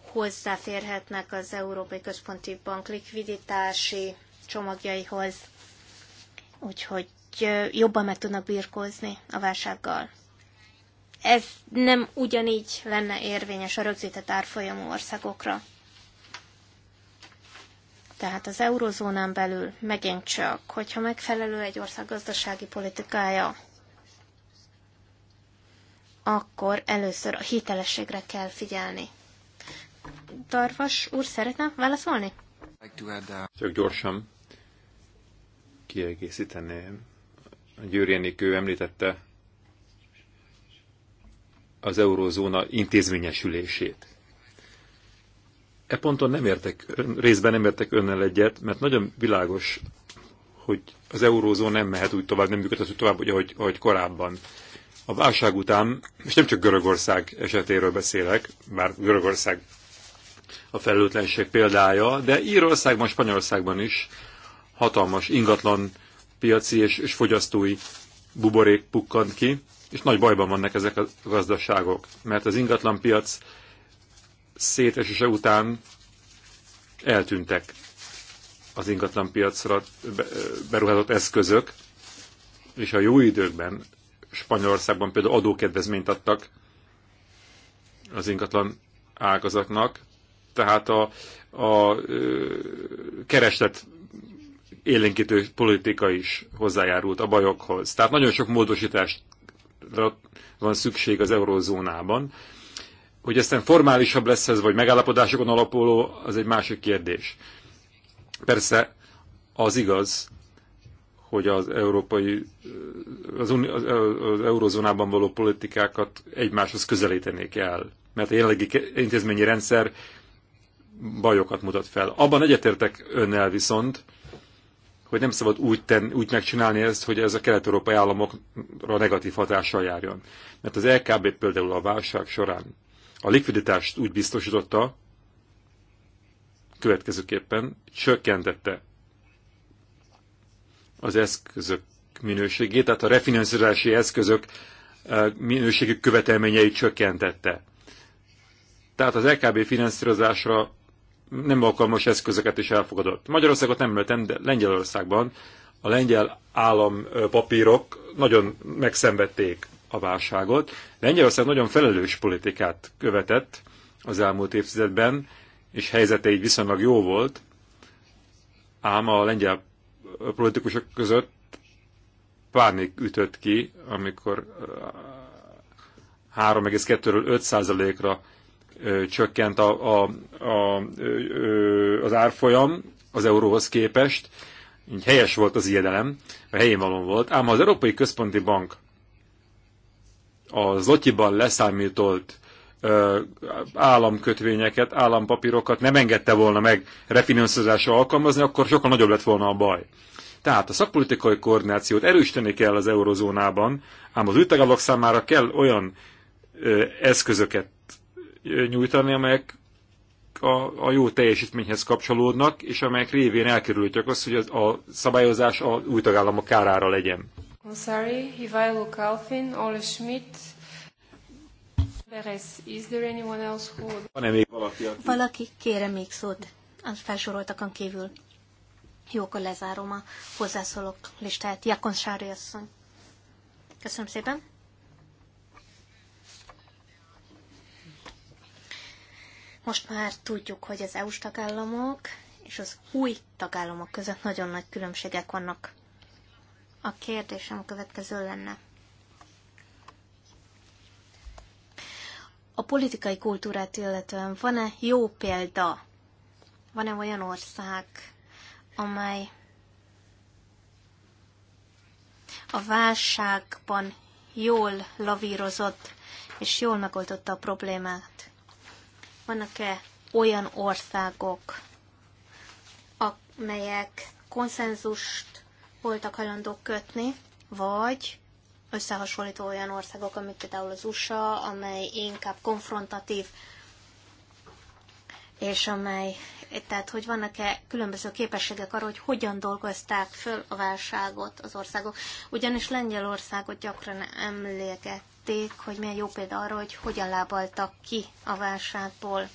hozzáférhetnek az Európai Központi Bank likviditási csomagjaihoz, úgyhogy jobban meg tudnak birkózni a válsággal. Ez nem ugyanígy lenne érvényes a rögzített árfolyamú országokra. Tehát az eurozónán belül megint csak, hogyha megfelelő egy ország gazdasági politikája, akkor először a hitelességre kell figyelni. Darvas úr szeretne válaszolni? Csak gyorsan kiegészíteném. A Győri Enikő említette az eurozóna intézményesülését e ponton nem értek, részben nem értek önnel egyet, mert nagyon világos, hogy az eurózó nem mehet úgy tovább, nem működhet úgy tovább, ugye, ahogy, ahogy korábban. A válság után, és nem csak Görögország esetéről beszélek, bár Görögország a felelőtlenség példája, de Írországban, Spanyolországban is hatalmas ingatlan piaci és, és fogyasztói buborék pukkant ki, és nagy bajban vannak ezek a gazdaságok, mert az ingatlan piac szétesése után eltűntek az ingatlan piacra beruházott eszközök, és a jó időkben Spanyolországban például adókedvezményt adtak az ingatlan ágazatnak, tehát a, a kereslet élénkítő politika is hozzájárult a bajokhoz. Tehát nagyon sok módosításra van szükség az eurózónában, hogy aztán formálisabb lesz ez, vagy megállapodásokon alapuló, az egy másik kérdés. Persze az igaz, hogy az európai, az, az, az eurozónában való politikákat egymáshoz közelítenék el, mert a jelenlegi intézményi rendszer bajokat mutat fel. Abban egyetértek önnel viszont, hogy nem szabad úgy, ten, úgy megcsinálni ezt, hogy ez a kelet-európai államokra negatív hatással járjon. Mert az LKB például a válság során a likviditást úgy biztosította, következőképpen csökkentette az eszközök minőségét, tehát a refinanszírozási eszközök eh, minőségük követelményeit csökkentette. Tehát az LKB finanszírozásra nem alkalmas eszközöket is elfogadott. Magyarországot nem említem, de Lengyelországban a lengyel állampapírok eh, nagyon megszenvedték a válságot. Lengyelország nagyon felelős politikát követett az elmúlt évtizedben, és helyzete így viszonylag jó volt, ám a lengyel politikusok között pánik ütött ki, amikor 3,2-ről 5 ra csökkent a, a, a, a, az árfolyam az euróhoz képest, így helyes volt az ijedelem, a helyén való volt, ám ha az Európai Központi Bank az Lotyiban leszámított ö, államkötvényeket, állampapírokat nem engedte volna meg refinanszírozásra alkalmazni, akkor sokkal nagyobb lett volna a baj. Tehát a szakpolitikai koordinációt erősíteni kell az eurozónában, ám az ütagállag számára kell olyan ö, eszközöket nyújtani, amelyek a, a jó teljesítményhez kapcsolódnak, és amelyek révén elkerülhetjük azt, hogy az, a szabályozás a új tagállamok kárára legyen. Monsari, Ivailo Kalfin, Ole Schmidt, Beres, Is there anyone else who... Van-e még valaki, aki... Valaki kérem még szót, az felsoroltakon kívül. Jó, akkor lezárom a hozzászólók listáját. Jakon Sári asszony. Köszönöm szépen. Most már tudjuk, hogy az EU-s tagállamok és az új tagállamok között nagyon nagy különbségek vannak. A kérdésem a következő lenne. A politikai kultúrát illetően van-e jó példa? Van-e olyan ország, amely a válságban jól lavírozott és jól megoldotta a problémát? Vannak-e olyan országok, amelyek konszenzust voltak hajlandók kötni, vagy összehasonlító olyan országok, amit például az USA, amely inkább konfrontatív, és amely, tehát hogy vannak-e különböző képességek arra, hogy hogyan dolgozták föl a válságot az országok. Ugyanis Lengyelországot gyakran emlékezték, hogy milyen jó példa arra, hogy hogyan lábaltak ki a válságból.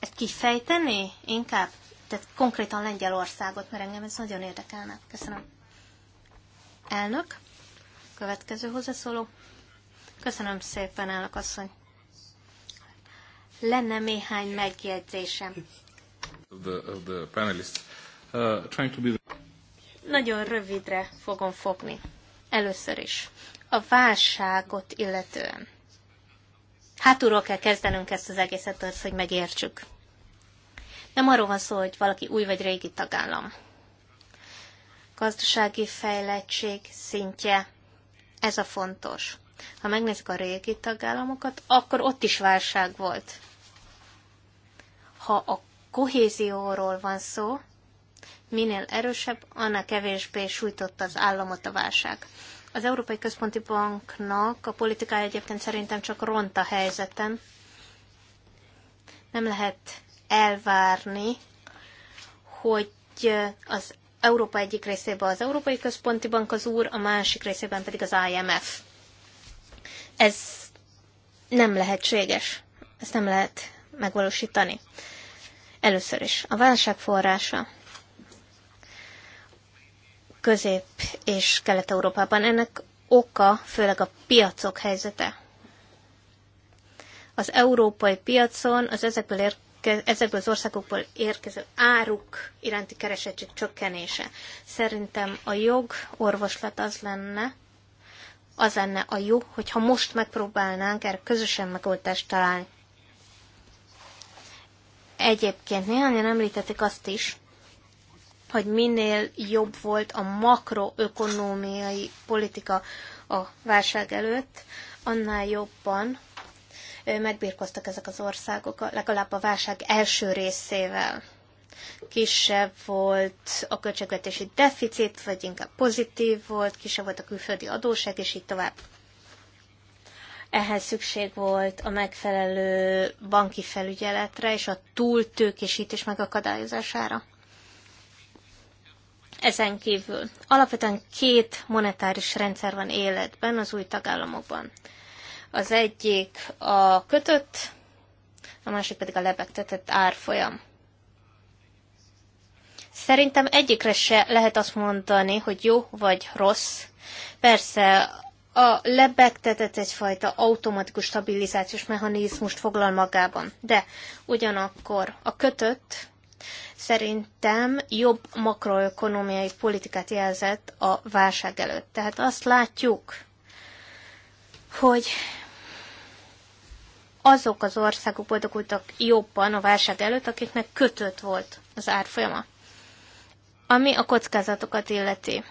Ezt kifejteni inkább? tehát konkrétan Lengyelországot, mert engem ez nagyon érdekelne. Köszönöm. Elnök, következő hozzászóló. Köszönöm szépen, elnök asszony. Lenne néhány megjegyzésem. The, the panelists. Uh, to be the... Nagyon rövidre fogom fogni. Először is. A válságot illetően. Hátulról kell kezdenünk ezt az egészet, az, hogy megértsük. Nem arról van szó, hogy valaki új vagy régi tagállam. Gazdasági fejlettség szintje, ez a fontos. Ha megnézzük a régi tagállamokat, akkor ott is válság volt. Ha a kohézióról van szó, minél erősebb, annál kevésbé sújtott az államot a válság. Az Európai Központi Banknak a politikája egyébként szerintem csak ront a helyzeten. Nem lehet elvárni, hogy az Európa egyik részében az Európai Központi Bank az úr, a másik részében pedig az IMF. Ez nem lehetséges. Ezt nem lehet megvalósítani. Először is a válság forrása Közép- és Kelet-Európában. Ennek oka főleg a piacok helyzete. Az európai piacon az ezekből ér ezekből az országokból érkező áruk iránti keresettség csökkenése. Szerintem a jog orvoslat az lenne, az lenne a jó, hogyha most megpróbálnánk erre közösen megoldást találni. Egyébként néhányan említették azt is, hogy minél jobb volt a makroökonómiai politika a válság előtt, annál jobban megbírkoztak ezek az országok, legalább a válság első részével. Kisebb volt a költségvetési deficit, vagy inkább pozitív volt, kisebb volt a külföldi adóság, és így tovább. Ehhez szükség volt a megfelelő banki felügyeletre és a túltőkésítés megakadályozására. Ezen kívül alapvetően két monetáris rendszer van életben az új tagállamokban. Az egyik a kötött, a másik pedig a lebegtetett árfolyam. Szerintem egyikre se lehet azt mondani, hogy jó vagy rossz. Persze a lebegtetett egyfajta automatikus stabilizációs mechanizmust foglal magában, de ugyanakkor a kötött szerintem jobb makroökonomiai politikát jelzett a válság előtt. Tehát azt látjuk, hogy azok az országok boldogultak jobban a válság előtt, akiknek kötött volt az árfolyama, ami a kockázatokat illeti.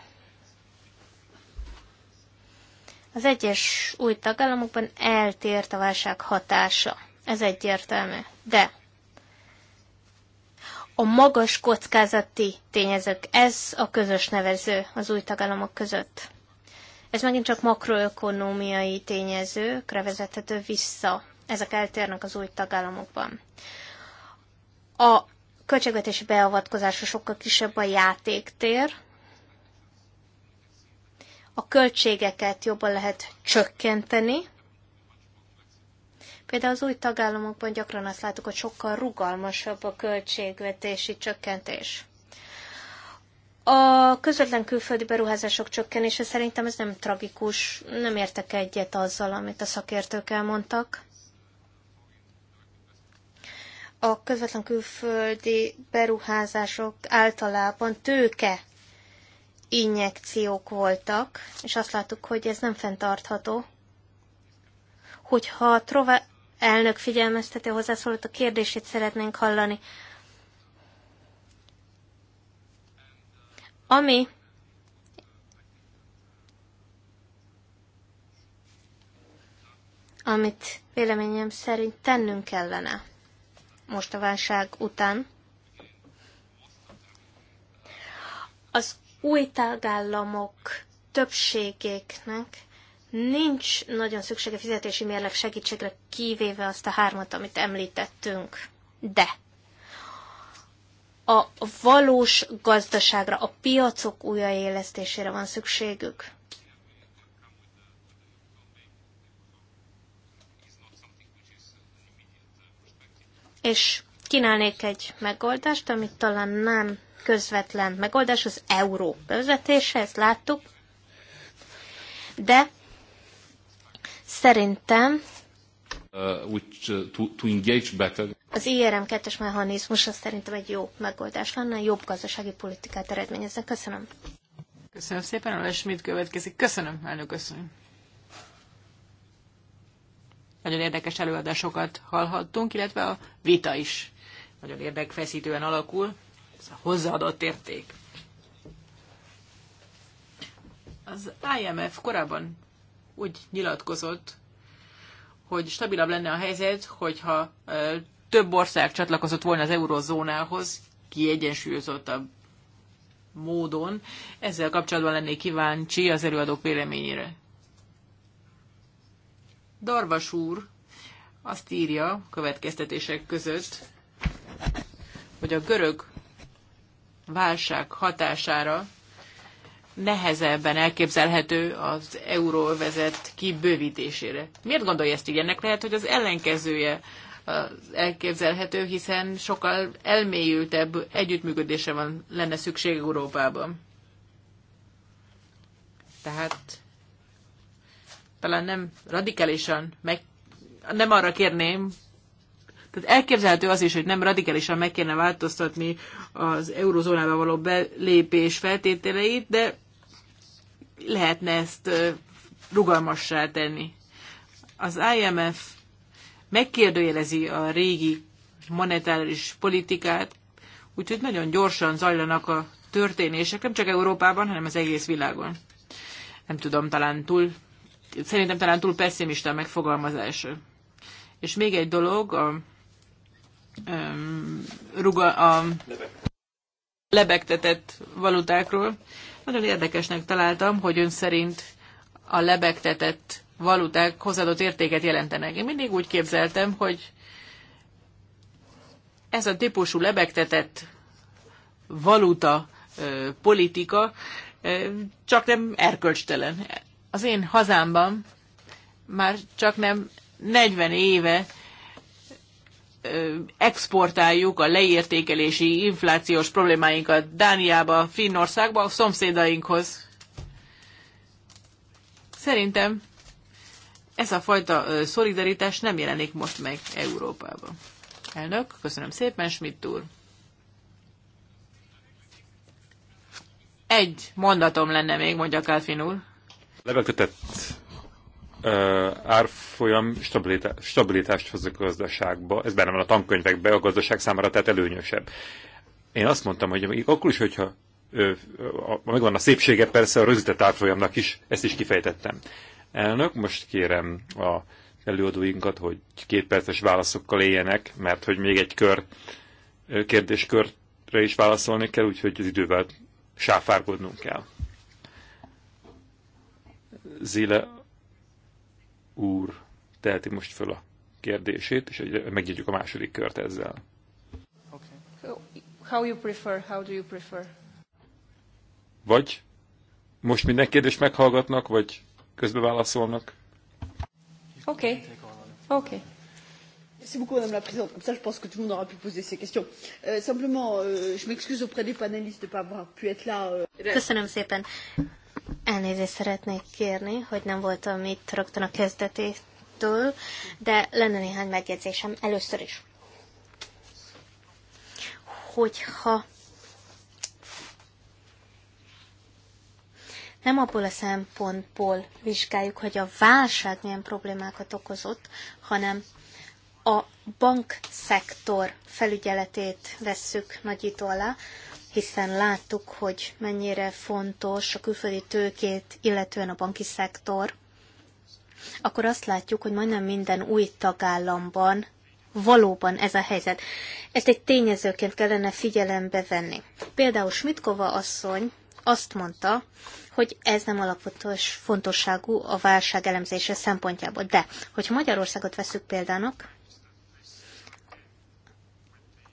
Az egyes új tagállamokban eltért a válság hatása. Ez egyértelmű. De a magas kockázati tényezők, ez a közös nevező az új tagállamok között. Ez megint csak makroökonómiai tényezőkre vezethető vissza. Ezek eltérnek az új tagállamokban. A költségvetési beavatkozása sokkal kisebb a játéktér, a költségeket jobban lehet csökkenteni. Például az új tagállamokban gyakran azt látjuk, hogy sokkal rugalmasabb a költségvetési csökkentés. A közvetlen külföldi beruházások csökkenése szerintem ez nem tragikus, nem értek egyet azzal, amit a szakértők elmondtak. A közvetlen külföldi beruházások általában tőke injekciók voltak, és azt láttuk, hogy ez nem fenntartható. Hogyha Trova elnök figyelmezteti hozzászólott, a kérdését szeretnénk hallani. Ami amit véleményem szerint tennünk kellene most a válság után, az új tagállamok többségéknek nincs nagyon szüksége fizetési mérleg segítségre, kivéve azt a hármat, amit említettünk. De a valós gazdaságra, a piacok újraélesztésére van szükségük. És kínálnék egy megoldást, amit talán nem közvetlen megoldás, az euró bevezetése, ezt láttuk, de szerintem Uh, uh, az IRM 2-es mechanizmus az szerintem egy jó megoldás lenne, jobb gazdasági politikát eredményezne. Köszönöm. Köszönöm szépen, a Schmidt következik. Köszönöm, elnök köszönöm. Nagyon érdekes előadásokat hallhattunk, illetve a vita is nagyon érdekfeszítően alakul. Ez a hozzáadott érték. Az IMF korábban úgy nyilatkozott, hogy stabilabb lenne a helyzet, hogyha több ország csatlakozott volna az eurozónához kiegyensúlyozottabb módon. Ezzel kapcsolatban lennék kíváncsi az előadók véleményére. Darvas úr azt írja következtetések között, hogy a görög válság hatására nehezebben elképzelhető az euróvezet kibővítésére. Miért gondolja ezt így? Ennek lehet, hogy az ellenkezője az elképzelhető, hiszen sokkal elmélyültebb együttműködése van, lenne szükség Európában. Tehát talán nem radikálisan meg, nem arra kérném, tehát elképzelhető az is, hogy nem radikálisan meg kéne változtatni az eurozónába való belépés feltételeit, de lehetne ezt rugalmassá tenni. Az IMF megkérdőjelezi a régi monetáris politikát, úgyhogy nagyon gyorsan zajlanak a történések, nem csak Európában, hanem az egész világon. Nem tudom, talán túl, szerintem talán túl pessimista a megfogalmazás. És még egy dolog, a, a, a lebegtetett valutákról. Nagyon érdekesnek találtam, hogy ön szerint a lebegtetett valuták hozadott értéket jelentenek. Én mindig úgy képzeltem, hogy ez a típusú lebegtetett valuta ö, politika ö, csak nem erkölcstelen. Az én hazámban már csak nem 40 éve exportáljuk a leértékelési inflációs problémáinkat Dániába, Finnországba, a szomszédainkhoz. Szerintem ez a fajta szolidaritás nem jelenik most meg Európában. Elnök, köszönöm szépen, Schmidt úr. Egy mondatom lenne még, mondja Kálfin úr. Levekötött árfolyam stabilitá- stabilitást hoz a gazdaságba. Ez benne van a tankönyvekben, a gazdaság számára tehát előnyösebb. Én azt mondtam, hogy akkor is, hogyha uh, a, megvan a szépsége persze a rögzített árfolyamnak is, ezt is kifejtettem. Elnök, most kérem a előadóinkat, hogy két perces válaszokkal éljenek, mert hogy még egy kör kérdéskörre is válaszolni kell, úgyhogy az idővel sáfárkodnunk kell. Zile úr teheti most föl a kérdését, és megnyitjuk a második kört ezzel. Okay. How you prefer? How do you prefer? Vagy most minden kérdést meghallgatnak, vagy közbe válaszolnak? Oké. Okay. Oké. Okay. Merci beaucoup, Madame la Présidente. Comme ça, je pense que tout le monde aura pu poser ses questions. Euh, simplement, euh, je m'excuse auprès des panélistes de ne pas avoir pu être là. Euh... Köszönöm szépen. Elnézést szeretnék kérni, hogy nem voltam itt rögtön a kezdetétől, de lenne néhány megjegyzésem először is. Hogyha nem abból a szempontból vizsgáljuk, hogy a válság milyen problémákat okozott, hanem a bankszektor felügyeletét vesszük nagyító alá, hiszen láttuk, hogy mennyire fontos a külföldi tőkét, illetően a banki szektor, akkor azt látjuk, hogy majdnem minden új tagállamban valóban ez a helyzet. Ezt egy tényezőként kellene figyelembe venni. Például Smitkova asszony azt mondta, hogy ez nem alapvetős fontosságú a válság elemzése szempontjából. De, hogyha Magyarországot veszük példának,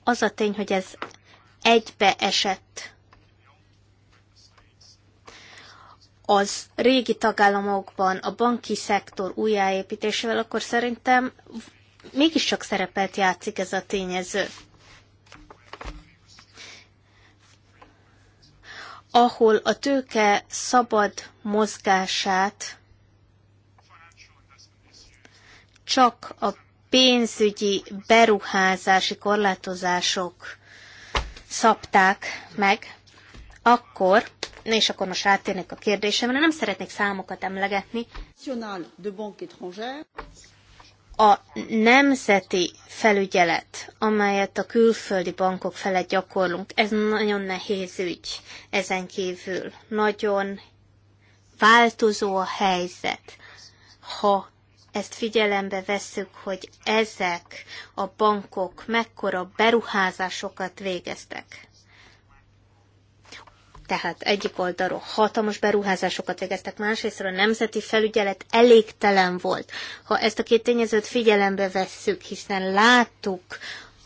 az a tény, hogy ez egybe esett. az régi tagállamokban a banki szektor újjáépítésével, akkor szerintem mégiscsak szerepet játszik ez a tényező. ahol a tőke szabad mozgását csak a pénzügyi beruházási korlátozások szabták meg, akkor, és akkor most rátérnék a kérdésemre, nem szeretnék számokat emlegetni. A nemzeti felügyelet, amelyet a külföldi bankok felett gyakorlunk, ez nagyon nehéz ügy ezen kívül. Nagyon változó a helyzet. Ha ezt figyelembe vesszük, hogy ezek a bankok mekkora beruházásokat végeztek. Tehát egyik oldalról hatalmas beruházásokat végeztek, másrészt a nemzeti felügyelet elégtelen volt. Ha ezt a két tényezőt figyelembe vesszük, hiszen láttuk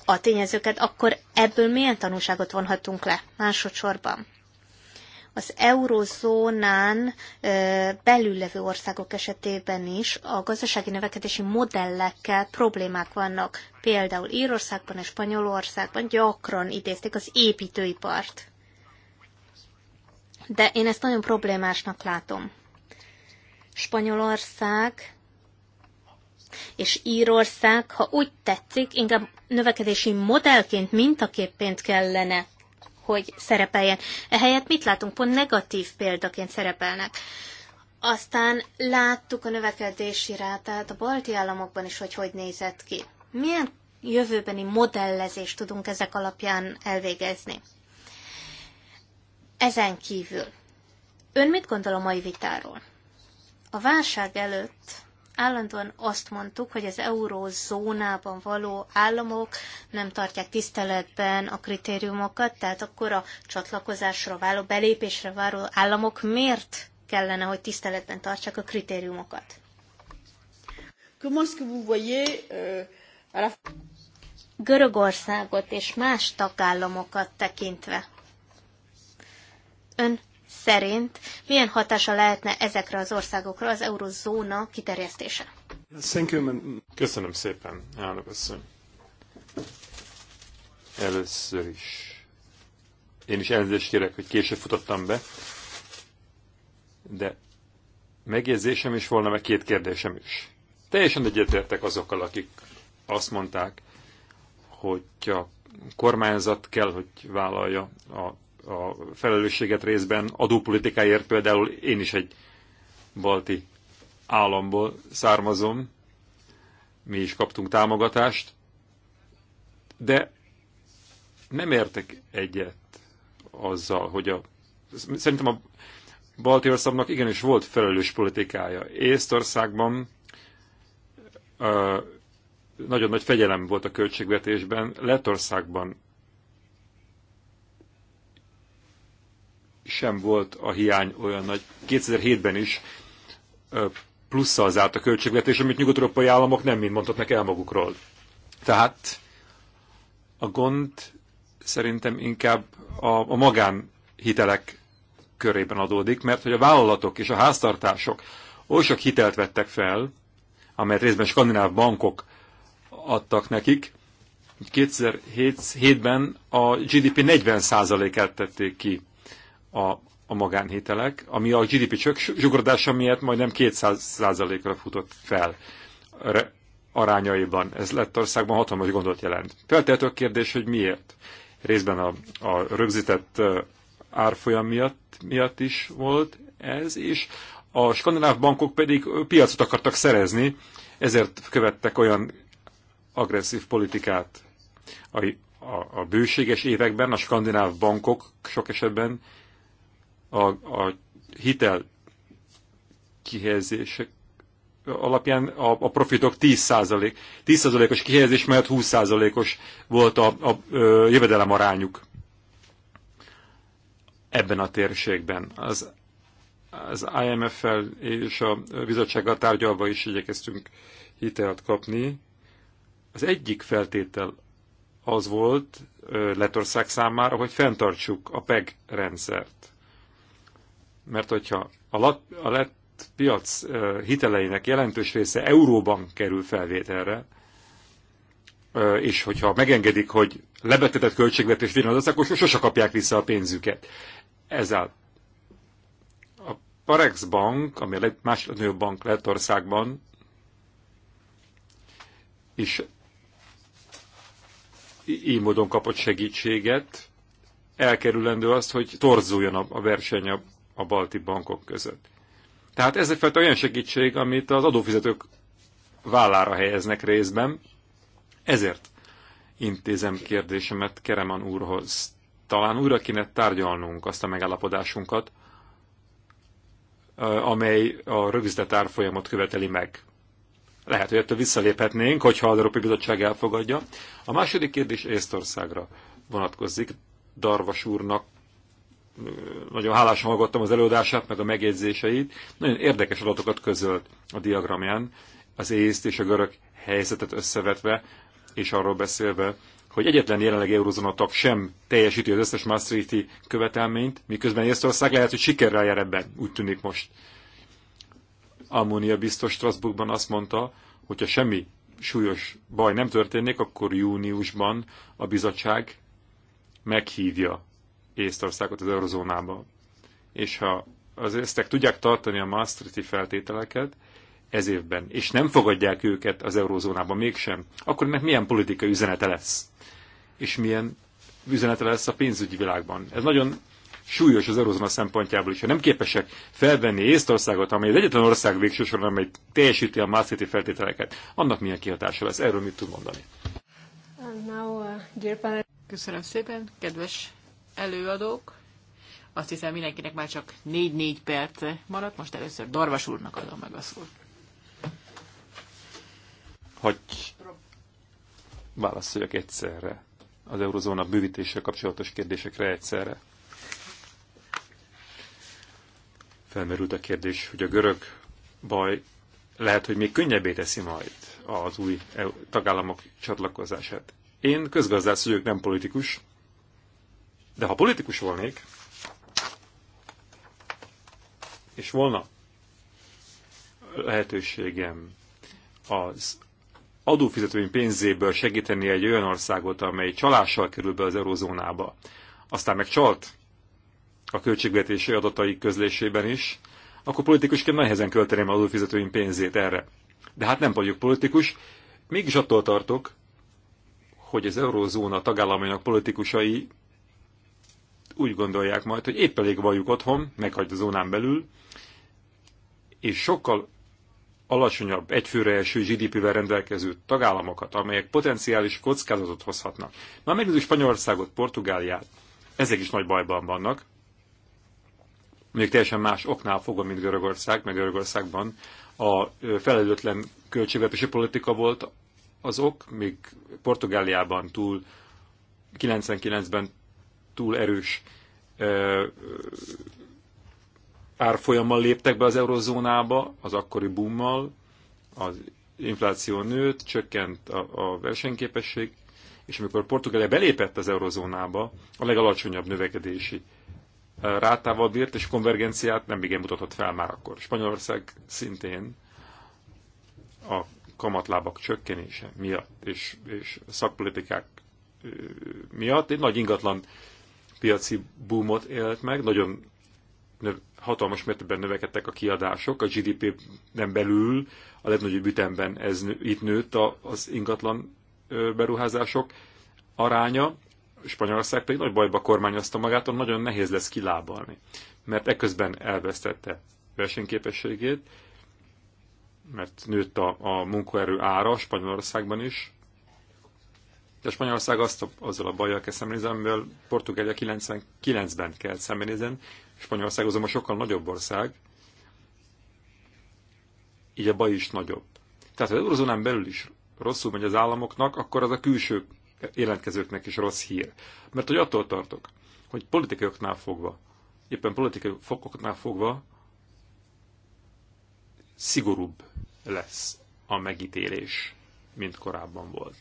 a tényezőket, akkor ebből milyen tanulságot vonhatunk le másodszorban? az eurozónán belül levő országok esetében is a gazdasági növekedési modellekkel problémák vannak. Például Írországban és Spanyolországban gyakran idézték az építőipart. De én ezt nagyon problémásnak látom. Spanyolország és Írország, ha úgy tetszik, inkább növekedési modellként, mintaképpént kellene hogy szerepeljen. Ehelyett mit látunk? Pont negatív példaként szerepelnek. Aztán láttuk a növekedési rátát a balti államokban is, hogy hogy nézett ki. Milyen jövőbeni modellezést tudunk ezek alapján elvégezni? Ezen kívül, ön mit gondol a mai vitáról? A válság előtt állandóan azt mondtuk, hogy az eurózónában való államok nem tartják tiszteletben a kritériumokat, tehát akkor a csatlakozásra váló, belépésre váró államok miért kellene, hogy tiszteletben tartsák a kritériumokat? Görögországot és más tagállamokat tekintve. Ön szerint milyen hatása lehetne ezekre az országokra az eurozóna kiterjesztése? Köszönöm szépen, elnök asszony. Először is. Én is elnézést kérek, hogy később futottam be, de megjegyzésem is volna, meg két kérdésem is. Teljesen egyetértek azokkal, akik azt mondták, hogy a kormányzat kell, hogy vállalja a a felelősséget részben adópolitikáért például én is egy balti államból származom, mi is kaptunk támogatást, de nem értek egyet azzal, hogy a, szerintem a balti országnak igenis volt felelős politikája. Észtországban nagyon nagy fegyelem volt a költségvetésben, Lettországban sem volt a hiány olyan nagy. 2007-ben is plusszal zárt a költségvetés, amit nyugat-európai államok nem mind mondhatnak el magukról. Tehát a gond szerintem inkább a, a magánhitelek körében adódik, mert hogy a vállalatok és a háztartások oly sok hitelt vettek fel, amelyet részben skandináv bankok adtak nekik, 2007-ben a GDP 40%-át tették ki a, a magánhitelek, ami a GDP csök, zsugorodása miatt majdnem 200%-ra futott fel arányaiban. Ez Lettországban hatalmas gondot jelent. Feltehető a kérdés, hogy miért? Részben a, a rögzített árfolyam miatt, miatt is volt ez, és a skandináv bankok pedig piacot akartak szerezni, ezért követtek olyan agresszív politikát a, a, a bőséges években, a skandináv bankok sok esetben a, a hitel kihelyezések alapján a, a profitok 10%, 10%-os kihelyezés mellett 20%-os volt a, a, a jövedelem arányuk ebben a térségben. Az, az IMF-fel és a bizottsággal tárgyalva is igyekeztünk hitelt kapni. Az egyik feltétel az volt Letország számára, hogy fenntartsuk a PEG rendszert. Mert hogyha a, lat, a lett piac hiteleinek jelentős része euróban kerül felvételre, és hogyha megengedik, hogy lebetetett költségvetés legyen az akkor sose kapják vissza a pénzüket. Ezzel a Parex Bank, ami a másodnőbb bank Lettországban, és így módon kapott segítséget, elkerülendő azt, hogy torzuljon a verseny a a balti bankok között. Tehát ez egyfajta olyan segítség, amit az adófizetők vállára helyeznek részben. Ezért intézem kérdésemet Kereman úrhoz. Talán újra kéne tárgyalnunk azt a megállapodásunkat, amely a rögzített árfolyamot követeli meg. Lehet, hogy ettől visszaléphetnénk, hogyha az Európai Bizottság elfogadja. A második kérdés Észtországra vonatkozik. Darvas úrnak nagyon hálásan hallgattam az előadását, meg a megjegyzéseit. Nagyon érdekes adatokat közölt a diagramján, az észt és a görög helyzetet összevetve, és arról beszélve, hogy egyetlen jelenleg eurozona tag sem teljesíti az összes Maastrichti követelményt, miközben Észtország lehet, hogy sikerrel jár ebben, úgy tűnik most. Almónia biztos Strasbourgban azt mondta, hogyha semmi súlyos baj nem történik, akkor júniusban a bizottság meghívja Észtországot az eurozónába. És ha az észtek tudják tartani a Maastrichti feltételeket ez évben, és nem fogadják őket az eurozónába mégsem, akkor ennek milyen politikai üzenete lesz? És milyen üzenete lesz a pénzügyi világban? Ez nagyon súlyos az eurozóna szempontjából is. Ha nem képesek felvenni Észtországot, amely az egyetlen ország végső soron, amely teljesíti a Maastrichti feltételeket, annak milyen kihatása lesz? Erről mit tud mondani? Uh, uh, Köszönöm szépen, kedves előadók. Azt hiszem mindenkinek már csak 4-4 perc maradt. Most először Darvas úrnak adom meg a szót. Hogy válaszoljak egyszerre az eurozóna bővítéssel kapcsolatos kérdésekre egyszerre. Felmerült a kérdés, hogy a görög baj lehet, hogy még könnyebbé teszi majd az új e- tagállamok csatlakozását. Én közgazdász vagyok, nem politikus, de ha politikus volnék, és volna lehetőségem az adófizetőim pénzéből segíteni egy olyan országot, amely csalással kerül be az eurozónába, aztán meg csalt a költségvetési adatai közlésében is, akkor politikusként nehezen költeném az adófizetőim pénzét erre. De hát nem vagyok politikus, mégis attól tartok, hogy az eurozóna tagállamainak politikusai úgy gondolják majd, hogy épp elég bajuk otthon, meghagy a zónán belül, és sokkal alacsonyabb egyfőre első GDP-vel rendelkező tagállamokat, amelyek potenciális kockázatot hozhatnak. Már megnézzük Spanyolországot, Portugáliát, ezek is nagy bajban vannak, még teljesen más oknál fogva, mint Görögország, meg Görögországban a felelőtlen költségvetési politika volt az ok, még Portugáliában túl 99-ben túl erős árfolyammal léptek be az eurozónába, az akkori boommal, az infláció nőtt, csökkent a, a versenyképesség, és amikor Portugália belépett az eurozónába, a legalacsonyabb növekedési rátával bírt, és konvergenciát nem igen mutatott fel már akkor. Spanyolország szintén a kamatlábak csökkenése miatt, és, és szakpolitikák miatt egy nagy ingatlan piaci boomot élt meg, nagyon növ, hatalmas mértékben növekedtek a kiadások, a gdp nem belül a legnagyobb ütemben ez, itt nőtt a, az ingatlan beruházások aránya, Spanyolország pedig nagy bajba kormányozta magát, nagyon nehéz lesz kilábalni, mert ekközben elvesztette versenyképességét, mert nőtt a, a munkaerő ára Spanyolországban is, de Spanyolország azt a, azzal a bajjal kell szembenézni, amivel Portugália 99-ben kell szembenézni. Spanyolország azonban sokkal nagyobb ország, így a baj is nagyobb. Tehát ha az eurozónán belül is rosszul megy az államoknak, akkor az a külső jelentkezőknek is rossz hír. Mert hogy attól tartok, hogy politikai oknál fogva, éppen politikai fokoknál fogva szigorúbb lesz a megítélés, mint korábban volt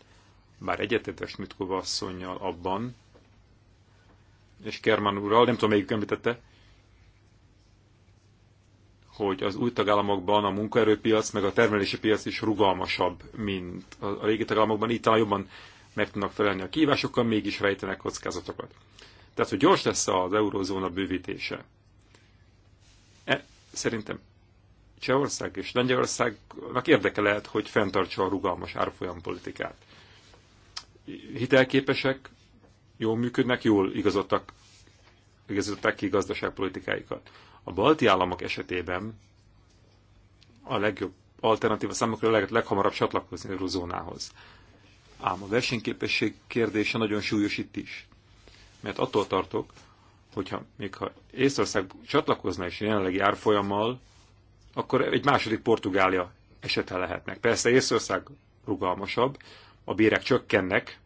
bár egyetetes Mitkova asszonynal abban, és Kerman úrral, nem tudom, melyik említette, hogy az új tagállamokban a munkaerőpiac meg a termelési piac is rugalmasabb, mint a régi tagállamokban, így talán jobban meg tudnak felelni a kívásokkal, mégis rejtenek kockázatokat. Tehát, hogy gyors lesz az eurózóna bővítése. E, szerintem Csehország és Lengyelországnak érdeke lehet, hogy fenntartsa a rugalmas árfolyampolitikát hitelképesek, jól működnek, jól igazodtak, igazodták ki gazdaságpolitikáikat. A balti államok esetében a legjobb alternatíva számukra lehet leghamarabb csatlakozni a zónához. Ám a versenyképesség kérdése nagyon súlyos itt is. Mert attól tartok, hogyha még ha Észország csatlakozna is jelenlegi árfolyammal, akkor egy második Portugália esete lehetnek. Persze Észország rugalmasabb, a bérek csökkennek,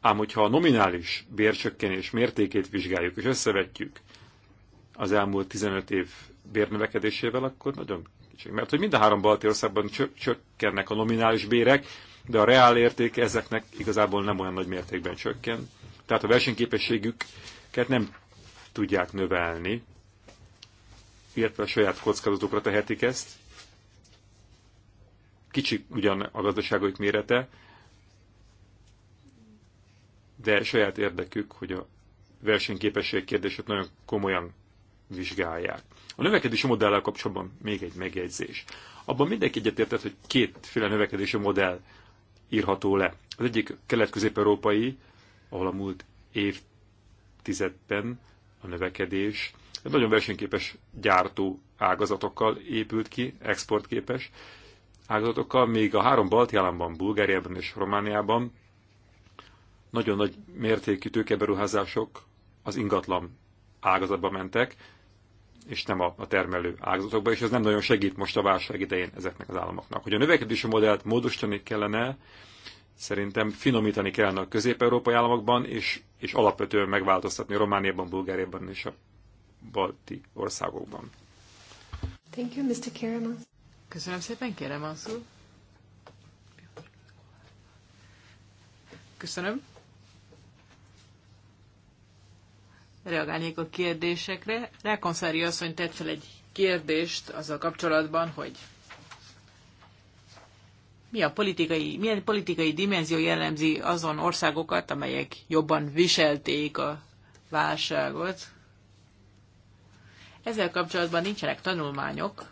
ám hogyha a nominális bércsökkenés mértékét vizsgáljuk és összevetjük az elmúlt 15 év bérnövekedésével, akkor nagyon kicsi. Mert hogy mind a három balti országban csökkennek a nominális bérek, de a reál érték ezeknek igazából nem olyan nagy mértékben csökken. Tehát a versenyképességüket nem tudják növelni, illetve a saját kockázatokra tehetik ezt, Kicsi ugyan a gazdaságaik mérete, de saját érdekük, hogy a versenyképesség kérdését nagyon komolyan vizsgálják. A növekedési modellel kapcsolatban még egy megjegyzés. Abban mindenki egyetértett, hogy kétféle növekedési modell írható le. Az egyik kelet-közép-európai, ahol a múlt évtizedben a növekedés egy nagyon versenyképes gyártó ágazatokkal épült ki, exportképes, ágazatokkal, még a három balti államban, Bulgáriában és Romániában nagyon nagy mértékű tőkeberuházások az ingatlan ágazatba mentek, és nem a, termelő ágazatokba, és ez nem nagyon segít most a válság idején ezeknek az államoknak. Hogy a növekedési modellt módosítani kellene, szerintem finomítani kellene a közép-európai államokban, és, és alapvetően megváltoztatni Romániában, Bulgáriában és a balti országokban. Thank you, Mr. Köszönöm szépen, kérem a szó. Köszönöm. Reagálnék a kérdésekre. Rákonszári asszony tett fel egy kérdést azzal kapcsolatban, hogy mi a politikai, milyen politikai dimenzió jellemzi azon országokat, amelyek jobban viselték a válságot. Ezzel kapcsolatban nincsenek tanulmányok,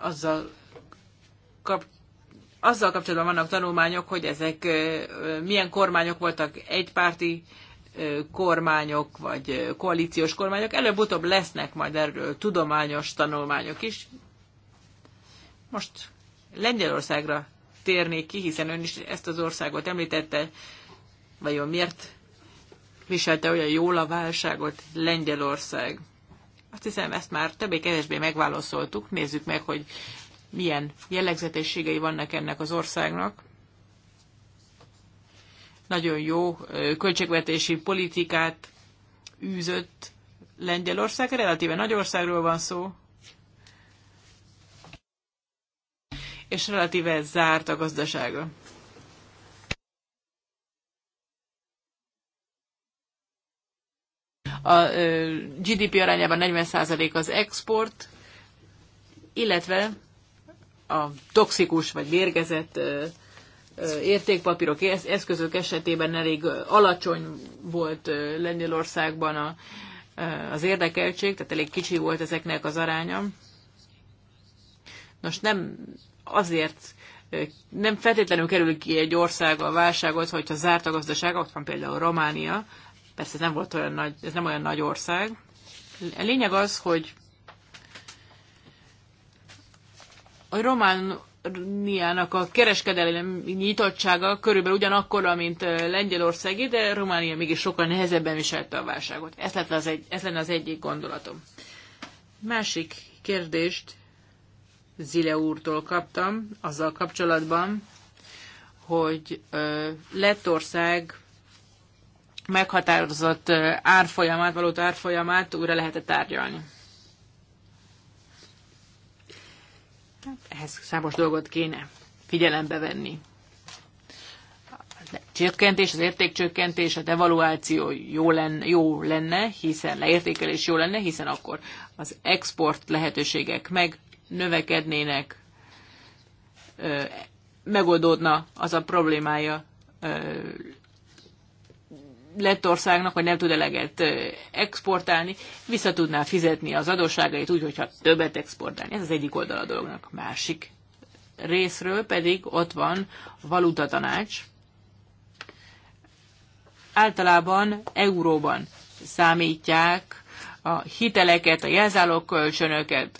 azzal, kap, azzal kapcsolatban vannak tanulmányok, hogy ezek milyen kormányok voltak, egypárti kormányok, vagy koalíciós kormányok. Előbb-utóbb lesznek majd erről tudományos tanulmányok is. Most Lengyelországra térnék ki, hiszen ön is ezt az országot említette. Vajon miért viselte olyan jól a válságot Lengyelország? Azt hiszem, ezt már többé-kevésbé megválaszoltuk. Nézzük meg, hogy milyen jellegzetességei vannak ennek az országnak. Nagyon jó költségvetési politikát űzött Lengyelország. Relatíve nagy országról van szó, és relatíve zárt a gazdasága. a GDP arányában 40% az export, illetve a toxikus vagy mérgezett értékpapírok, eszközök esetében elég alacsony volt Lengyelországban a, az érdekeltség, tehát elég kicsi volt ezeknek az aránya. Nos, nem azért nem feltétlenül kerül ki egy ország a válságot, hogyha zárt a gazdaság, ott van például Románia, Persze ez nem, volt olyan nagy, ez nem olyan nagy ország. A lényeg az, hogy a Romániának a kereskedelmi nyitottsága körülbelül ugyanakkora, mint Lengyelországi, de Románia mégis sokkal nehezebben viselte a válságot. Ez lenne az, egy, ez lenne az egyik gondolatom. Másik kérdést Zile úrtól kaptam, azzal kapcsolatban, hogy Lettország meghatározott árfolyamát, valóta árfolyamát újra lehetett tárgyalni. Hát ehhez számos dolgot kéne figyelembe venni. csökkentés, az értékcsökkentés, a devaluáció jó lenne, jó lenne, hiszen leértékelés jó lenne, hiszen akkor az export lehetőségek meg növekednének, megoldódna az a problémája Lettországnak, hogy nem tud eleget exportálni, vissza tudná fizetni az adósságait úgy, hogyha többet exportálni. Ez az egyik oldal a dolognak. Másik részről pedig ott van a valuta tanács. Általában euróban számítják a hiteleket, a jelzálók kölcsönöket.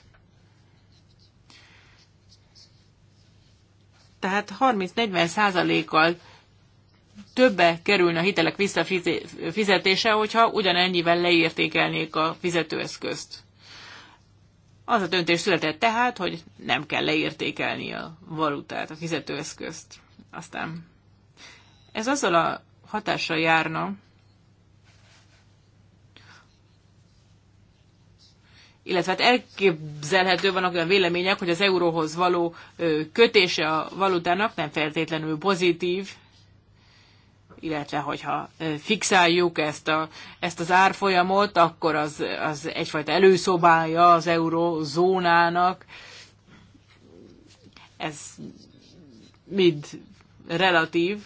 Tehát 30-40 százalékkal többe kerülne a hitelek visszafizetése, hogyha ugyanennyivel leértékelnék a fizetőeszközt. Az a döntés született tehát, hogy nem kell leértékelni a valutát, a fizetőeszközt. Aztán ez azzal a hatással járna, illetve hát elképzelhető van olyan vélemények, hogy az euróhoz való kötése a valutának nem feltétlenül pozitív, illetve hogyha fixáljuk ezt, a, ezt az árfolyamot, akkor az, az egyfajta előszobája az eurozónának. Ez mind relatív.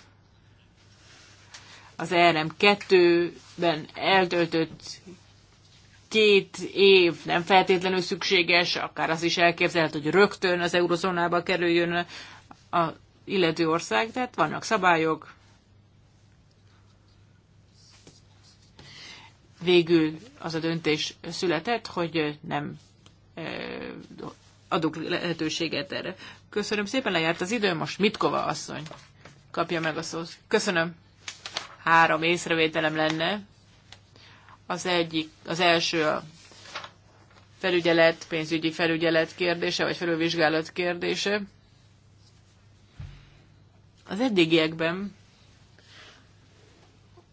Az RM2-ben eltöltött két év nem feltétlenül szükséges, akár az is elképzelhető, hogy rögtön az eurozónába kerüljön a illető ország, tehát vannak szabályok, végül az a döntés született, hogy nem adok lehetőséget erre. Köszönöm szépen, lejárt az idő, most Mitkova asszony kapja meg a szót. Köszönöm. Három észrevételem lenne. Az egyik, az első a felügyelet, pénzügyi felügyelet kérdése, vagy felülvizsgálat kérdése. Az eddigiekben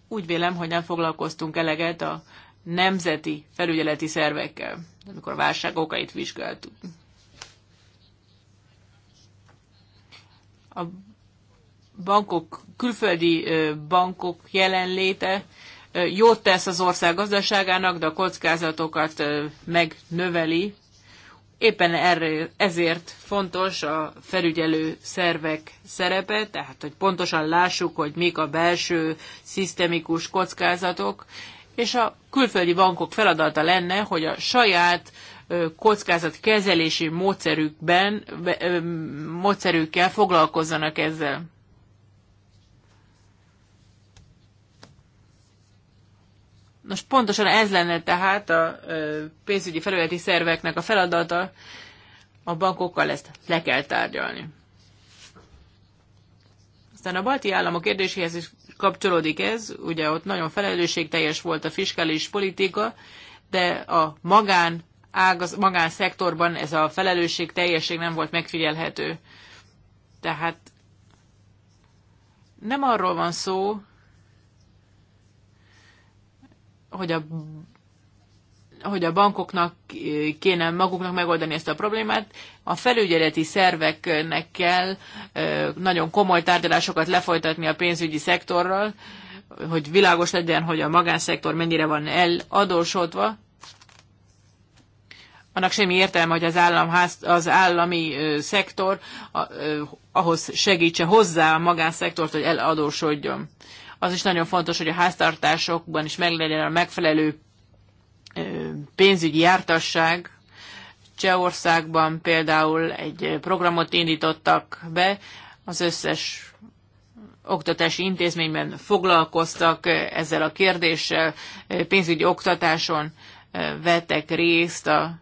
úgy vélem, hogy nem foglalkoztunk eleget a nemzeti felügyeleti szervekkel, amikor a válság okait vizsgáltuk. A bankok, külföldi bankok jelenléte jót tesz az ország gazdaságának, de a kockázatokat megnöveli. Éppen erre, ezért fontos a felügyelő szervek szerepe, tehát hogy pontosan lássuk, hogy mik a belső szisztemikus kockázatok, és a külföldi bankok feladata lenne, hogy a saját kezelési módszerükben, módszerükkel foglalkozzanak ezzel. Nos, pontosan ez lenne tehát a pénzügyi felületi szerveknek a feladata, a bankokkal ezt le kell tárgyalni. Aztán a balti államok kérdéséhez is kapcsolódik ez, ugye ott nagyon felelősségteljes volt a fiskális politika, de a magán ágaz, magánszektorban ez a felelősség teljesség nem volt megfigyelhető. Tehát nem arról van szó, hogy a hogy a bankoknak kéne maguknak megoldani ezt a problémát. A felügyeleti szerveknek kell nagyon komoly tárgyalásokat lefolytatni a pénzügyi szektorral, hogy világos legyen, hogy a magánszektor mennyire van eladósodva. Annak semmi értelme, hogy az, államház, az állami szektor ahhoz segítse hozzá a magánszektort, hogy eladósodjon. Az is nagyon fontos, hogy a háztartásokban is meglegyen a megfelelő pénzügyi jártasság. Csehországban például egy programot indítottak be, az összes oktatási intézményben foglalkoztak ezzel a kérdéssel, pénzügyi oktatáson vettek részt a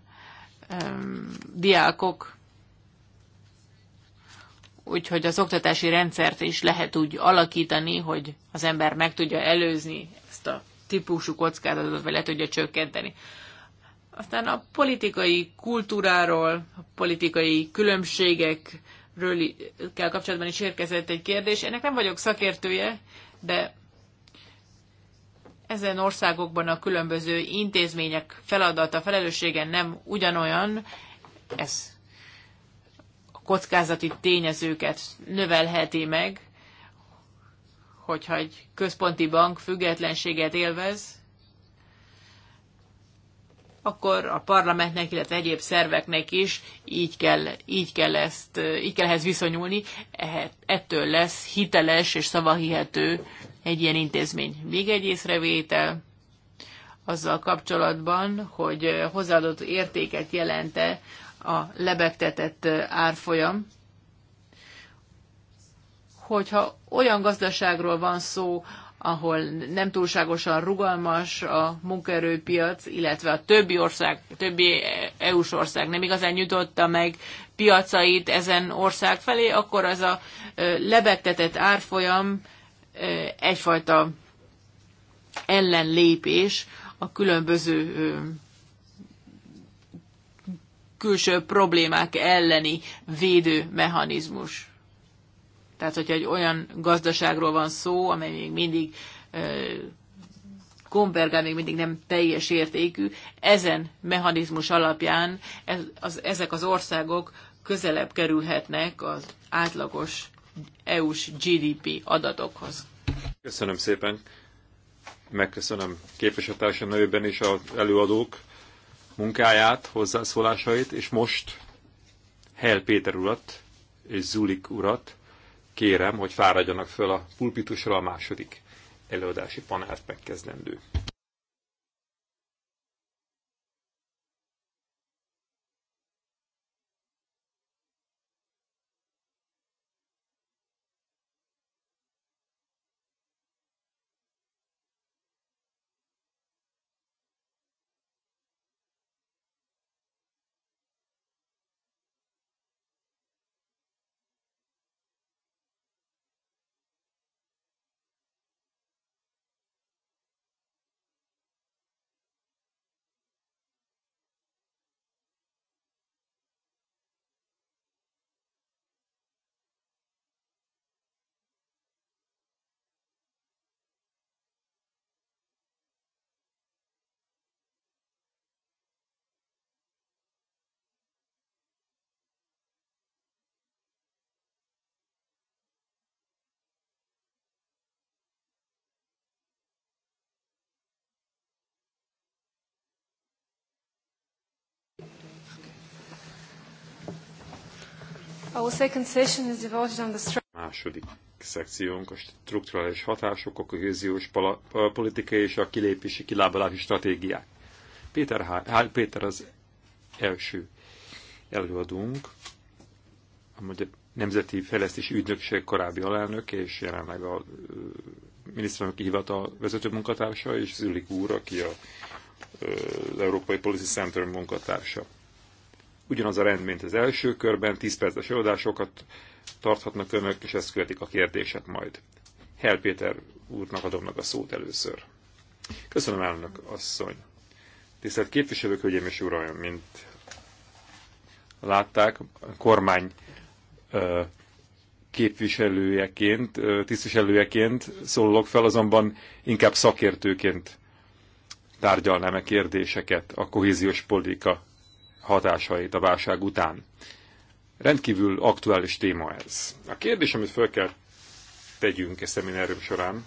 diákok úgyhogy az oktatási rendszert is lehet úgy alakítani, hogy az ember meg tudja előzni ezt a típusú kockázatot, vagy le tudja csökkenteni. Aztán a politikai kultúráról, a politikai különbségekről kell kapcsolatban is érkezett egy kérdés. Ennek nem vagyok szakértője, de ezen országokban a különböző intézmények feladata, felelőssége nem ugyanolyan, ez kockázati tényezőket növelheti meg, hogyha egy központi bank függetlenséget élvez, akkor a parlamentnek, illetve egyéb szerveknek is így kell, így kell, ezt, így kell ehhez viszonyulni, ettől lesz hiteles és szavahihető egy ilyen intézmény. Még egy észrevétel azzal kapcsolatban, hogy hozzáadott értéket jelente a lebegtetett árfolyam. Hogyha olyan gazdaságról van szó, ahol nem túlságosan rugalmas a munkaerőpiac, illetve a többi ország, többi EU-s ország nem igazán nyitotta meg piacait ezen ország felé, akkor az a lebegtetett árfolyam egyfajta ellenlépés a különböző külső problémák elleni védő mechanizmus. Tehát, hogyha egy olyan gazdaságról van szó, amely még mindig konvergál, még mindig nem teljes értékű, ezen mechanizmus alapján ez, az, ezek az országok közelebb kerülhetnek az átlagos EU-s GDP adatokhoz. Köszönöm szépen. Megköszönöm képviselőtársam nevében is az előadók munkáját, hozzászólásait, és most Hel Péter urat és Zulik urat kérem, hogy fáradjanak föl a pulpitusra a második előadási panelt megkezdendő. Második szekciónk a strukturális hatások, a kohéziós politika és a kilépési, kilábalási stratégiák. Péter, H. Péter az első előadunk, a Nemzeti Fejlesztési Ügynökség korábbi alelnök, és jelenleg a miniszterelnök hivatal vezető munkatársa, és Zülik úr, aki a, az Európai Policy Center munkatársa ugyanaz a rend, mint az első körben, 10 perces előadásokat tarthatnak önök, és ezt követik a kérdések majd. Hel Péter úrnak adom meg a szót először. Köszönöm, elnök asszony. Tisztelt képviselők, hölgyeim és uraim, mint látták, a kormány képviselőjeként, tisztviselőjeként szólok fel, azonban inkább szakértőként tárgyalnám-e kérdéseket a kohéziós politika hatásait a válság után. Rendkívül aktuális téma ez. A kérdés, amit fel kell tegyünk e szeminárium során,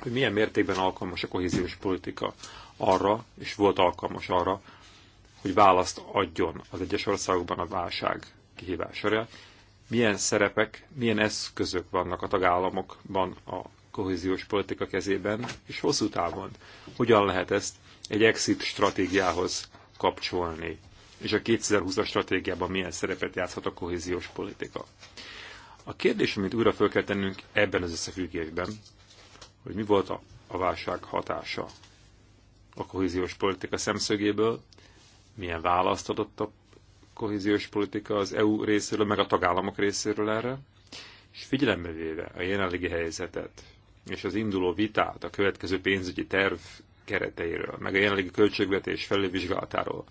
hogy milyen mértékben alkalmas a kohéziós politika arra, és volt alkalmas arra, hogy választ adjon az egyes országokban a válság kihívására. Milyen szerepek, milyen eszközök vannak a tagállamokban a kohéziós politika kezében, és hosszú távon hogyan lehet ezt egy exit stratégiához kapcsolni és a 2020-as stratégiában milyen szerepet játszhat a kohéziós politika. A kérdés, amit újra fel kell tennünk ebben az összefüggésben, hogy mi volt a, a válság hatása a kohéziós politika szemszögéből, milyen választ adott a kohéziós politika az EU részéről, meg a tagállamok részéről erre, és figyelembe véve a jelenlegi helyzetet, és az induló vitát a következő pénzügyi terv kereteiről, meg a jelenlegi költségvetés felülvizsgálatáról,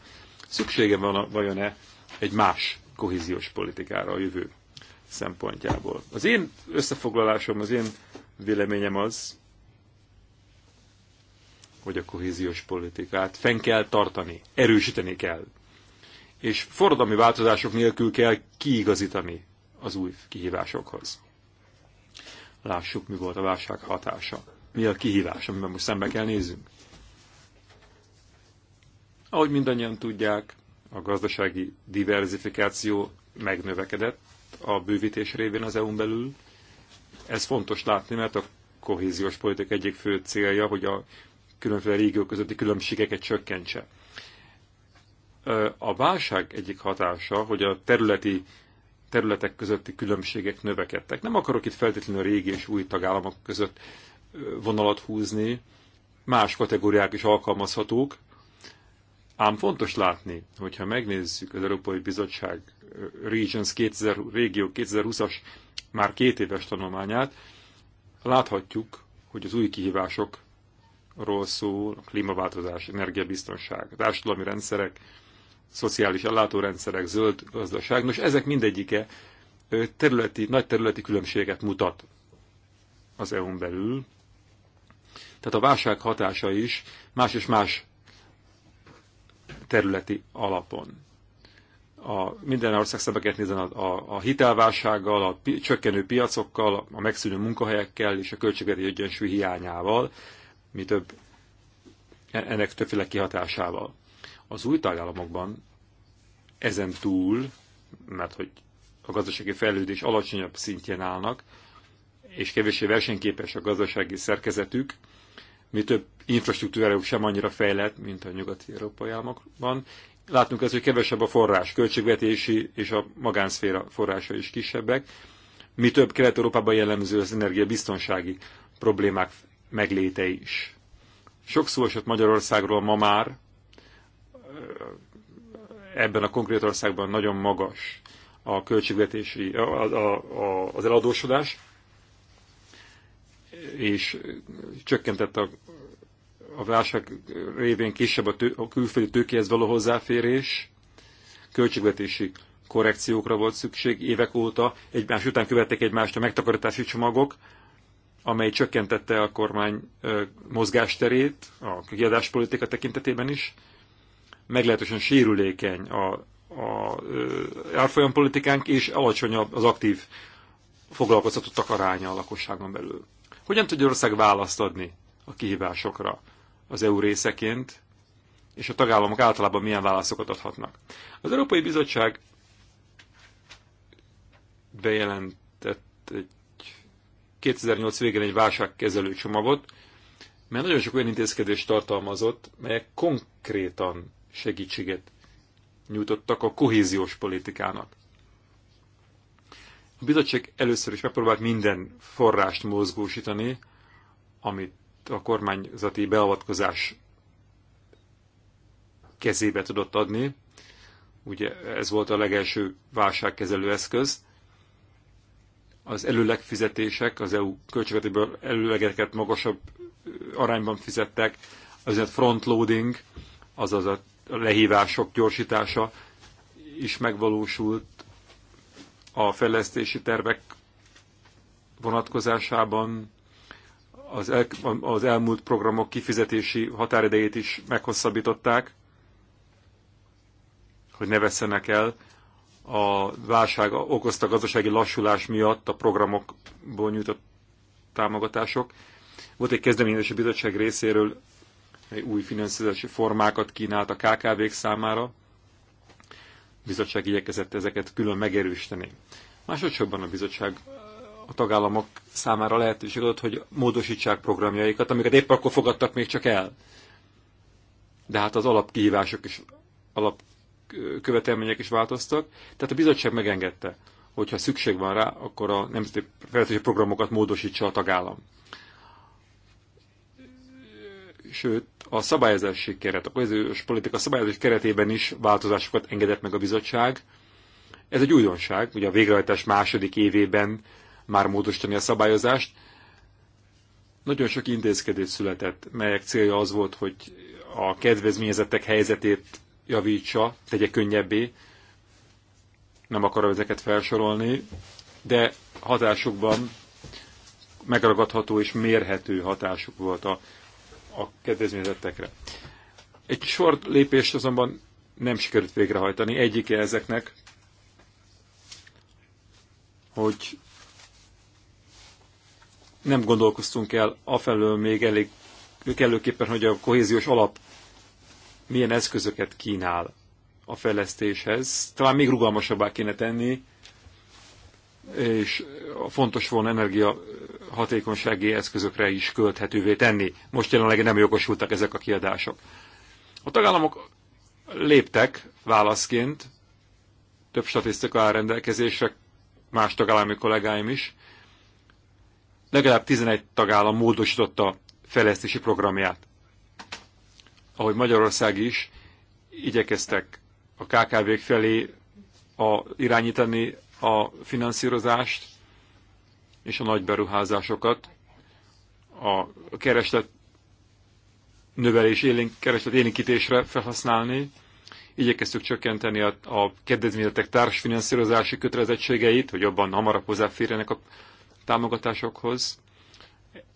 Szüksége van vajon-e egy más kohéziós politikára a jövő szempontjából? Az én összefoglalásom, az én véleményem az, hogy a kohéziós politikát fenn kell tartani, erősíteni kell. És forradalmi változások nélkül kell kiigazítani az új kihívásokhoz. Lássuk, mi volt a válság hatása. Mi a kihívás, amiben most szembe kell nézzünk. Ahogy mindannyian tudják, a gazdasági diversifikáció megnövekedett a bővítés révén az EU-n belül. Ez fontos látni, mert a kohéziós politika egyik fő célja, hogy a különféle régiók közötti különbségeket csökkentse. A válság egyik hatása, hogy a területi területek közötti különbségek növekedtek. Nem akarok itt feltétlenül a régi és új tagállamok között vonalat húzni, más kategóriák is alkalmazhatók, Ám fontos látni, hogyha megnézzük az Európai Bizottság Regions 2000, Régió 2020-as már két éves tanulmányát, láthatjuk, hogy az új kihívásokról szól a klímaváltozás, energiabiztonság, társadalmi rendszerek, szociális ellátórendszerek, zöld gazdaság. Nos, ezek mindegyike területi, nagy területi különbséget mutat az EU-n belül. Tehát a válság hatása is más és más területi alapon. A, minden ország szebeket nézen a, a, a hitelválsággal, a pi, csökkenő piacokkal, a megszűnő munkahelyekkel és a költségvetés egyensúly hiányával, mi több e, ennek többféle kihatásával. Az új tagállamokban ezen túl, mert hogy a gazdasági fejlődés alacsonyabb szintjén állnak, és kevésbé versenyképes a gazdasági szerkezetük, mi több infrastruktúrájuk sem annyira fejlett, mint a nyugati európai államokban. Látunk ezt, hogy kevesebb a forrás, költségvetési és a magánszféra forrása is kisebbek. Mi több Kelet-Európában jellemző az energiabiztonsági problémák megléte is. Sok szó esett Magyarországról ma már, ebben a konkrét országban nagyon magas a költségvetési, a, a, a, az eladósodás, és csökkentett a, a válság révén kisebb a, tő, a külföldi tőkéhez való hozzáférés, költségvetési korrekciókra volt szükség évek óta, egymás után követtek egymást a megtakarítási csomagok, amely csökkentette a kormány mozgásterét a kiadáspolitika tekintetében is. Meglehetősen sérülékeny a, a árfolyampolitikánk, és alacsonyabb az aktív foglalkoztatottak aránya a lakosságon belül. Hogyan tudja ország választ adni a kihívásokra az EU részeként, és a tagállamok általában milyen válaszokat adhatnak? Az Európai Bizottság bejelentett egy 2008 végén egy válságkezelő csomagot, mert nagyon sok olyan intézkedést tartalmazott, melyek konkrétan segítséget nyújtottak a kohéziós politikának. A bizottság először is megpróbált minden forrást mozgósítani, amit a kormányzati beavatkozás kezébe tudott adni. Ugye ez volt a legelső válságkezelő eszköz. Az előleg fizetések, az EU költségvetéből előlegeket magasabb arányban fizettek, az frontloading, azaz a lehívások gyorsítása is megvalósult, a fejlesztési tervek vonatkozásában az, el, az elmúlt programok kifizetési határidejét is meghosszabbították, hogy ne vesszenek el a válság okozta gazdasági lassulás miatt a programokból nyújtott támogatások. Volt egy kezdeményezés a bizottság részéről, egy új finanszírozási formákat kínált a KKV-k számára, bizottság igyekezett ezeket külön megerősíteni. Másodszorban a bizottság a tagállamok számára lehetőség adott, hogy módosítsák programjaikat, amiket épp akkor fogadtak még csak el. De hát az alapkihívások és alapkövetelmények is változtak, tehát a bizottság megengedte, hogyha szükség van rá, akkor a nemzeti fejlesztési programokat módosítsa a tagállam sőt a szabályozási keret, a kohéziós politika szabályozási keretében is változásokat engedett meg a bizottság. Ez egy újdonság, ugye a végrehajtás második évében már módosítani a szabályozást. Nagyon sok intézkedés született, melyek célja az volt, hogy a kedvezményezettek helyzetét javítsa, tegye könnyebbé. Nem akarom ezeket felsorolni, de hatásukban megragadható és mérhető hatásuk volt a a kedvezményezettekre. Egy sor lépést azonban nem sikerült végrehajtani. Egyike ezeknek, hogy nem gondolkoztunk el afelől még elég kellőképpen, hogy a kohéziós alap milyen eszközöket kínál a fejlesztéshez. Talán még rugalmasabbá kéne tenni, és fontos volna energia hatékonysági eszközökre is költhetővé tenni. Most jelenleg nem jogosultak ezek a kiadások. A tagállamok léptek válaszként, több statisztika áll rendelkezésre, más tagállami kollégáim is. Legalább 11 tagállam módosította fejlesztési programját. Ahogy Magyarország is, igyekeztek a KKV-k felé a, irányítani a finanszírozást, és a nagy beruházásokat a kereslet növelés élénk, kereslet élénkítésre felhasználni. Igyekeztük csökkenteni a, a kedvezményetek társfinanszírozási kötelezettségeit, hogy jobban hamarabb hozzáférjenek a támogatásokhoz,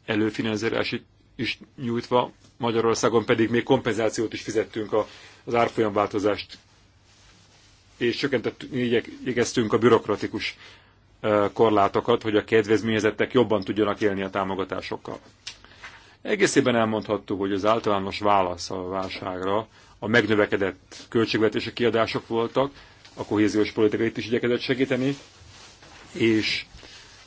előfinanszírozási is nyújtva, Magyarországon pedig még kompenzációt is fizettünk a, az árfolyamváltozást, és csökkentettünk, igyekeztünk a bürokratikus korlátokat, hogy a kedvezményezettek jobban tudjanak élni a támogatásokkal. Egészében elmondható, hogy az általános válasz a válságra a megnövekedett költségvetési kiadások voltak, a kohéziós politika itt is igyekezett segíteni, és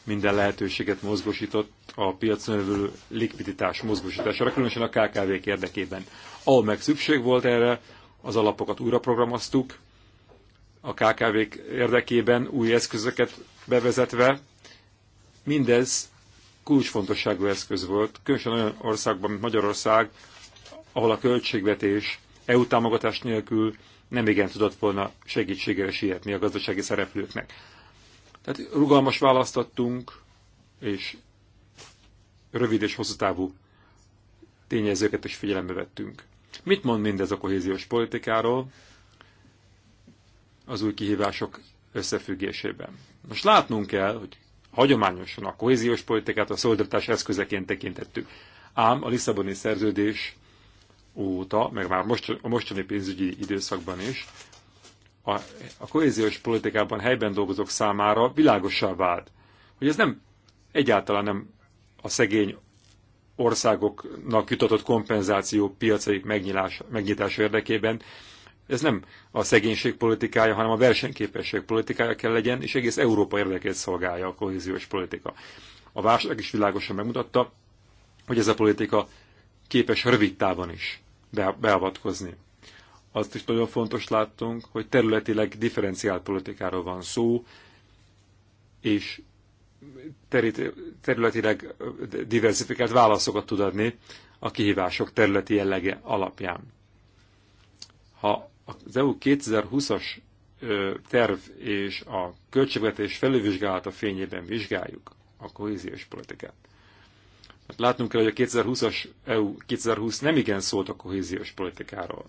minden lehetőséget mozgosított a piacon levő likviditás mozgósítására, különösen a KKV-k érdekében. Ahol meg szükség volt erre, az alapokat újra programoztuk, a KKV-k érdekében új eszközöket bevezetve, mindez kulcsfontosságú eszköz volt, különösen olyan országban, mint Magyarország, ahol a költségvetés EU támogatás nélkül nem igen tudott volna segítségére sietni a gazdasági szereplőknek. Tehát rugalmas választottunk, és rövid és hosszú távú tényezőket is figyelembe vettünk. Mit mond mindez a kohéziós politikáról? Az új kihívások összefüggésében. Most látnunk kell, hogy hagyományosan a kohéziós politikát a szolidaritás eszközeként tekintettük. Ám a Lisszaboni szerződés óta, meg már most, a mostani pénzügyi időszakban is, a, a kohéziós politikában helyben dolgozók számára világosá vált, hogy ez nem egyáltalán nem a szegény országoknak jutatott kompenzáció piacai megnyitása érdekében ez nem a szegénység politikája, hanem a versenyképesség politikája kell legyen, és egész Európa érdekét szolgálja a kohéziós politika. A válság is világosan megmutatta, hogy ez a politika képes rövid távon is beavatkozni. Azt is nagyon fontos láttunk, hogy területileg differenciált politikáról van szó, és területileg diversifikált válaszokat tud adni a kihívások területi jellege alapján. Ha az EU 2020-as terv és a költségvetés felülvizsgálata fényében vizsgáljuk a kohéziós politikát. Mert hát látnunk kell, hogy a 2020-as EU 2020 nem igen szólt a kohéziós politikáról.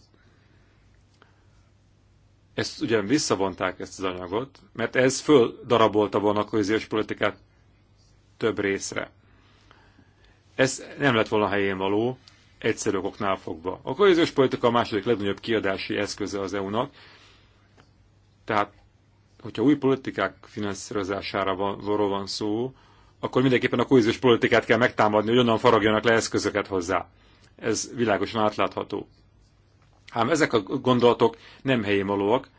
Ezt ugyan visszavonták ezt az anyagot, mert ez földarabolta volna a kohéziós politikát több részre. Ez nem lett volna helyén való, egyszerű okoknál fogva. A kohéziós politika a második legnagyobb kiadási eszköze az EU-nak, tehát hogyha új politikák finanszírozására van, van szó, akkor mindenképpen a kohéziós politikát kell megtámadni, hogy onnan faragjanak le eszközöket hozzá. Ez világosan átlátható. Ám ezek a gondolatok nem helyén valóak.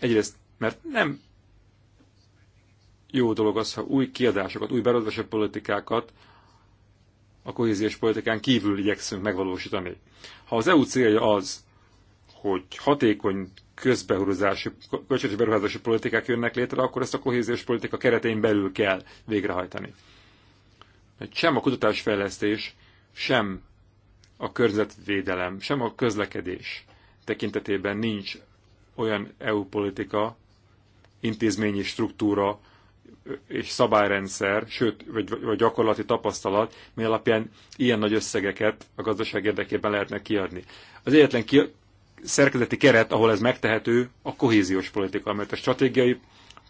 Egyrészt, mert nem jó dolog az, ha új kiadásokat, új beradvasabb politikákat a kohéziós politikán kívül igyekszünk megvalósítani. Ha az EU célja az, hogy hatékony közberuházási, költségvetési beruházási politikák jönnek létre, akkor ezt a kohéziós politika keretein belül kell végrehajtani. Mert sem a kutatásfejlesztés, sem a környezetvédelem, sem a közlekedés tekintetében nincs olyan EU politika, intézményi struktúra, és szabályrendszer, sőt, vagy, vagy gyakorlati tapasztalat, mi alapján ilyen nagy összegeket a gazdaság érdekében lehetne kiadni. Az egyetlen ki, szerkezeti keret, ahol ez megtehető, a kohéziós politika, mert a stratégiai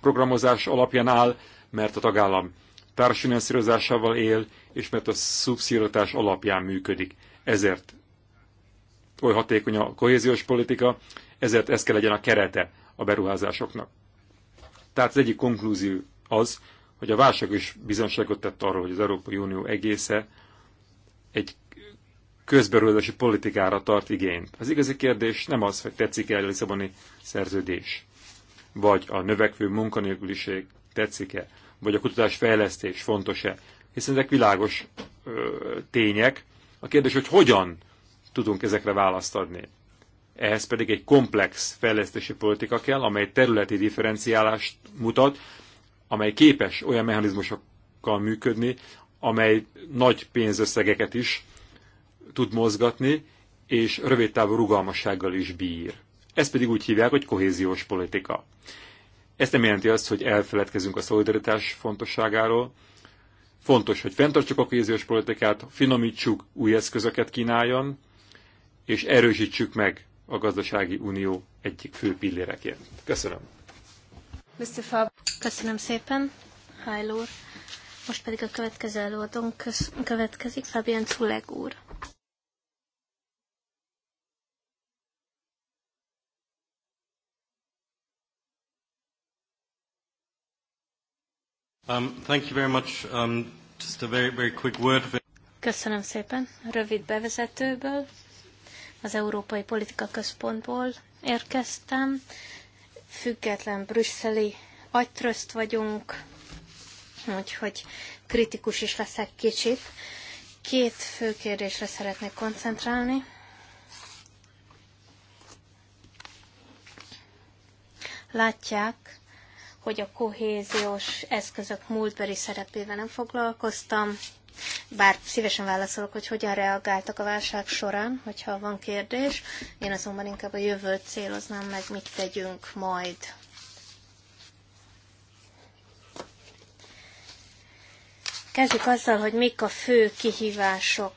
programozás alapján áll, mert a tagállam társfinanszírozásával él, és mert a szubszírozás alapján működik. Ezért oly hatékony a kohéziós politika, ezért ez kell legyen a kerete a beruházásoknak. Tehát az egyik konklúzió az, hogy a válság is bizonságot tett arról, hogy az Európai Unió egésze egy közberőzési politikára tart igényt. Az igazi kérdés nem az, hogy tetszik-e a Lisszaboni szerződés, vagy a növekvő munkanélküliség tetszik-e, vagy a kutatás fejlesztés fontos-e, hiszen ezek világos ö, tények. A kérdés, hogy hogyan tudunk ezekre választ adni. Ehhez pedig egy komplex fejlesztési politika kell, amely területi differenciálást mutat, amely képes olyan mechanizmusokkal működni, amely nagy pénzösszegeket is tud mozgatni, és rövidtávú rugalmassággal is bír. Ezt pedig úgy hívják, hogy kohéziós politika. Ez nem jelenti azt, hogy elfeledkezünk a szolidaritás fontosságáról. Fontos, hogy fenntartsuk a kohéziós politikát, finomítsuk, új eszközöket kínáljon, és erősítsük meg a gazdasági unió egyik fő pilléreként. Köszönöm. Mr. Köszönöm szépen, Hájl úr. Most pedig a következő előadónk következik, Fabian Culeg úr. Um, thank you very much. Um, just a very, very quick word. Köszönöm szépen. Rövid bevezetőből, az Európai Politika Központból érkeztem. Független brüsszeli agytrözt vagyunk, úgyhogy kritikus is leszek kicsit. Két fő kérdésre szeretnék koncentrálni. Látják, hogy a kohéziós eszközök múltbeli szerepével nem foglalkoztam, bár szívesen válaszolok, hogy hogyan reagáltak a válság során, hogyha van kérdés. Én azonban inkább a jövőt céloznám meg, mit tegyünk majd. Kezdjük azzal, hogy mik a fő kihívások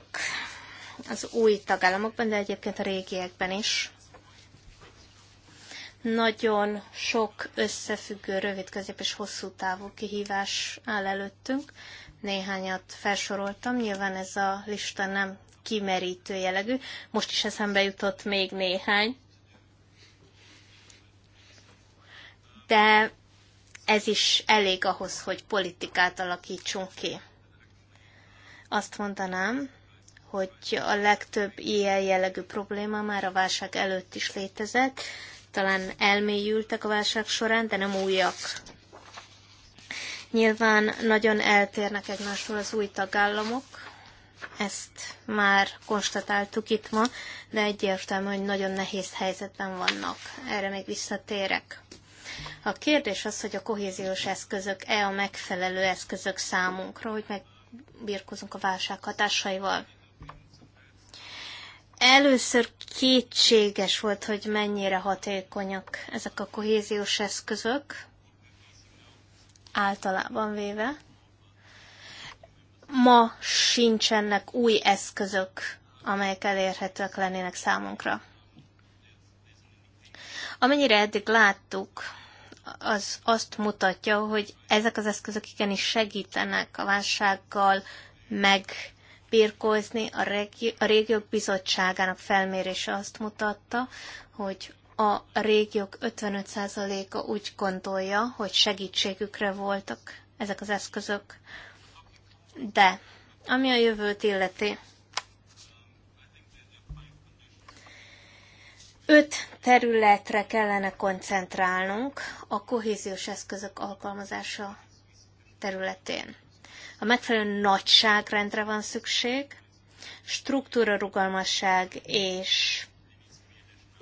az új tagállamokban, de egyébként a régiekben is. Nagyon sok összefüggő, rövid, közép és hosszú távú kihívás áll előttünk. Néhányat felsoroltam, nyilván ez a lista nem kimerítő jellegű. Most is eszembe jutott még néhány. De ez is elég ahhoz, hogy politikát alakítsunk ki. Azt mondanám, hogy a legtöbb ilyen jellegű probléma már a válság előtt is létezett, talán elmélyültek a válság során, de nem újak. Nyilván nagyon eltérnek egymástól az új tagállamok, ezt már konstatáltuk itt ma, de egyértelmű, hogy nagyon nehéz helyzetben vannak. Erre még visszatérek. A kérdés az, hogy a kohéziós eszközök-e a megfelelő eszközök számunkra, hogy meg birkózunk a válság hatásaival. Először kétséges volt, hogy mennyire hatékonyak ezek a kohéziós eszközök, általában véve. Ma sincsenek új eszközök, amelyek elérhetőek lennének számunkra. Amennyire eddig láttuk, az azt mutatja, hogy ezek az eszközök igenis segítenek a válsággal megbírkozni. A, regi- a régiók bizottságának felmérése azt mutatta, hogy a régiók 55%-a úgy gondolja, hogy segítségükre voltak ezek az eszközök. De ami a jövőt illeti, Öt területre kellene koncentrálnunk a kohéziós eszközök alkalmazása területén. A megfelelő nagyságrendre van szükség, struktúra rugalmasság és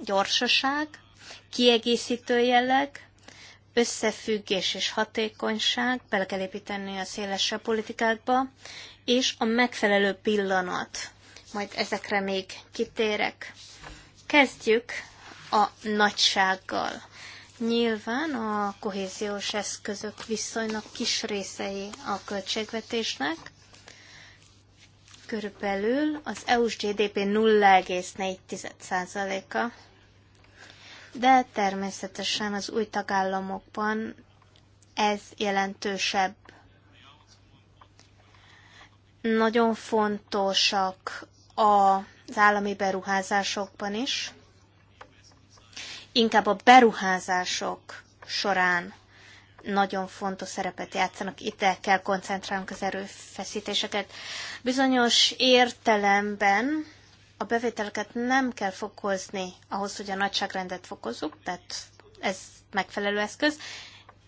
gyorsaság, kiegészítő jelleg, összefüggés és hatékonyság, bele kell építeni a szélesebb politikákba, és a megfelelő pillanat. Majd ezekre még kitérek. Kezdjük a nagysággal. Nyilván a kohéziós eszközök viszonylag kis részei a költségvetésnek, körülbelül az EU-s GDP 0,4%-a, de természetesen az új tagállamokban ez jelentősebb. Nagyon fontosak az állami beruházásokban is, inkább a beruházások során nagyon fontos szerepet játszanak, itt el kell koncentrálnunk az erőfeszítéseket. Bizonyos értelemben a bevételeket nem kell fokozni ahhoz, hogy a nagyságrendet fokozzuk, tehát ez megfelelő eszköz.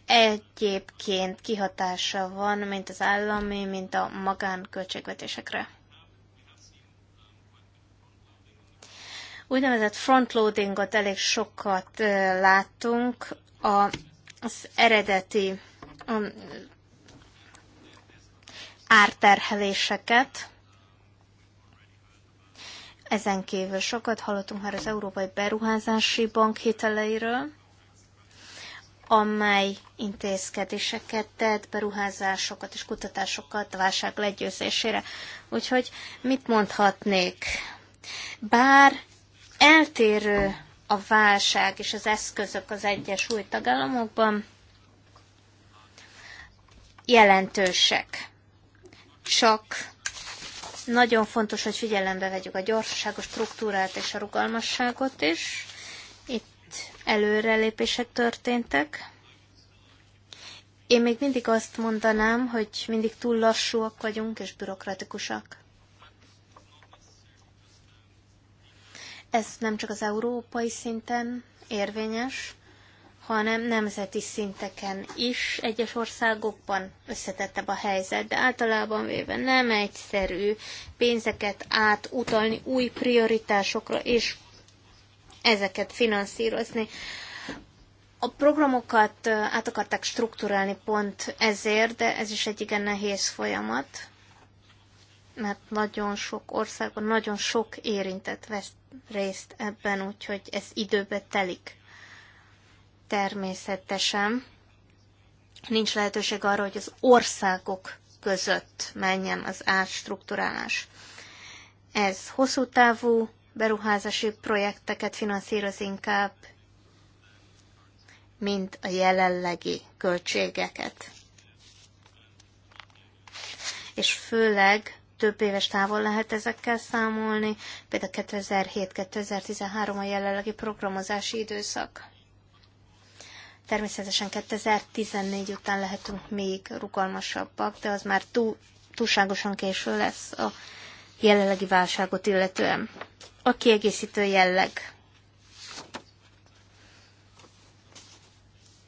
Egyébként kihatása van, mint az állami, mint a magánköltségvetésekre. úgynevezett frontloadingot elég sokat láttunk a, az eredeti a, árterheléseket. Ezen kívül sokat hallottunk már az Európai Beruházási Bank hiteleiről, amely intézkedéseket tett, beruházásokat és kutatásokat a válság legyőzésére. Úgyhogy mit mondhatnék? Bár eltérő a válság és az eszközök az egyes új tagállamokban jelentősek. Csak nagyon fontos, hogy figyelembe vegyük a gyorsaságos struktúrát és a rugalmasságot is. Itt előrelépések történtek. Én még mindig azt mondanám, hogy mindig túl lassúak vagyunk és bürokratikusak. Ez nem csak az európai szinten érvényes, hanem nemzeti szinteken is egyes országokban összetettebb a helyzet, de általában véve nem egyszerű pénzeket átutalni új prioritásokra, és ezeket finanszírozni. A programokat át akarták strukturálni pont ezért, de ez is egy igen nehéz folyamat mert nagyon sok országban nagyon sok érintett vesz részt ebben, úgyhogy ez időbe telik. Természetesen nincs lehetőség arra, hogy az országok között menjen az átstruktúrálás. Ez hosszú távú beruházási projekteket finanszíroz inkább, mint a jelenlegi költségeket. És főleg több éves távol lehet ezekkel számolni, például 2007-2013 a jelenlegi programozási időszak. Természetesen 2014 után lehetünk még rugalmasabbak, de az már túl, túlságosan késő lesz a jelenlegi válságot illetően. A kiegészítő jelleg.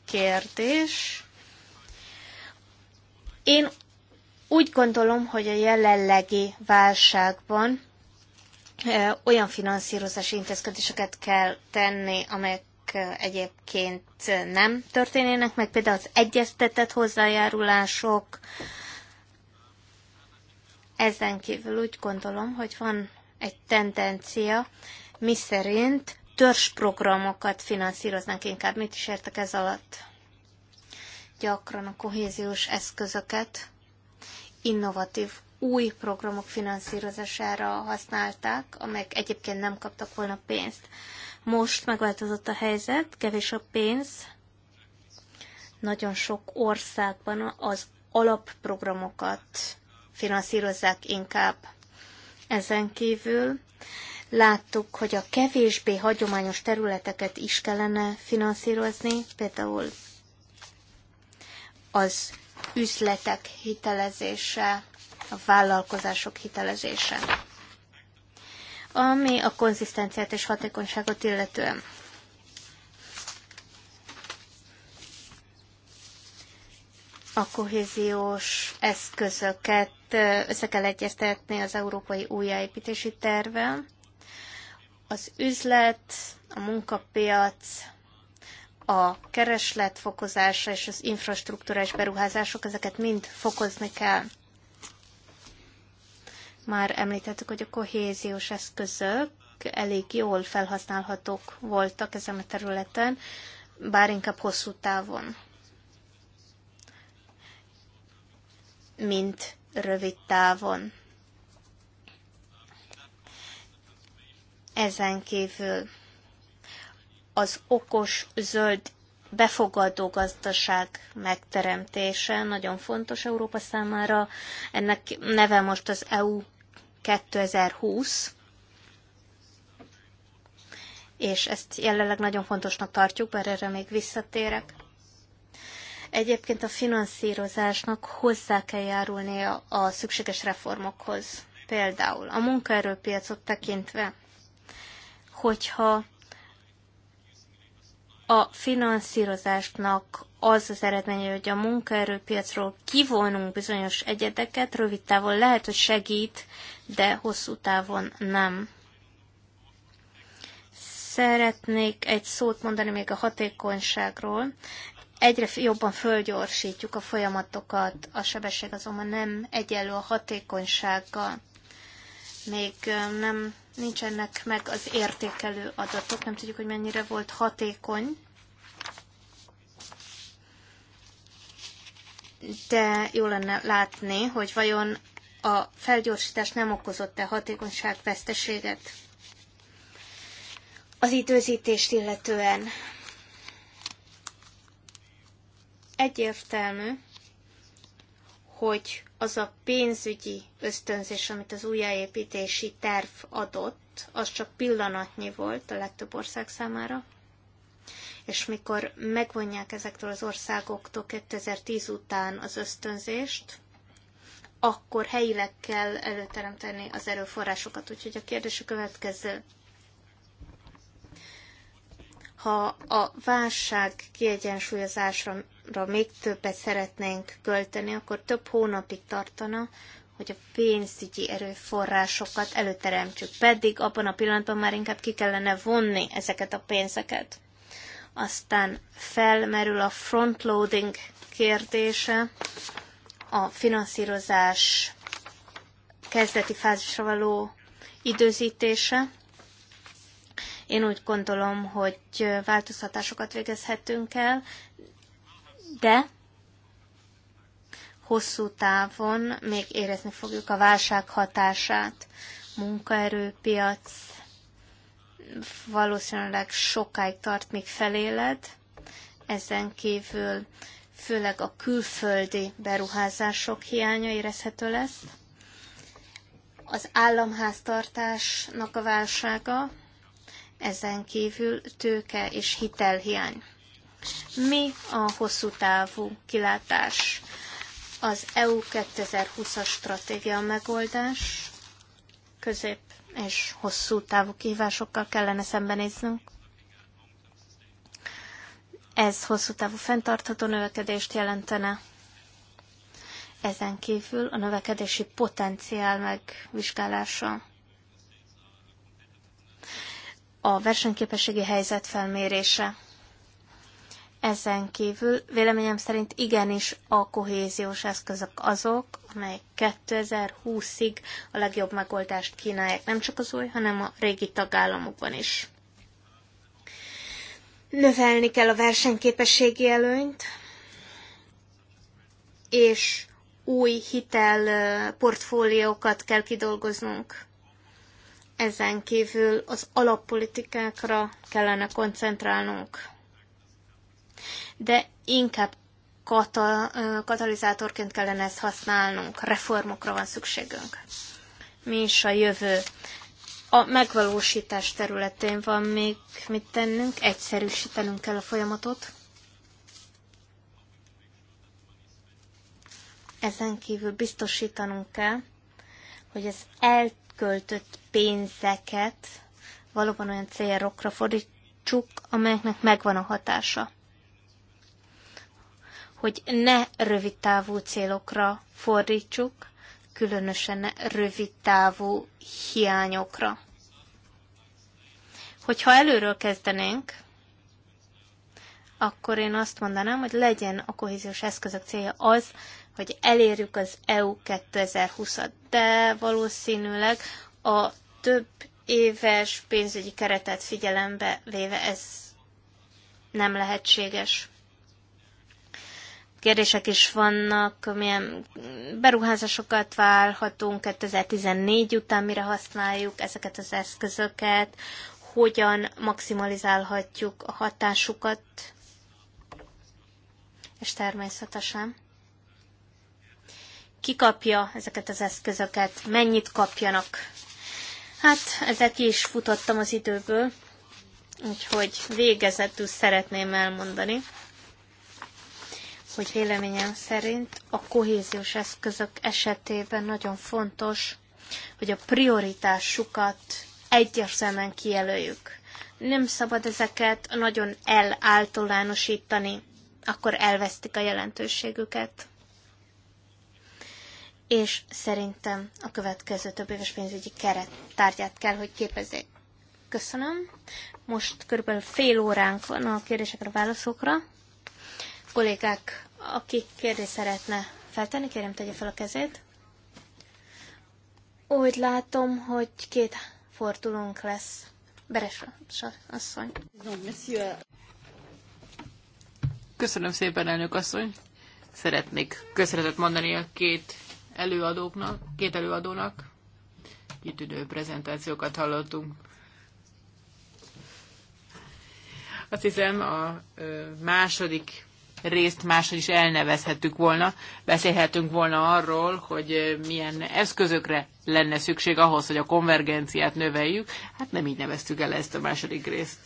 Kérdés. Én úgy gondolom, hogy a jelenlegi válságban olyan finanszírozási intézkedéseket kell tenni, amelyek egyébként nem történének, meg például az egyeztetett hozzájárulások. Ezen kívül úgy gondolom, hogy van egy tendencia, miszerint törzsprogramokat finanszíroznak inkább. Mit is értek ez alatt? Gyakran a kohéziós eszközöket innovatív új programok finanszírozására használták, amelyek egyébként nem kaptak volna pénzt. Most megváltozott a helyzet, kevés a pénz. Nagyon sok országban az alapprogramokat finanszírozzák inkább. Ezen kívül láttuk, hogy a kevésbé hagyományos területeket is kellene finanszírozni, például az üzletek hitelezése, a vállalkozások hitelezése. Ami a konzisztenciát és hatékonyságot illetően. a kohéziós eszközöket össze kell egyeztetni az európai újjáépítési Terve, Az üzlet, a munkapiac a kereslet fokozása és az infrastruktúrás beruházások, ezeket mind fokozni kell. Már említettük, hogy a kohéziós eszközök elég jól felhasználhatók voltak ezen a területen, bár inkább hosszú távon, mint rövid távon. Ezen kívül az okos, zöld, befogadó gazdaság megteremtése nagyon fontos Európa számára. Ennek neve most az EU 2020, és ezt jelenleg nagyon fontosnak tartjuk, bár erre még visszatérek. Egyébként a finanszírozásnak hozzá kell járulnia a szükséges reformokhoz. Például a munkaerőpiacot tekintve, hogyha a finanszírozásnak az az eredménye, hogy a munkaerőpiacról kivonunk bizonyos egyedeket, rövid távon lehet, hogy segít, de hosszú távon nem. Szeretnék egy szót mondani még a hatékonyságról. Egyre jobban fölgyorsítjuk a folyamatokat, a sebesség azonban nem egyenlő a hatékonysággal. Még nem nincsenek meg az értékelő adatok, nem tudjuk, hogy mennyire volt hatékony, de jó lenne látni, hogy vajon a felgyorsítás nem okozott-e hatékonyságveszteséget. Az időzítést illetően egyértelmű, hogy az a pénzügyi ösztönzés, amit az újjáépítési terv adott, az csak pillanatnyi volt a legtöbb ország számára. És mikor megvonják ezektől az országoktól 2010 után az ösztönzést, akkor helyileg kell előteremteni az erőforrásokat. Úgyhogy a kérdés a következő. Ha a válság kiegyensúlyozásra még többet szeretnénk költeni, akkor több hónapig tartana, hogy a pénzügyi erőforrásokat előteremtsük. Pedig abban a pillanatban már inkább ki kellene vonni ezeket a pénzeket. Aztán felmerül a frontloading kérdése, a finanszírozás kezdeti fázisra való időzítése, én úgy gondolom, hogy változtatásokat végezhetünk el, de hosszú távon még érezni fogjuk a válság hatását. Munkaerőpiac valószínűleg sokáig tart, míg feléled. Ezen kívül főleg a külföldi beruházások hiánya érezhető lesz. Az államháztartásnak a válsága, ezen kívül tőke és hitelhiány. Mi a hosszú távú kilátás? Az EU 2020-as stratégia megoldás, közép és hosszú távú kihívásokkal kellene szembenéznünk. Ez hosszú távú fenntartható növekedést jelentene. Ezen kívül a növekedési potenciál megvizsgálása a versenyképességi helyzet felmérése. Ezen kívül véleményem szerint igenis a kohéziós eszközök azok, amelyek 2020-ig a legjobb megoldást kínálják, nem csak az új, hanem a régi tagállamokban is. Növelni kell a versenyképességi előnyt, és új hitel portfóliókat kell kidolgoznunk. Ezen kívül az alappolitikákra kellene koncentrálnunk. De inkább kata, katalizátorként kellene ezt használnunk, reformokra van szükségünk. Mi is a jövő? A megvalósítás területén van még mit tennünk, egyszerűsítenünk kell a folyamatot. Ezen kívül biztosítanunk kell, hogy az el költött pénzeket valóban olyan célokra fordítsuk, amelyeknek megvan a hatása. Hogy ne rövid távú célokra fordítsuk, különösen ne rövid távú hiányokra. Hogyha előről kezdenénk, akkor én azt mondanám, hogy legyen a kohéziós eszközök célja az, hogy elérjük az EU 2020-at, de valószínűleg a több éves pénzügyi keretet figyelembe véve ez nem lehetséges. Kérdések is vannak, milyen beruházásokat várhatunk 2014 után, mire használjuk ezeket az eszközöket, hogyan maximalizálhatjuk a hatásukat, és természetesen kikapja ezeket az eszközöket, mennyit kapjanak. Hát ezzel ki is futottam az időből, úgyhogy végezetül szeretném elmondani, hogy véleményem szerint a kohéziós eszközök esetében nagyon fontos, hogy a prioritásukat szemen kijelöljük. Nem szabad ezeket nagyon eláltalánosítani, akkor elvesztik a jelentőségüket és szerintem a következő több éves pénzügyi keret tárgyát kell, hogy képezzék. Köszönöm. Most körülbelül fél óránk van a kérdésekre, a válaszokra. Kollégák, aki kérdést szeretne feltenni, kérem tegye fel a kezét. Úgy látom, hogy két fordulónk lesz. Beres asszony. Köszönöm szépen, elnök asszony. Szeretnék köszönetet mondani a két előadóknak, két előadónak kitűnő prezentációkat hallottunk. Azt hiszem a második részt máshogy is elnevezhettük volna, beszélhetünk volna arról, hogy milyen eszközökre lenne szükség ahhoz, hogy a konvergenciát növeljük. Hát nem így neveztük el ezt a második részt.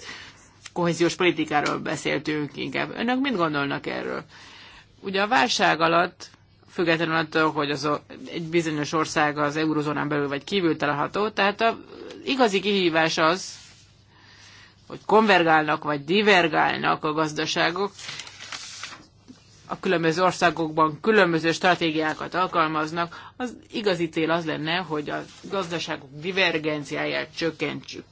Kohéziós politikáról beszéltünk inkább. Önök mit gondolnak erről? Ugye a válság alatt függetlenül attól, hogy az egy bizonyos ország az eurozónán belül vagy kívül található. Tehát az igazi kihívás az, hogy konvergálnak vagy divergálnak a gazdaságok, a különböző országokban különböző stratégiákat alkalmaznak, az igazi cél az lenne, hogy a gazdaságok divergenciáját csökkentsük.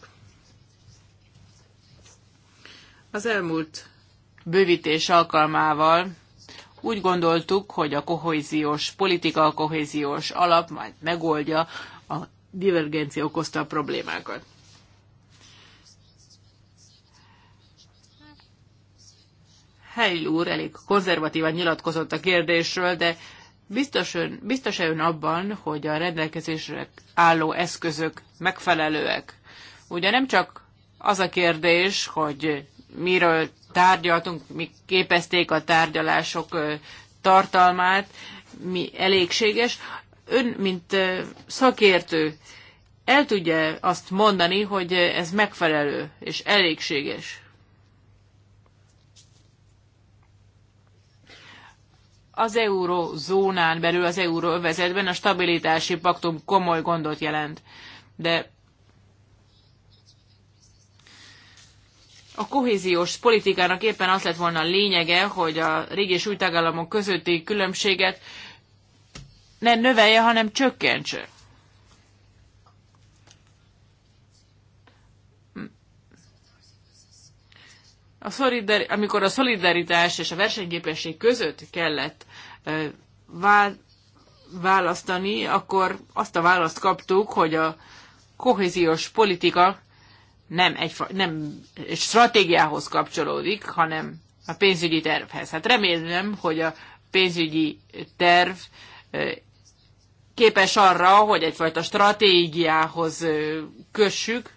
Az elmúlt bővítés alkalmával úgy gondoltuk, hogy a kohéziós politika, a kohéziós alap majd megoldja a divergencia okozta a problémákat. Heil úr elég konzervatívan nyilatkozott a kérdésről, de biztos, ön, biztos -e ön abban, hogy a rendelkezésre álló eszközök megfelelőek? Ugye nem csak az a kérdés, hogy miről tárgyaltunk, mi képezték a tárgyalások tartalmát, mi elégséges. Ön, mint szakértő, el tudja azt mondani, hogy ez megfelelő és elégséges? Az eurozónán belül, az euróövezetben a stabilitási paktum komoly gondot jelent. De a kohéziós politikának éppen az lett volna a lényege, hogy a régi és új tagállamok közötti különbséget ne növelje, hanem csökkentse. A szolidari- amikor a szolidaritás és a versenyképesség között kellett választani, akkor azt a választ kaptuk, hogy a kohéziós politika nem, egy, nem stratégiához kapcsolódik, hanem a pénzügyi tervhez. Hát remélem, hogy a pénzügyi terv képes arra, hogy egyfajta stratégiához kössük.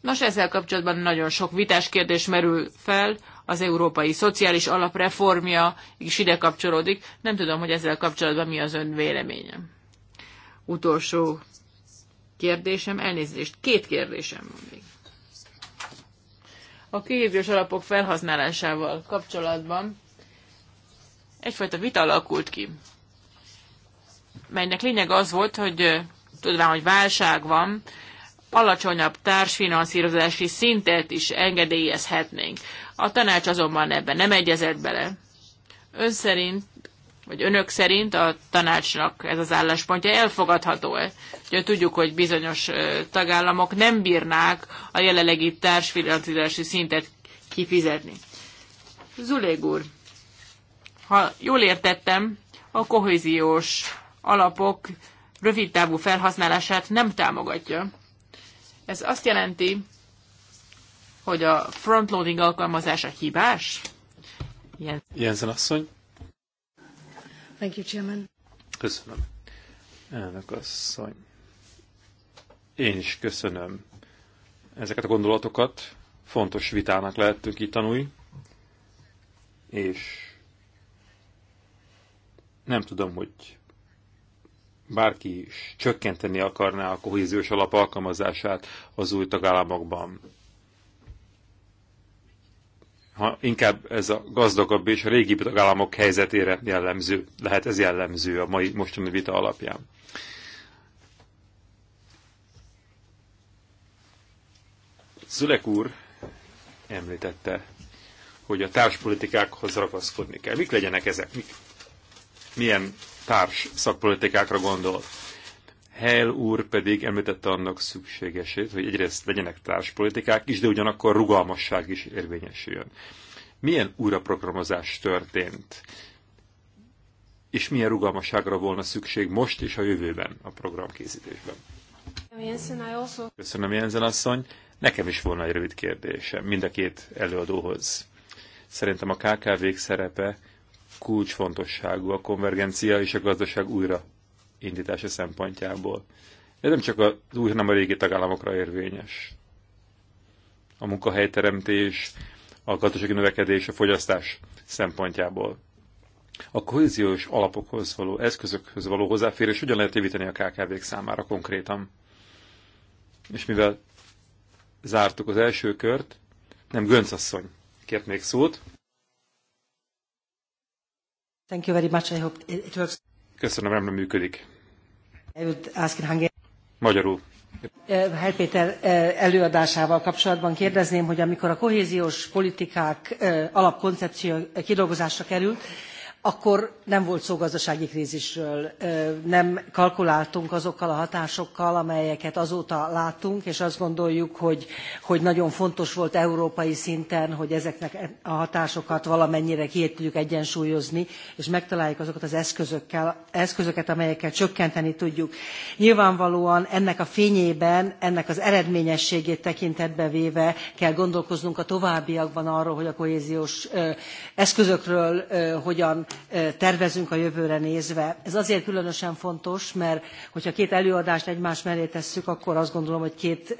Nos, ezzel kapcsolatban nagyon sok vitás kérdés merül fel, az európai szociális alapreformja is ide kapcsolódik. Nem tudom, hogy ezzel kapcsolatban mi az ön véleménye. Utolsó kérdésem, elnézést, két kérdésem van még. A kihívós alapok felhasználásával kapcsolatban egyfajta vita alakult ki, melynek lényeg az volt, hogy tudván, hogy válság van, alacsonyabb társfinanszírozási szintet is engedélyezhetnénk. A tanács azonban ebben nem egyezett bele. Ön szerint vagy önök szerint a tanácsnak ez az álláspontja elfogadható-e? Ugye tudjuk, hogy bizonyos tagállamok nem bírnák a jelenlegi társfinanszírozási szintet kifizetni. Zulég úr, ha jól értettem, a kohéziós alapok rövidtávú felhasználását nem támogatja. Ez azt jelenti, hogy a frontloading alkalmazása hibás? Jensen asszony. Thank you, Chairman. Köszönöm. Elnök asszony. Én is köszönöm ezeket a gondolatokat. Fontos vitának lehettünk itt tanulni. És nem tudom, hogy bárki is csökkenteni akarná a kohéziós alap alkalmazását az új tagállamokban ha inkább ez a gazdagabb és a régi tagállamok helyzetére jellemző, lehet ez jellemző a mai mostani vita alapján. Zülek úr említette, hogy a társpolitikákhoz ragaszkodni kell. Mik legyenek ezek? Mik? Milyen társ szakpolitikákra gondol? Hell úr pedig említette annak szükségesét, hogy egyrészt legyenek társpolitikák is, de ugyanakkor rugalmasság is érvényesüljön. Milyen újraprogramozás történt? És milyen rugalmasságra volna szükség most és a jövőben a programkészítésben? Köszönöm, Jensen asszony. Nekem is volna egy rövid kérdésem mind a két előadóhoz. Szerintem a KKV-k szerepe kulcsfontosságú a konvergencia és a gazdaság újra indítása szempontjából. Ez nem csak az új, hanem a régi tagállamokra érvényes. A munkahelyteremtés, a gazdasági növekedés, a fogyasztás szempontjából. A kohéziós alapokhoz való eszközökhöz való hozzáférés hogyan lehet javítani a KKV-k számára konkrétan? És mivel zártuk az első kört, nem Gönc asszony kért még szót. Thank you very much. I hope it works. Köszönöm, remélem működik. Magyarul. Eh, Herr Péter eh, előadásával kapcsolatban kérdezném, hogy amikor a kohéziós politikák eh, alapkoncepció kidolgozásra került, akkor nem volt szó gazdasági krízisről, nem kalkuláltunk azokkal a hatásokkal, amelyeket azóta látunk, és azt gondoljuk, hogy, hogy nagyon fontos volt európai szinten, hogy ezeknek a hatásokat valamennyire ki tudjuk egyensúlyozni, és megtaláljuk azokat az eszközökkel, eszközöket, amelyekkel csökkenteni tudjuk. Nyilvánvalóan ennek a fényében, ennek az eredményességét tekintetbe véve kell gondolkoznunk a továbbiakban arról, hogy a kohéziós eszközökről hogyan tervezünk a jövőre nézve. Ez azért különösen fontos, mert hogyha két előadást egymás mellé tesszük, akkor azt gondolom, hogy két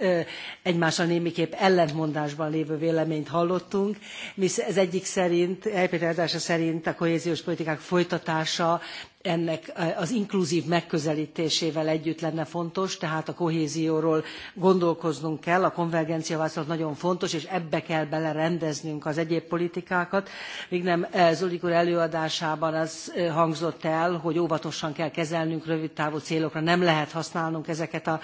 egymással némiképp ellentmondásban lévő véleményt hallottunk. Mi ez egyik szerint, Péter szerint a kohéziós politikák folytatása ennek eh, az inkluzív megközelítésével együtt lenne fontos, tehát a kohézióról gondolkoznunk kell, a konvergenciavászlat nagyon fontos, és ebbe kell belerendeznünk az egyéb politikákat. Még nem eh, Zolik úr előadásában az eh, hangzott el, hogy óvatosan kell kezelnünk rövid távú célokra, nem lehet használnunk ezeket a,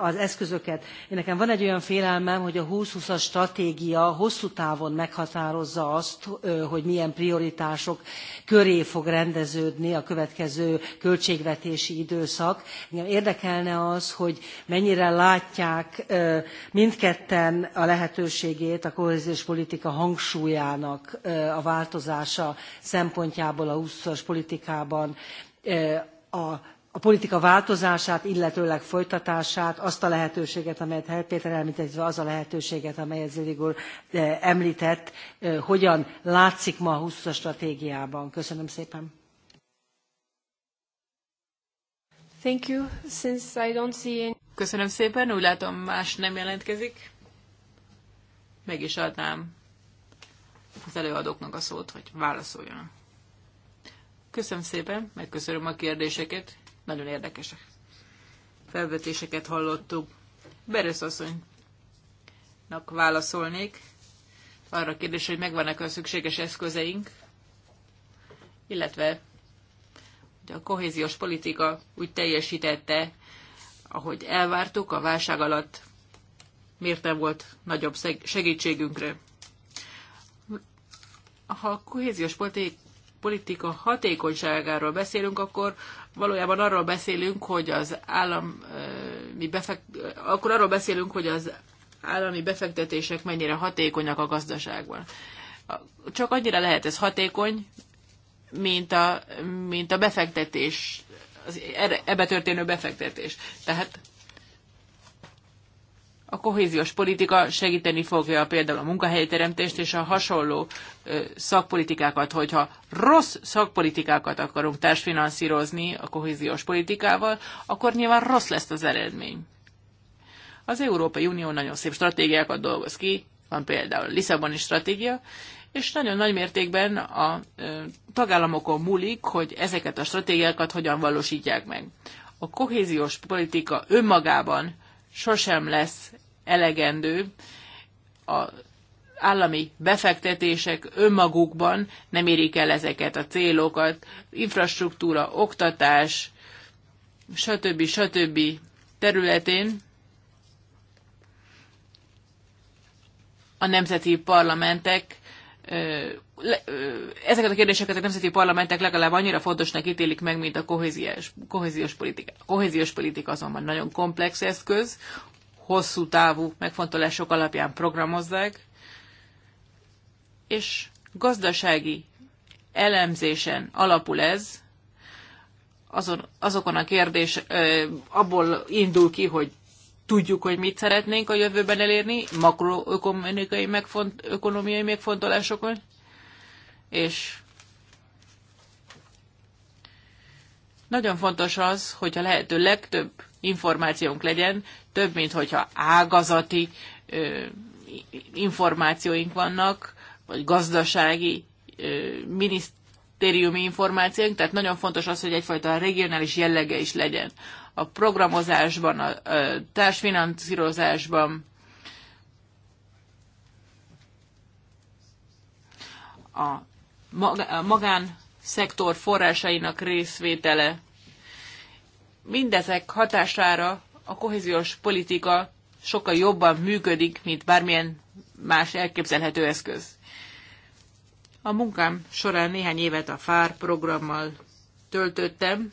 az eszközöket. Én nekem van egy olyan félelmem, hogy a 2020-as stratégia hosszú távon meghatározza azt, hogy milyen prioritások köré fog rendeződni a következő következő költségvetési időszak. Engem érdekelne az, hogy mennyire látják mindketten a lehetőségét a kohéziós politika hangsúlyának a változása szempontjából a 20-as politikában a a politika változását, illetőleg folytatását, azt a lehetőséget, amelyet Herr Péter említett, az a lehetőséget, amelyet Zilig említett, hogyan látszik ma a 20 stratégiában. Köszönöm szépen. Thank you, since I don't see any... Köszönöm szépen, úgy látom más nem jelentkezik. Meg is adnám az előadóknak a szót, hogy válaszoljanak. Köszönöm szépen, megköszönöm a kérdéseket, nagyon érdekesek. Felvetéseket hallottuk. Beres asszonynak válaszolnék arra a kérdésre, hogy megvannak a szükséges eszközeink, illetve a kohéziós politika úgy teljesítette, ahogy elvártuk a válság alatt, miért nem volt nagyobb segítségünkre. Ha a kohéziós politika hatékonyságáról beszélünk, akkor valójában arról beszélünk, hogy az állami befekt... akkor arról beszélünk, hogy az állami befektetések mennyire hatékonyak a gazdaságban. Csak annyira lehet ez hatékony, mint a, mint a befektetés, az e-, ebbe történő befektetés. Tehát a kohéziós politika segíteni fogja például a munkahelyteremtést és a hasonló szakpolitikákat, hogyha rossz szakpolitikákat akarunk társfinanszírozni a kohéziós politikával, akkor nyilván rossz lesz az eredmény. Az Európai Unió nagyon szép stratégiákat dolgoz ki, van például a Lisszaboni stratégia, és nagyon nagy mértékben a tagállamokon múlik, hogy ezeket a stratégiákat hogyan valósítják meg. A kohéziós politika önmagában sosem lesz elegendő, a állami befektetések önmagukban nem érik el ezeket a célokat, infrastruktúra, oktatás, stb. stb. területén a nemzeti parlamentek ezeket a kérdéseket a nemzeti parlamentek legalább annyira fontosnak ítélik meg, mint a kohéziós, kohéziós politika. A kohéziós politika azonban nagyon komplex eszköz, hosszú távú megfontolások alapján programozzák, és gazdasági elemzésen alapul ez, azon, azokon a kérdés, abból indul ki, hogy tudjuk, hogy mit szeretnénk a jövőben elérni, makroökonomiai megfont, ökonomiai megfontolásokon, és nagyon fontos az, hogy a lehető legtöbb információnk legyen, több, mint hogyha ágazati ö, információink vannak, vagy gazdasági ö, minisztériumi információink, tehát nagyon fontos az, hogy egyfajta regionális jellege is legyen a programozásban, a, társfinanszírozásban, a magánszektor forrásainak részvétele. Mindezek hatására a kohéziós politika sokkal jobban működik, mint bármilyen más elképzelhető eszköz. A munkám során néhány évet a FÁR programmal töltöttem,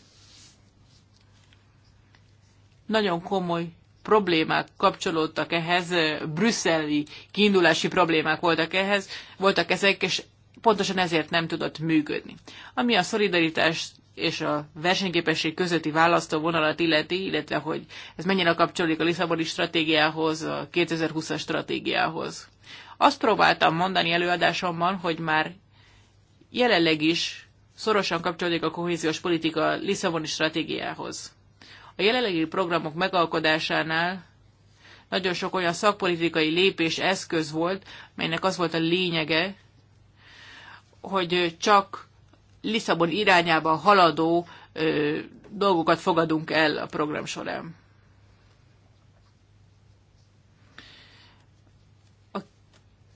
nagyon komoly problémák kapcsolódtak ehhez, brüsszeli kiindulási problémák voltak ehhez, voltak ezek, és pontosan ezért nem tudott működni. Ami a szolidaritás és a versenyképesség közötti választóvonalat illeti, illetve hogy ez mennyire kapcsolódik a Lisszaboni stratégiához, a 2020-as stratégiához. Azt próbáltam mondani előadásomban, hogy már jelenleg is szorosan kapcsolódik a kohéziós politika Lisszaboni stratégiához. A jelenlegi programok megalkodásánál nagyon sok olyan szakpolitikai lépés eszköz volt, melynek az volt a lényege, hogy csak Lisszabon irányába haladó ö, dolgokat fogadunk el a program során. A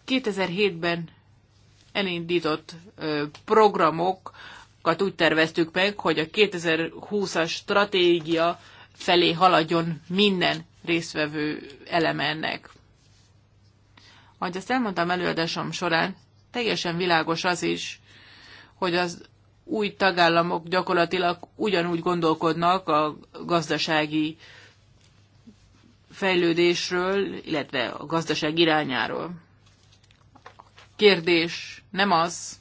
2007-ben elindított ö, programokat úgy terveztük meg, hogy a 2020-as stratégia felé haladjon minden részvevő eleme ennek. Ahogy ezt elmondtam előadásom során, teljesen világos az is, hogy az új tagállamok gyakorlatilag ugyanúgy gondolkodnak a gazdasági fejlődésről, illetve a gazdaság irányáról. Kérdés nem az,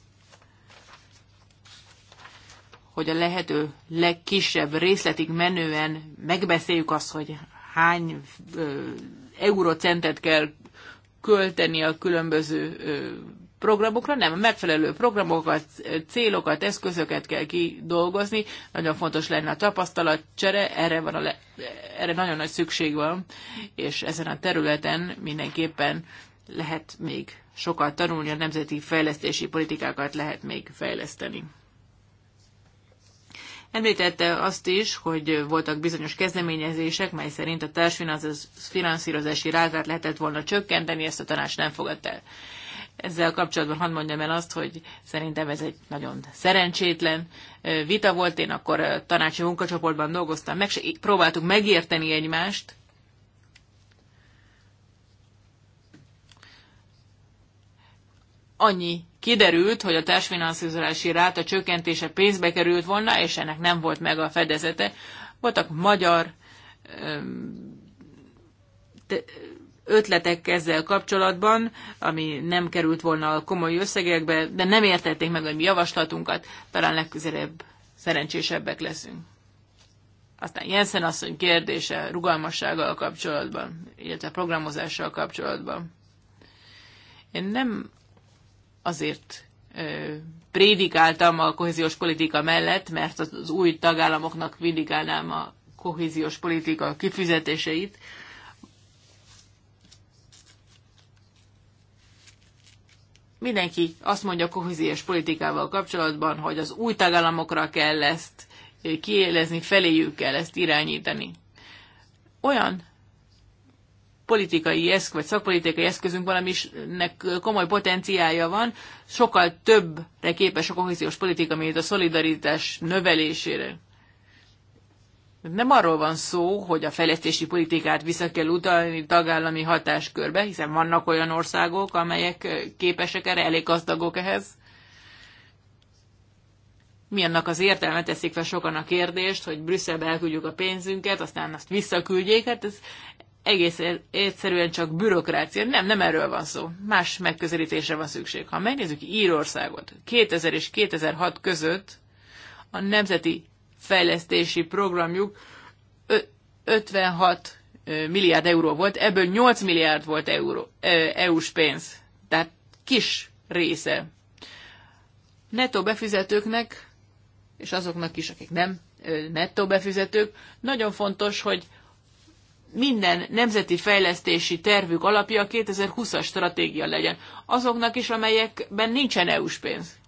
hogy a lehető legkisebb részletig menően megbeszéljük azt, hogy hány eurocentet kell költeni a különböző programokra, nem, a megfelelő programokat, célokat, eszközöket kell kidolgozni. Nagyon fontos lenne a tapasztalatcsere, erre, van a le, erre nagyon nagy szükség van, és ezen a területen mindenképpen lehet még sokat tanulni, a nemzeti fejlesztési politikákat lehet még fejleszteni. Említette azt is, hogy voltak bizonyos kezdeményezések, mely szerint a társfinanszírozási rázát lehetett volna csökkenteni, ezt a tanács nem fogadta el. Ezzel kapcsolatban hadd mondjam el azt, hogy szerintem ez egy nagyon szerencsétlen vita volt. Én akkor tanácsi munkacsoportban dolgoztam, meg se próbáltuk megérteni egymást, annyi kiderült, hogy a társfinanszírozási ráta csökkentése pénzbe került volna, és ennek nem volt meg a fedezete. Voltak magyar ötletek ezzel kapcsolatban, ami nem került volna a komoly összegekbe, de nem értették meg a mi javaslatunkat, talán legközelebb szerencsésebbek leszünk. Aztán Jensen asszony kérdése rugalmassággal kapcsolatban, illetve programozással kapcsolatban. Én nem azért prédikáltam a kohéziós politika mellett, mert az új tagállamoknak vindikálnám a kohéziós politika kifizetéseit. Mindenki azt mondja a kohéziós politikával kapcsolatban, hogy az új tagállamokra kell ezt kiélezni, feléjük kell ezt irányítani. Olyan politikai eszk, vagy szakpolitikai eszközünk valaminek komoly potenciája van, sokkal többre képes a kohéziós politika, mint a szolidaritás növelésére. Nem arról van szó, hogy a fejlesztési politikát vissza kell utalni tagállami hatáskörbe, hiszen vannak olyan országok, amelyek képesek erre, elég gazdagok ehhez. Mi annak az értelme teszik fel sokan a kérdést, hogy Brüsszelbe elküldjük a pénzünket, aztán azt visszaküldjék, hát ez egész egyszerűen csak bürokrácia. Nem, nem erről van szó. Más megközelítésre van szükség. Ha megnézzük Írországot, 2000 és 2006 között a Nemzeti Fejlesztési Programjuk 56 milliárd euró volt, ebből 8 milliárd volt euró, EU-s pénz. Tehát kis része. Netto befizetőknek, és azoknak is, akik nem netto befizetők, nagyon fontos, hogy minden nemzeti fejlesztési tervük alapja a 2020-as stratégia legyen. Azoknak is, amelyekben nincsen EU-s pénz.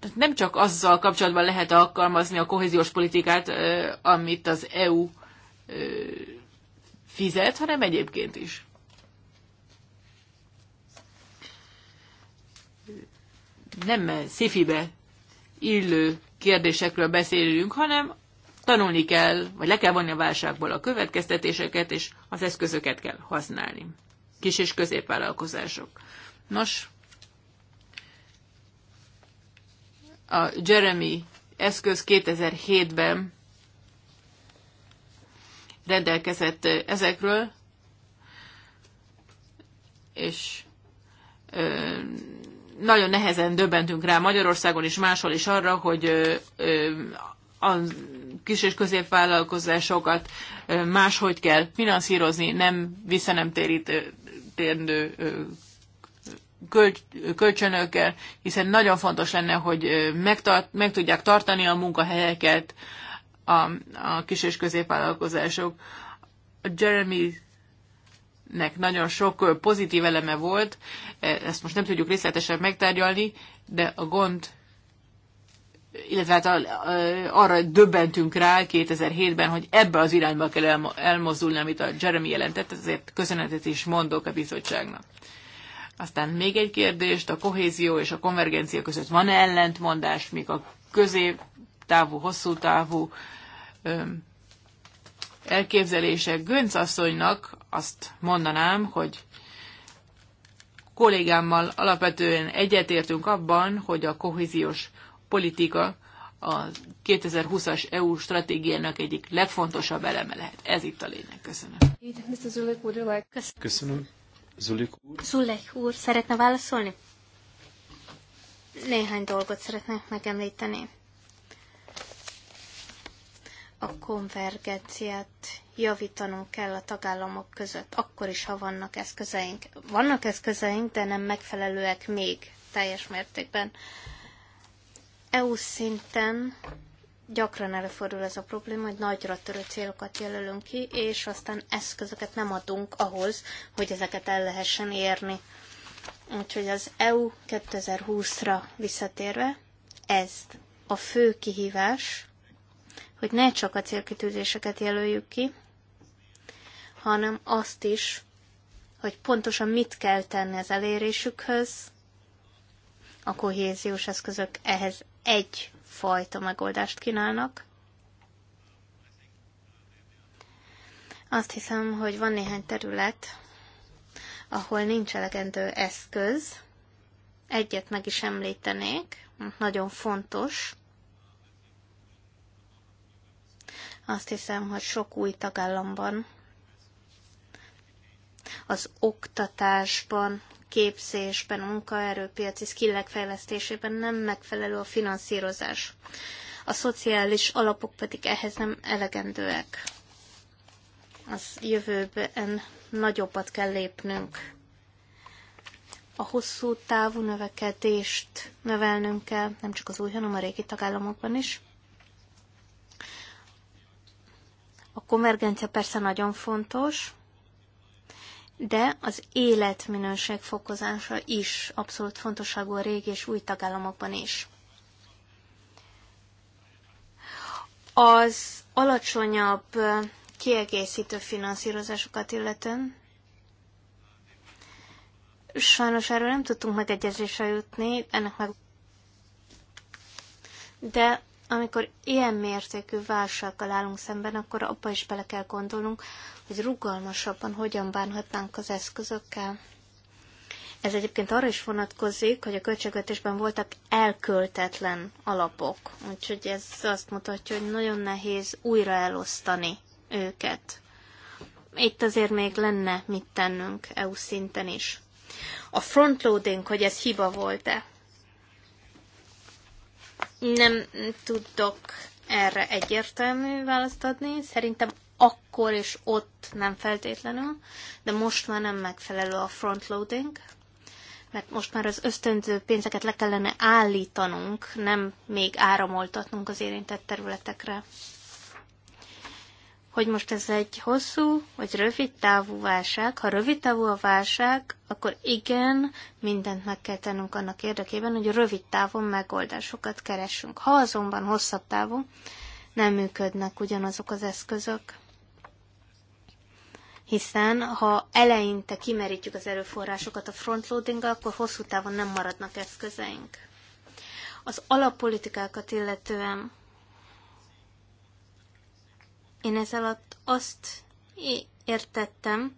Tehát nem csak azzal kapcsolatban lehet alkalmazni a kohéziós politikát, amit az EU fizet, hanem egyébként is. Nem szifibe illő kérdésekről beszélünk, hanem tanulni kell, vagy le kell vonni a válságból a következtetéseket, és az eszközöket kell használni. Kis és középvállalkozások. Nos, a Jeremy eszköz 2007-ben rendelkezett ezekről, és nagyon nehezen döbbentünk rá Magyarországon és máshol is arra, hogy a kis- és középvállalkozásokat máshogy kell finanszírozni, nem visszanemtérítő kölcsönökkel, hiszen nagyon fontos lenne, hogy megtart, meg tudják tartani a munkahelyeket a, a kis- és középvállalkozások. A Jeremy nek nagyon sok pozitív eleme volt, e, ezt most nem tudjuk részletesen megtárgyalni, de a gond illetve hát arra döbbentünk rá 2007-ben, hogy ebbe az irányba kell elmozdulni, amit a Jeremy jelentett, ezért köszönetet is mondok a bizottságnak. Aztán még egy kérdést, a kohézió és a konvergencia között van -e ellentmondás, míg a középtávú, hosszú távú öm, elképzelések. Gönc asszonynak azt mondanám, hogy kollégámmal alapvetően egyetértünk abban, hogy a kohéziós politika a 2020-as EU stratégiának egyik legfontosabb eleme lehet. Ez itt a lényeg. Köszönöm. Köszönöm. Zulik úr. Zulek úr, szeretne válaszolni? Néhány dolgot szeretnék megemlíteni. A konvergenciát javítanunk kell a tagállamok között, akkor is, ha vannak eszközeink. Vannak eszközeink, de nem megfelelőek még teljes mértékben. EU szinten gyakran előfordul ez a probléma, hogy nagyra törő célokat jelölünk ki, és aztán eszközöket nem adunk ahhoz, hogy ezeket el lehessen érni. Úgyhogy az EU 2020-ra visszatérve, ez a fő kihívás, hogy ne csak a célkitűzéseket jelöljük ki, hanem azt is, hogy pontosan mit kell tenni az elérésükhöz, a kohéziós eszközök ehhez egy fajta megoldást kínálnak. Azt hiszem, hogy van néhány terület, ahol nincs elegendő eszköz. Egyet meg is említenék, nagyon fontos. Azt hiszem, hogy sok új tagállamban az oktatásban képzésben, a munkaerőpiaci skillek fejlesztésében nem megfelelő a finanszírozás. A szociális alapok pedig ehhez nem elegendőek. Az jövőben nagyobbat kell lépnünk. A hosszú távú növekedést növelnünk kell, nem csak az új, hanem a régi tagállamokban is. A konvergencia persze nagyon fontos, de az életminőség fokozása is abszolút fontosságú a régi és új tagállamokban is. Az alacsonyabb kiegészítő finanszírozásokat illetően sajnos erről nem tudtunk megegyezésre jutni, ennek meg de amikor ilyen mértékű válsággal állunk szemben, akkor abba is bele kell gondolnunk, hogy rugalmasabban hogyan bánhatnánk az eszközökkel. Ez egyébként arra is vonatkozik, hogy a költségvetésben voltak elköltetlen alapok, úgyhogy ez azt mutatja, hogy nagyon nehéz újra elosztani őket. Itt azért még lenne mit tennünk EU szinten is. A frontloading, hogy ez hiba volt-e? nem tudok erre egyértelmű választ adni. Szerintem akkor és ott nem feltétlenül, de most már nem megfelelő a frontloading, mert most már az ösztönző pénzeket le kellene állítanunk, nem még áramoltatnunk az érintett területekre hogy most ez egy hosszú vagy rövid távú válság. Ha rövid távú a válság, akkor igen, mindent meg kell tennünk annak érdekében, hogy rövid távon megoldásokat keressünk. Ha azonban hosszabb távú nem működnek ugyanazok az eszközök, hiszen ha eleinte kimerítjük az erőforrásokat a frontloading akkor hosszú távon nem maradnak eszközeink. Az alappolitikákat illetően én ez alatt azt értettem,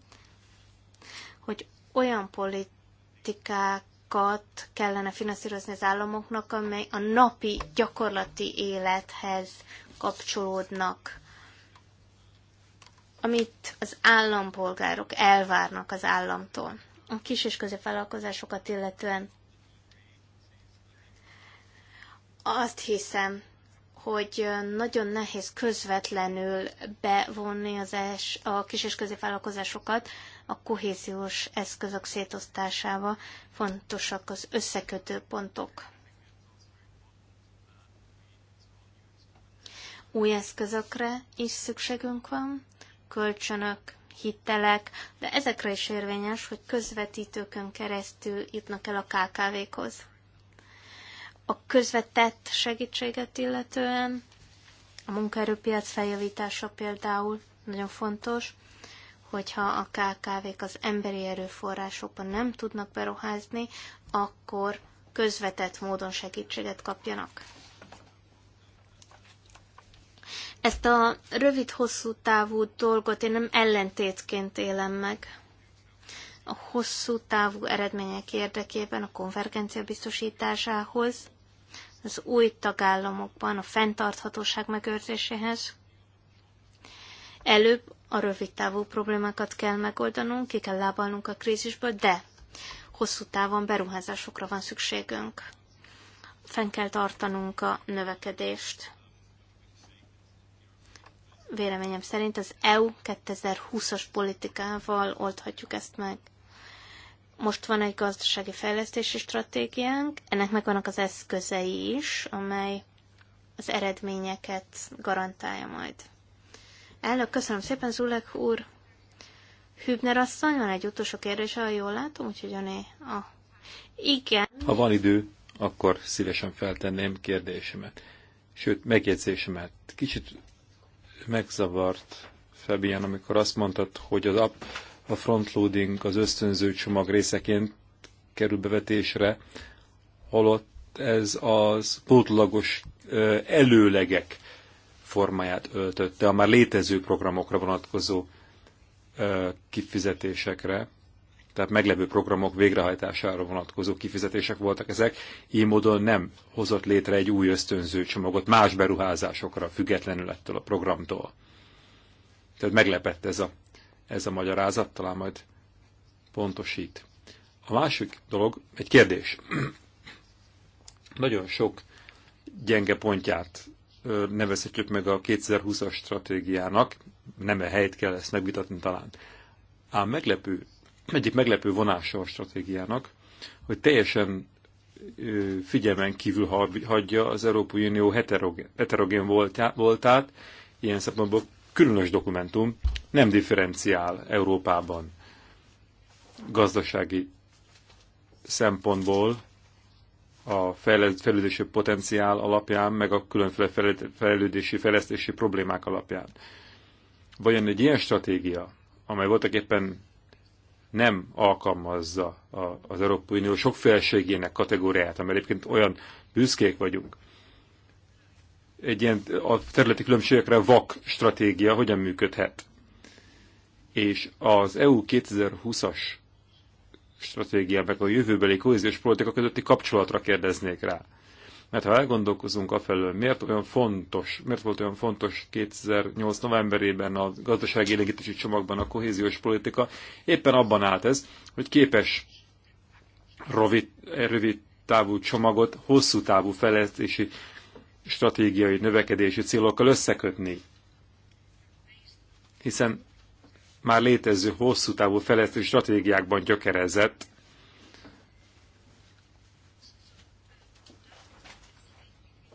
hogy olyan politikákat kellene finanszírozni az államoknak, amely a napi gyakorlati élethez kapcsolódnak, amit az állampolgárok elvárnak az államtól. A kis és középvállalkozásokat illetően azt hiszem, hogy nagyon nehéz közvetlenül bevonni az es, a kis- és középvállalkozásokat a kohéziós eszközök szétosztásába. Fontosak az összekötő pontok. Új eszközökre is szükségünk van, kölcsönök, hitelek, de ezekre is érvényes, hogy közvetítőkön keresztül jutnak el a KKV-khoz a közvetett segítséget illetően, a munkaerőpiac feljavítása például nagyon fontos, hogyha a KKV-k az emberi erőforrásokban nem tudnak beruházni, akkor közvetett módon segítséget kapjanak. Ezt a rövid-hosszú távú dolgot én nem ellentétként élem meg. A hosszú távú eredmények érdekében a konvergencia biztosításához az új tagállamokban a fenntarthatóság megőrzéséhez. Előbb a rövid távú problémákat kell megoldanunk, ki kell lábalnunk a krízisből, de hosszú távon beruházásokra van szükségünk. Fenn kell tartanunk a növekedést. Véleményem szerint az EU 2020-as politikával oldhatjuk ezt meg. Most van egy gazdasági fejlesztési stratégiánk, ennek megvannak az eszközei is, amely az eredményeket garantálja majd. Elnök, köszönöm szépen, Zulek úr. Hübner asszony, van egy utolsó kérdése, ha jól látom, úgyhogy öné a... Igen. Ha van idő, akkor szívesen feltenném kérdésemet. Sőt, megjegyzésemet. Kicsit megzavart Fabian, amikor azt mondtad, hogy az app a frontloading az ösztönző csomag részeként kerül bevetésre, holott ez az pótlagos előlegek formáját öltötte a már létező programokra vonatkozó kifizetésekre, tehát meglevő programok végrehajtására vonatkozó kifizetések voltak ezek, így módon nem hozott létre egy új ösztönző csomagot más beruházásokra, függetlenül ettől a programtól. Tehát meglepett ez a ez a magyarázat, talán majd pontosít. A másik dolog egy kérdés. (clears throat) Nagyon sok gyenge pontját nevezhetjük meg a 2020-as stratégiának, nem -e helyt kell ezt megvitatni talán. Ám meglepő, egyik meglepő vonása a stratégiának, hogy teljesen figyelmen kívül hagyja az Európai Unió heterogén, voltát ilyen szempontból különös dokumentum, nem differenciál Európában gazdasági szempontból a fejlődési potenciál alapján, meg a különféle fejlődési, fejlesztési problémák alapján. Vajon egy ilyen stratégia, amely voltak éppen nem alkalmazza az Európai Unió sokféleségének kategóriáját, amely egyébként olyan büszkék vagyunk, egy ilyen a területi különbségekre vak stratégia hogyan működhet. És az EU 2020-as stratégia, meg a jövőbeli kohéziós politika közötti kapcsolatra kérdeznék rá. Mert ha elgondolkozunk afelől, miért, olyan fontos, miért volt olyan fontos 2008. novemberében a gazdasági élégítési csomagban a kohéziós politika, éppen abban állt ez, hogy képes rövid, rövid távú csomagot hosszú távú fejlesztési stratégiai növekedési célokkal összekötni. Hiszen már létező hosszú távú fejlesztési stratégiákban gyökerezett,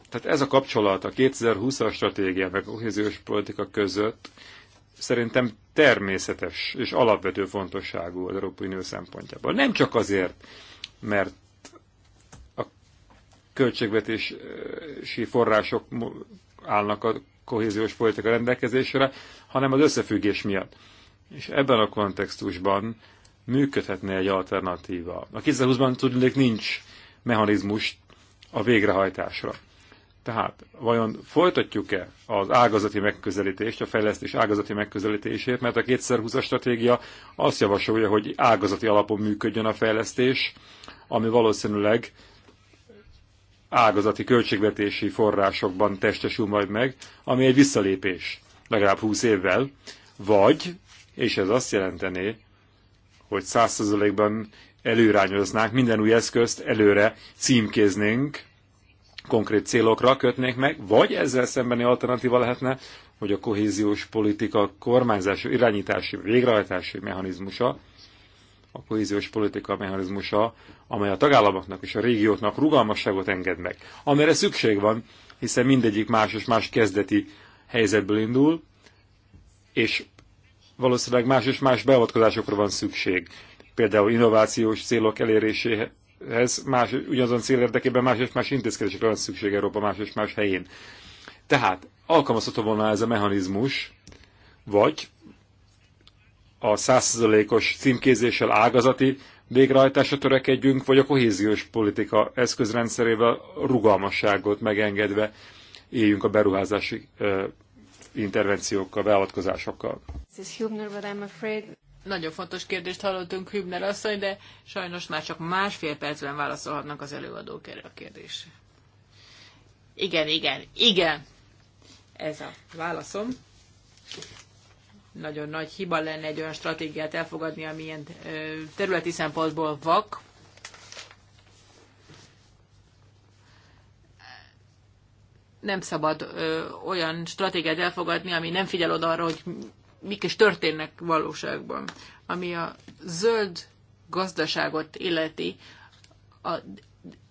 Tehát ez a kapcsolat a 2020-as stratégia meg a kohéziós politika között szerintem természetes és alapvető fontosságú az Európai Unió szempontjából. Nem csak azért, mert költségvetési források állnak a kohéziós politika rendelkezésre, hanem az összefüggés miatt. És ebben a kontextusban működhetne egy alternatíva. A 2020-ban tudnék nincs mechanizmus a végrehajtásra. Tehát vajon folytatjuk-e az ágazati megközelítést, a fejlesztés ágazati megközelítését, mert a 2020-as stratégia azt javasolja, hogy ágazati alapon működjön a fejlesztés, ami valószínűleg ágazati költségvetési forrásokban testesül majd meg, ami egy visszalépés, legalább 20 évvel, vagy, és ez azt jelentené, hogy 100%-ban előrányoznánk, minden új eszközt előre címkéznénk, konkrét célokra kötnék meg, vagy ezzel szembeni alternatíva lehetne, hogy a kohéziós politika kormányzási, irányítási, végrehajtási mechanizmusa a kohéziós politika mechanizmusa, amely a tagállamoknak és a régióknak rugalmasságot enged meg, amire szükség van, hiszen mindegyik más és más kezdeti helyzetből indul, és valószínűleg más és más beavatkozásokra van szükség. Például innovációs célok eléréséhez más, ugyanazon cél érdekében más és más intézkedésekre van szükség Európa más és más helyén. Tehát alkalmazható volna ez a mechanizmus, vagy a százszerzalékos címkézéssel ágazati végrehajtásra törekedjünk, vagy a kohéziós politika eszközrendszerével rugalmasságot megengedve éljünk a beruházási ö, intervenciókkal, beavatkozásokkal. Nagyon fontos kérdést hallottunk Hübner asszony, de sajnos már csak másfél percben válaszolhatnak az előadók erre a kérdésre. Igen, igen, igen. Ez a válaszom nagyon nagy hiba lenne egy olyan stratégiát elfogadni, ami ilyen területi szempontból vak. Nem szabad ö, olyan stratégiát elfogadni, ami nem figyel oda arra, hogy mik is történnek valóságban. Ami a zöld gazdaságot illeti, a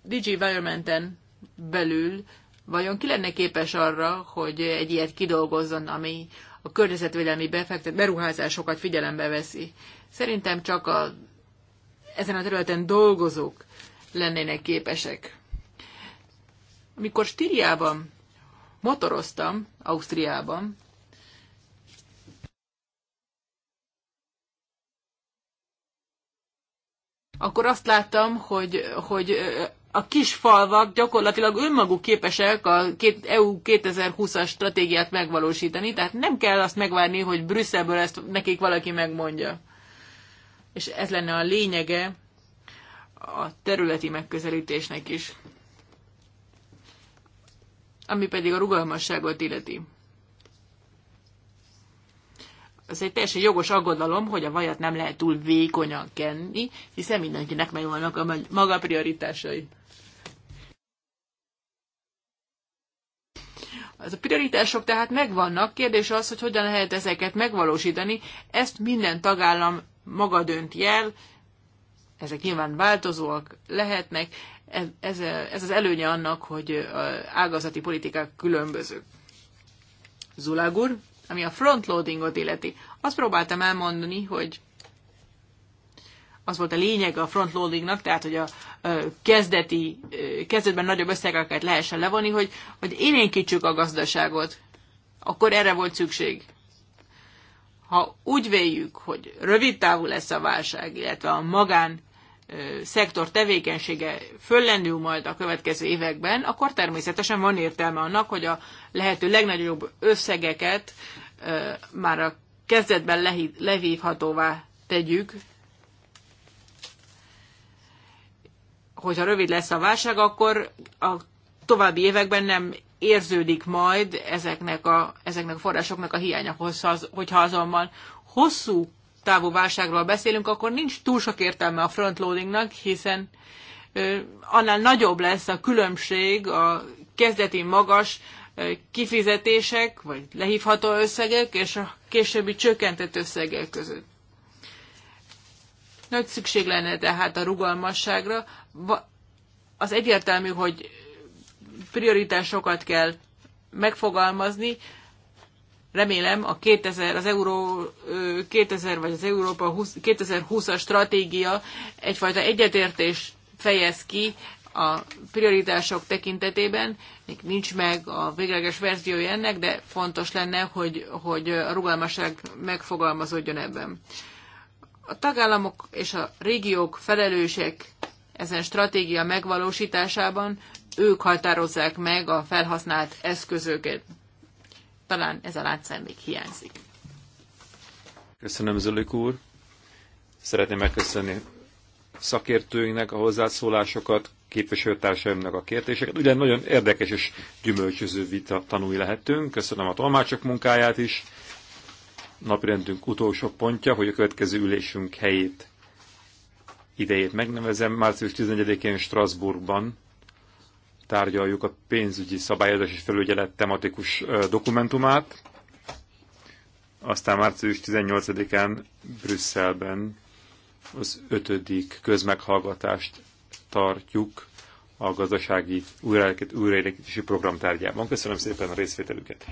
Digivironmenten belül vajon ki lenne képes arra, hogy egy ilyet kidolgozzon, ami a környezetvédelmi befektet, beruházásokat figyelembe veszi. Szerintem csak a, ezen a területen dolgozók lennének képesek. Amikor Stíriában motoroztam, Ausztriában, akkor azt láttam, hogy, hogy a kis falvak gyakorlatilag önmaguk képesek a EU 2020-as stratégiát megvalósítani, tehát nem kell azt megvárni, hogy Brüsszelből ezt nekik valaki megmondja. És ez lenne a lényege a területi megközelítésnek is, ami pedig a rugalmasságot illeti. Ez egy teljesen jogos aggodalom, hogy a vajat nem lehet túl vékonyan kenni, hiszen mindenkinek megvannak a maga prioritásai. Az a prioritások tehát megvannak, kérdés az, hogy hogyan lehet ezeket megvalósítani, ezt minden tagállam maga dönti el, ezek nyilván változóak lehetnek, ez, ez, ez az előnye annak, hogy ágazati politikák különböző. Zulagur, ami a frontloadingot illeti, azt próbáltam elmondani, hogy az volt a lényeg a frontloadingnak, tehát hogy a kezdeti, kezdetben nagyobb összegeket lehessen levonni, hogy, hogy élénkítsük a gazdaságot. Akkor erre volt szükség. Ha úgy véljük, hogy rövid távú lesz a válság, illetve a magán szektor tevékenysége föllendül majd a következő években, akkor természetesen van értelme annak, hogy a lehető legnagyobb összegeket már a kezdetben lehívhatóvá tegyük hogyha rövid lesz a válság, akkor a további években nem érződik majd ezeknek a, ezeknek a forrásoknak a hiánya, hogyha azonban hosszú távú válságról beszélünk, akkor nincs túl sok értelme a frontloadingnak, hiszen annál nagyobb lesz a különbség a kezdeti magas kifizetések, vagy lehívható összegek, és a későbbi csökkentett összegek között. Nagy szükség lenne tehát a rugalmasságra. Az egyértelmű, hogy prioritásokat kell megfogalmazni. Remélem a 2000, az Euró 2000 vagy az Európa 20, 2020-as stratégia egyfajta egyetértés fejez ki a prioritások tekintetében. Még nincs meg a végleges verziója ennek, de fontos lenne, hogy, hogy a rugalmasság megfogalmazódjon ebben. A tagállamok és a régiók felelősek ezen stratégia megvalósításában, ők határozzák meg a felhasznált eszközöket. Talán ez a látszám még hiányzik. Köszönöm, Zölik úr. Szeretném megköszönni szakértőinknek a hozzászólásokat, képviselőtársaimnak a kérdéseket. Ugyan nagyon érdekes és gyümölcsöző vita tanulni lehetünk. Köszönöm a tolmácsok munkáját is napirendünk utolsó pontja, hogy a következő ülésünk helyét, idejét megnevezem. Március 11 én Strasbourgban tárgyaljuk a pénzügyi szabályozás és felügyelet tematikus dokumentumát. Aztán március 18-án Brüsszelben az ötödik közmeghallgatást tartjuk a gazdasági újraélekítési program tárgyában. Köszönöm szépen a részvételüket!